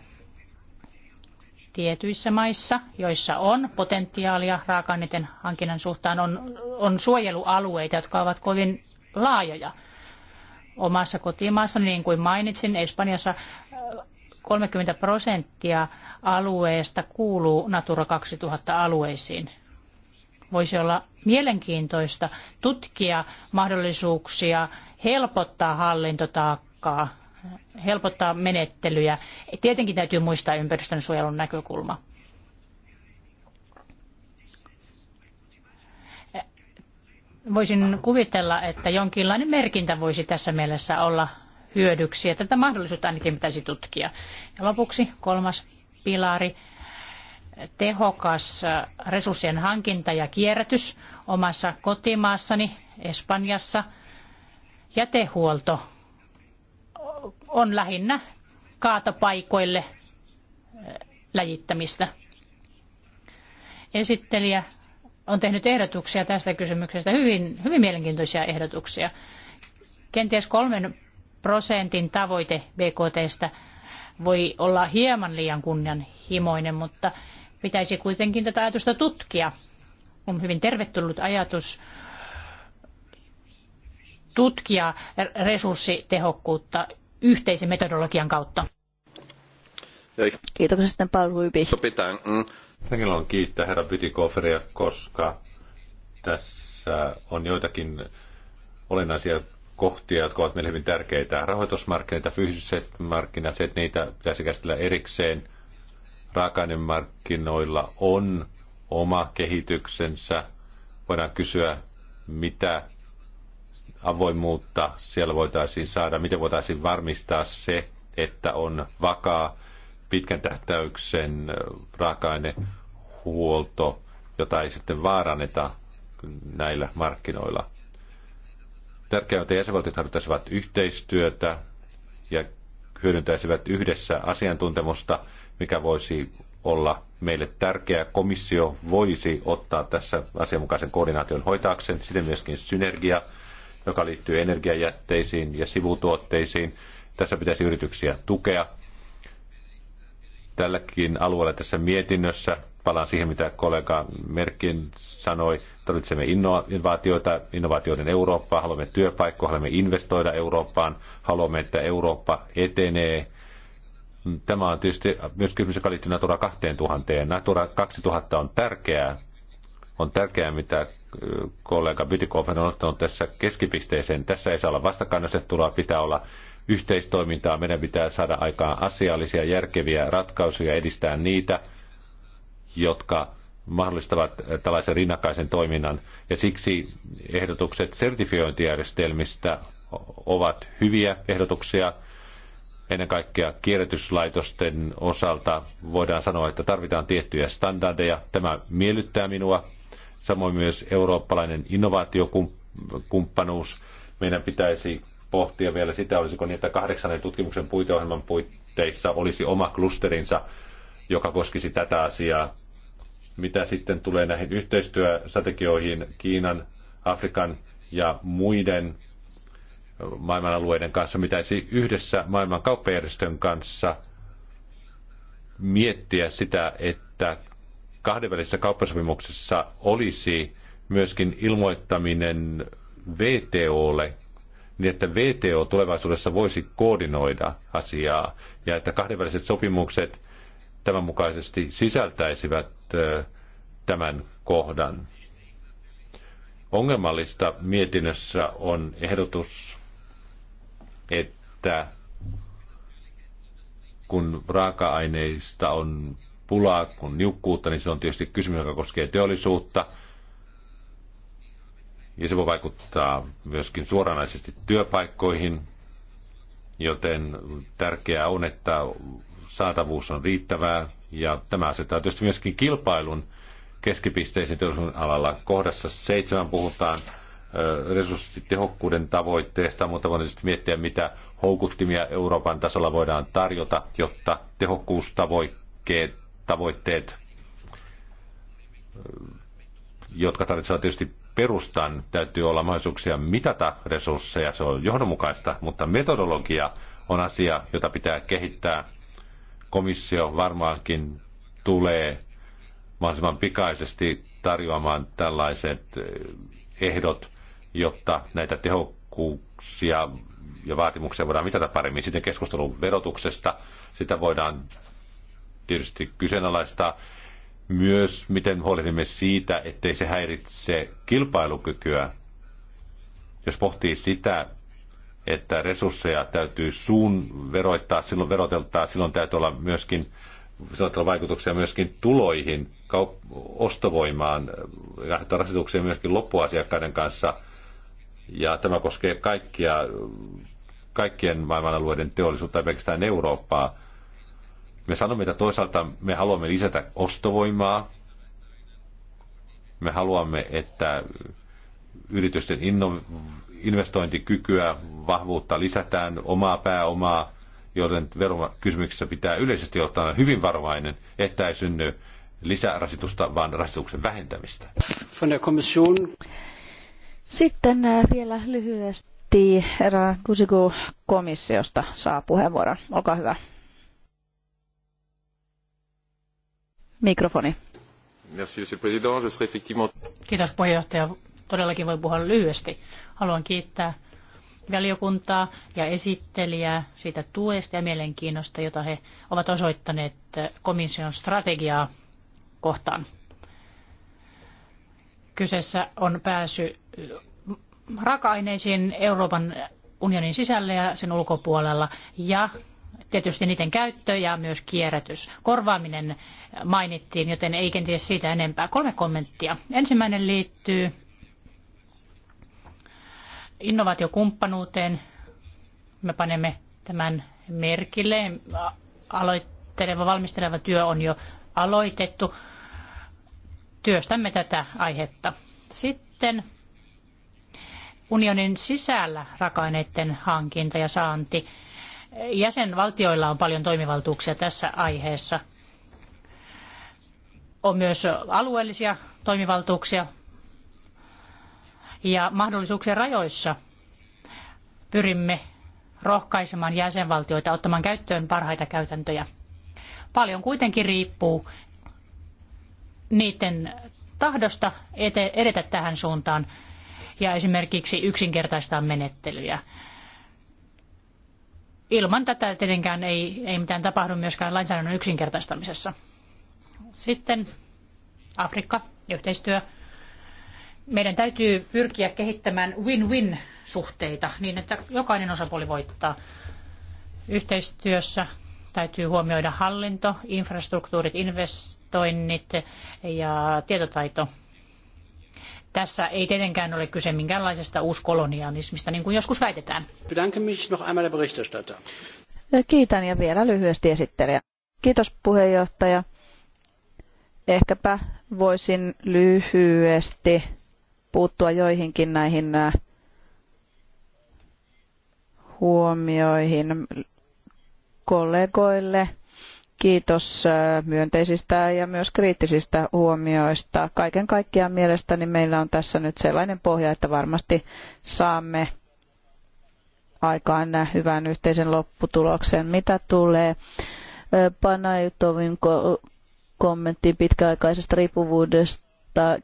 tietyissä maissa, joissa on potentiaalia raaka-aineiden hankinnan suhtaan, on, on suojelualueita, jotka ovat kovin laajoja. Omassa kotimaassa, niin kuin mainitsin, Espanjassa 30 äh, prosenttia alueesta kuuluu Natura 2000 alueisiin. Voisi olla mielenkiintoista tutkia mahdollisuuksia helpottaa hallintotaakkaa helpottaa menettelyjä. Tietenkin täytyy muistaa ympäristönsuojelun näkökulma. Voisin kuvitella, että jonkinlainen merkintä voisi tässä mielessä olla hyödyksi, ja tätä mahdollisuutta ainakin pitäisi tutkia. Ja lopuksi kolmas pilari, tehokas resurssien hankinta ja kierrätys omassa kotimaassani Espanjassa, jätehuolto on lähinnä kaatopaikoille eh, läjittämistä. Esittelijä on tehnyt ehdotuksia tästä kysymyksestä, hyvin, hyvin mielenkiintoisia ehdotuksia. Kenties kolmen prosentin tavoite BKTstä voi olla hieman liian kunnianhimoinen, mutta pitäisi kuitenkin tätä ajatusta tutkia. On hyvin tervetullut ajatus tutkia resurssitehokkuutta yhteisen metodologian kautta. Kiitoksia sitten Paul Huipi. Mm. Minäkin haluan kiittää herra Bytikoferia, koska tässä on joitakin olennaisia kohtia, jotka ovat meille hyvin tärkeitä. Rahoitusmarkkinat ja fyysiset markkinat, se, että niitä pitäisi käsitellä erikseen. raaka markkinoilla on oma kehityksensä. Voidaan kysyä, mitä avoimuutta siellä voitaisiin saada, miten voitaisiin varmistaa se, että on vakaa pitkän tähtäyksen raaka-ainehuolto, jota ei sitten vaaranneta näillä markkinoilla. Tärkeää on, että jäsenvaltiot harjoittaisivat yhteistyötä ja hyödyntäisivät yhdessä asiantuntemusta, mikä voisi olla meille tärkeä. Komissio voisi ottaa tässä asianmukaisen koordinaation hoitaakseen, sitten myöskin synergia joka liittyy energiajätteisiin ja sivutuotteisiin. Tässä pitäisi yrityksiä tukea. Tälläkin alueella tässä mietinnössä, palaan siihen mitä kollega Merkin sanoi, tarvitsemme innovaatioita, innovaatioiden Eurooppaa, haluamme työpaikkoja, haluamme investoida Eurooppaan, haluamme, että Eurooppa etenee Tämä on tietysti myös kysymys, joka liittyy Natura 2000. Natura 2000 on tärkeää. On tärkeää, mitä kollega Bytikov on ottanut tässä keskipisteeseen. Tässä ei saa olla vastakkainasettelua, pitää olla yhteistoimintaa. Meidän pitää saada aikaan asiallisia, järkeviä ratkaisuja, edistää niitä, jotka mahdollistavat tällaisen rinnakkaisen toiminnan. Ja siksi ehdotukset sertifiointijärjestelmistä ovat hyviä ehdotuksia. Ennen kaikkea kierrätyslaitosten osalta voidaan sanoa, että tarvitaan tiettyjä standardeja. Tämä miellyttää minua samoin myös eurooppalainen innovaatiokumppanuus. Meidän pitäisi pohtia vielä sitä, olisiko niin, että kahdeksannen tutkimuksen puiteohjelman puitteissa olisi oma klusterinsa, joka koskisi tätä asiaa. Mitä sitten tulee näihin yhteistyöstrategioihin Kiinan, Afrikan ja muiden maailmanalueiden kanssa, pitäisi yhdessä maailman kauppajärjestön kanssa miettiä sitä, että kahdenvälisessä kauppasopimuksessa olisi myöskin ilmoittaminen VTOlle, niin että VTO tulevaisuudessa voisi koordinoida asiaa ja että kahdenväliset sopimukset tämän mukaisesti sisältäisivät tämän kohdan. Ongelmallista mietinnössä on ehdotus, että kun raaka-aineista on pulaa kuin niukkuutta, niin se on tietysti kysymys, joka koskee teollisuutta. Ja se voi vaikuttaa myöskin suoranaisesti työpaikkoihin, joten tärkeää on, että saatavuus on riittävää. Ja tämä asettaa tietysti myöskin kilpailun keskipisteisiin teollisuuden alalla. Kohdassa seitsemän puhutaan resurssitehokkuuden tavoitteesta, mutta voidaan sitten miettiä, mitä houkuttimia Euroopan tasolla voidaan tarjota, jotta tehokkuustavoitteet tavoitteet, jotka tarvitsevat tietysti perustan, täytyy olla mahdollisuuksia mitata resursseja, se on johdonmukaista, mutta metodologia on asia, jota pitää kehittää. Komissio varmaankin tulee mahdollisimman pikaisesti tarjoamaan tällaiset eh, ehdot, jotta näitä tehokkuuksia ja vaatimuksia voidaan mitata paremmin. Sitten keskustelu verotuksesta, sitä voidaan tietysti kyseenalaista myös, miten huolehdimme siitä, ettei se häiritse kilpailukykyä. Jos pohtii sitä, että resursseja täytyy suun veroittaa, silloin veroteltaa, silloin täytyy olla myöskin silloin olla vaikutuksia myöskin tuloihin, kaup- ostovoimaan, ja rasituksia myöskin loppuasiakkaiden kanssa. Ja tämä koskee kaikkia, kaikkien maailmanalueiden teollisuutta, ei pelkästään Eurooppaa me sanomme, että toisaalta me haluamme lisätä ostovoimaa. Me haluamme, että yritysten inno- investointikykyä, vahvuutta lisätään, omaa pääomaa, joten verokysymyksissä pitää yleisesti ottaa hyvin varovainen, että ei synny lisärasitusta, vaan rasituksen vähentämistä. Sitten äh, vielä lyhyesti herra Kusiku komissiosta saa puheenvuoron. Olkaa hyvä. Kiitos puheenjohtaja. Todellakin voi puhua lyhyesti. Haluan kiittää valiokuntaa ja esittelijää siitä tuesta ja mielenkiinnosta, jota he ovat osoittaneet komission strategiaa kohtaan. Kyseessä on pääsy raaka-aineisiin Euroopan unionin sisällä ja sen ulkopuolella ja tietysti niiden käyttö ja myös kierrätys. Korvaaminen mainittiin, joten ei kenties siitä enempää. Kolme kommenttia. Ensimmäinen liittyy innovaatiokumppanuuteen. Me panemme tämän merkille. Aloitteleva, valmisteleva työ on jo aloitettu. Työstämme tätä aihetta. Sitten unionin sisällä raaka-aineiden hankinta ja saanti. Jäsenvaltioilla on paljon toimivaltuuksia tässä aiheessa. On myös alueellisia toimivaltuuksia ja mahdollisuuksien rajoissa pyrimme rohkaisemaan jäsenvaltioita ottamaan käyttöön parhaita käytäntöjä. Paljon kuitenkin riippuu niiden tahdosta edetä tähän suuntaan ja esimerkiksi yksinkertaistaa menettelyjä ilman tätä tietenkään ei, ei mitään tapahdu myöskään lainsäädännön yksinkertaistamisessa. Sitten Afrikka, yhteistyö. Meidän täytyy pyrkiä kehittämään win-win-suhteita niin, että jokainen osapuoli voittaa. Yhteistyössä täytyy huomioida hallinto, infrastruktuurit, investoinnit ja tietotaito tässä ei tietenkään ole kyse minkäänlaisesta uuskolonialismista, niin kuin joskus väitetään. Kiitän ja vielä lyhyesti esittelijä. Kiitos puheenjohtaja. Ehkäpä voisin lyhyesti puuttua joihinkin näihin äh, huomioihin kollegoille kiitos äh, myönteisistä ja myös kriittisistä huomioista. Kaiken kaikkiaan mielestäni meillä on tässä nyt sellainen pohja, että varmasti saamme aikaan hyvän yhteisen lopputuloksen. Mitä tulee äh, Panajutovin kommenttiin pitkäaikaisesta riippuvuudesta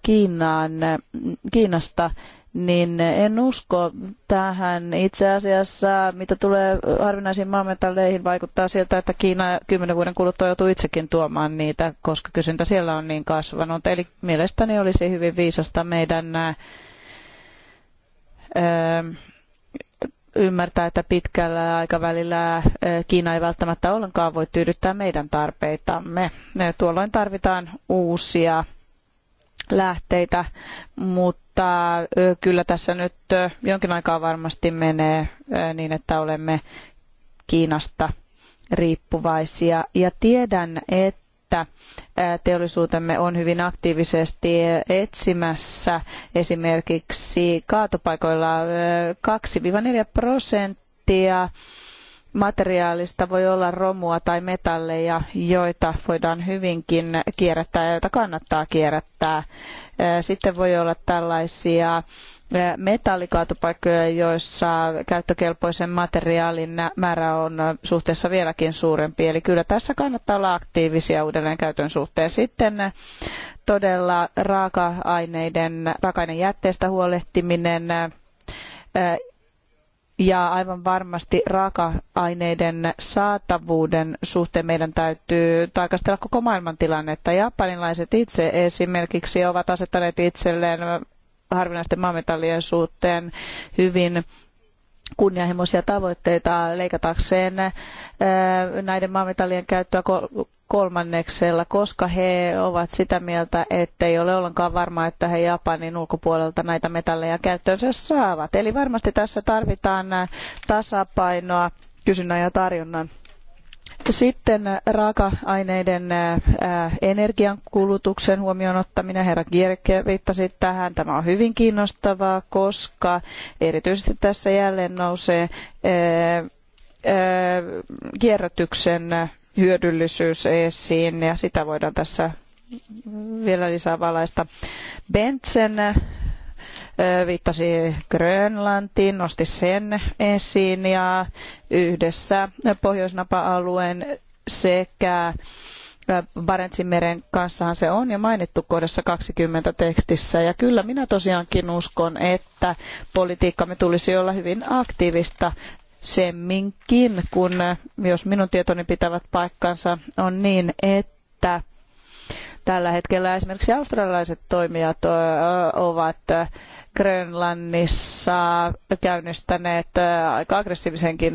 Kiinaan, äh, Kiinasta, niin en usko tähän. Itse asiassa, mitä tulee harvinaisiin maametalleihin, vaikuttaa siltä, että Kiina kymmenen vuoden kuluttua joutuu itsekin tuomaan niitä, koska kysyntä siellä on niin kasvanut. Eli mielestäni olisi hyvin viisasta meidän ymmärtää, että pitkällä aikavälillä Kiina ei välttämättä ollenkaan voi tyydyttää meidän tarpeitamme. Tuolloin tarvitaan uusia lähteitä, mutta kyllä tässä nyt jonkin aikaa varmasti menee niin, että olemme Kiinasta riippuvaisia. Ja tiedän, että teollisuutemme on hyvin aktiivisesti etsimässä esimerkiksi kaatopaikoilla 2-4 prosenttia prosenttia materiaalista voi olla romua tai metalleja, joita voidaan hyvinkin kierrättää ja joita kannattaa kierrättää. Sitten voi olla tällaisia metallikaatopaikkoja, joissa käyttökelpoisen materiaalin määrä on suhteessa vieläkin suurempi. Eli kyllä tässä kannattaa olla aktiivisia uudelleenkäytön suhteen. Sitten todella raaka-aineiden, raaka-ainejätteestä huolehtiminen, ja aivan varmasti raaka-aineiden saatavuuden suhteen meidän täytyy tarkastella koko maailman tilannetta. Japanilaiset itse esimerkiksi ovat asettaneet itselleen harvinaisten maametallien suhteen hyvin kunnianhimoisia tavoitteita leikatakseen näiden maametallien käyttöä kolmanneksella, koska he ovat sitä mieltä, ettei ole ollenkaan varmaa, että he Japanin ulkopuolelta näitä metalleja käyttöönsä saavat. Eli varmasti tässä tarvitaan tasapainoa kysynnän ja tarjonnan sitten äh, raaka-aineiden äh, äh, energiankulutuksen huomioon ottaminen. Herra Kierke viittasi tähän. Tämä on hyvin kiinnostavaa, koska erityisesti tässä jälleen nousee kierrätyksen hyödyllisyys esiin ja sitä voidaan tässä vielä lisää valaista. Bentsen viittasi Grönlantiin, nosti sen esiin ja yhdessä Pohjoisnapa-alueen sekä Barentsinmeren kanssahan se on ja mainittu kohdassa 20 tekstissä. Ja kyllä minä tosiaankin uskon, että politiikkamme tulisi olla hyvin aktiivista semminkin, kun jos minun tietoni pitävät paikkansa, on niin, että tällä hetkellä esimerkiksi australialaiset toimijat ovat Grönlannissa käynnistäneet aika aggressiivisenkin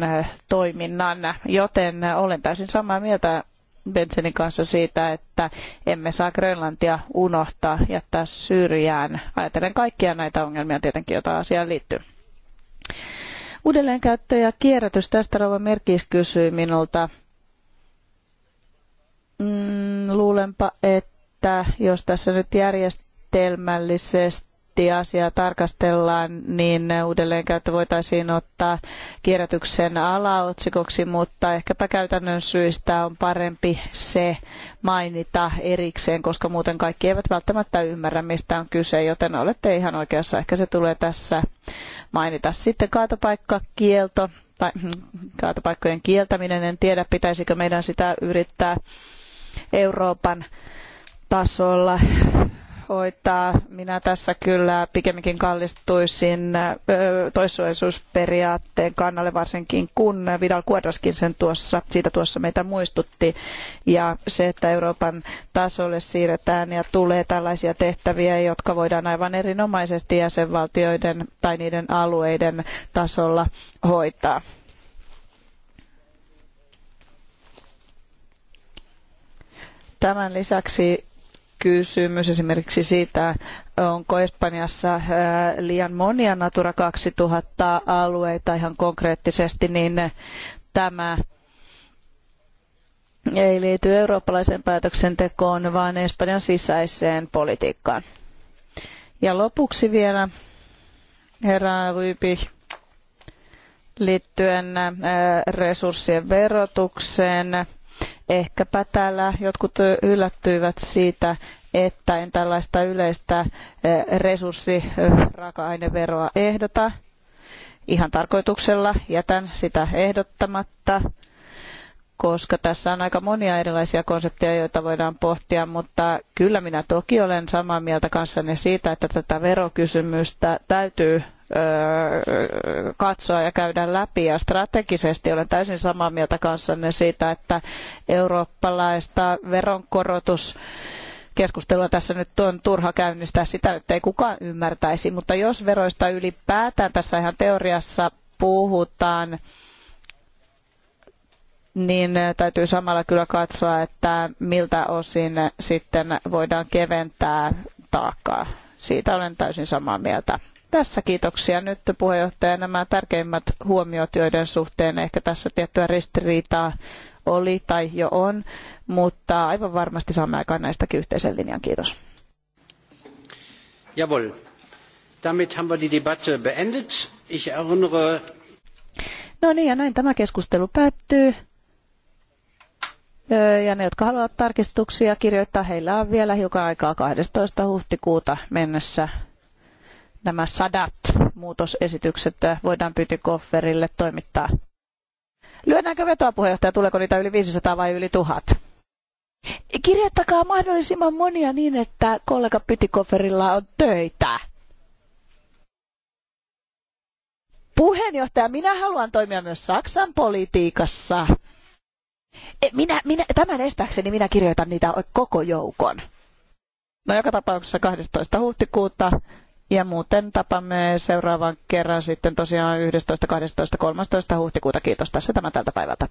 toiminnan, joten olen täysin samaa mieltä Bensenin kanssa siitä, että emme saa Grönlantia unohtaa, jättää syrjään. Ajatellen kaikkia näitä ongelmia tietenkin, joita asiaan liittyy. Uudelleenkäyttö ja kierrätys. Tästä Rova Merkis kysyi minulta. Mm, luulenpa, että jos tässä nyt järjestelmällisesti asiaa tarkastellaan, niin uudelleenkäyttö voitaisiin ottaa kierrätyksen alaotsikoksi, mutta ehkäpä käytännön syistä on parempi se mainita erikseen, koska muuten kaikki eivät välttämättä ymmärrä, mistä on kyse, joten olette ihan oikeassa. Ehkä se tulee tässä mainita. Sitten kaatopaikkakielto tai [clears throat] kaatopaikkojen kieltäminen. En tiedä, pitäisikö meidän sitä yrittää Euroopan tasolla hoitaa. Minä tässä kyllä pikemminkin kallistuisin toissuojelusperiaatteen kannalle, varsinkin kun Vidal Kuodraskin sen tuossa, siitä tuossa meitä muistutti. Ja se, että Euroopan tasolle siirretään ja tulee tällaisia tehtäviä, jotka voidaan aivan erinomaisesti jäsenvaltioiden tai niiden alueiden tasolla hoitaa. Tämän lisäksi kysymys esimerkiksi siitä, onko Espanjassa äh, liian monia Natura 2000 alueita ihan konkreettisesti, niin tämä ei liity eurooppalaiseen päätöksentekoon, vaan Espanjan sisäiseen politiikkaan. Ja lopuksi vielä herra Ryypi liittyen äh, resurssien verotukseen Ehkäpä täällä jotkut yllättyivät siitä, että en tällaista yleistä eh, resurssiraaka-aineveroa ehdota. Ihan tarkoituksella jätän sitä ehdottamatta, koska tässä on aika monia erilaisia konsepteja, joita voidaan pohtia, mutta kyllä minä toki olen samaa mieltä kanssanne siitä, että tätä verokysymystä täytyy katsoa ja käydä läpi. Ja strategisesti olen täysin samaa mieltä kanssanne siitä, että eurooppalaista veronkorotus keskustelua tässä nyt on turha käynnistää, sitä nyt ei kukaan ymmärtäisi, mutta jos veroista ylipäätään tässä ihan teoriassa puhutaan, niin täytyy samalla kyllä katsoa, että miltä osin sitten voidaan keventää taakkaa. Siitä olen täysin samaa mieltä. Tässä kiitoksia nyt puheenjohtaja nämä tärkeimmät huomiot, joiden suhteen ehkä tässä tiettyä ristiriitaa oli tai jo on, mutta aivan varmasti saamme aikaan näistäkin yhteisen linjan. Kiitos. Jawohl. Damit haben wir die Debatte beendet. Ich erinnere... No niin, ja näin tämä keskustelu päättyy. Ja ne, jotka haluavat tarkistuksia kirjoittaa, heillä on vielä hiukan aikaa 12. huhtikuuta mennessä nämä sadat muutosesitykset voidaan Pytikofferille toimittaa. Lyödäänkö vetoa puheenjohtaja, tuleeko niitä yli 500 vai yli 1000? Kirjoittakaa mahdollisimman monia niin, että kollega Pytikofferilla on töitä. Puheenjohtaja, minä haluan toimia myös Saksan politiikassa. E, minä, minä, tämän estääkseni minä kirjoitan niitä koko joukon. No joka tapauksessa 12. huhtikuuta ja muuten tapamme seuraavan kerran sitten tosiaan 11, 12, 13 huhtikuuta. Kiitos tässä tämä tältä päivältä.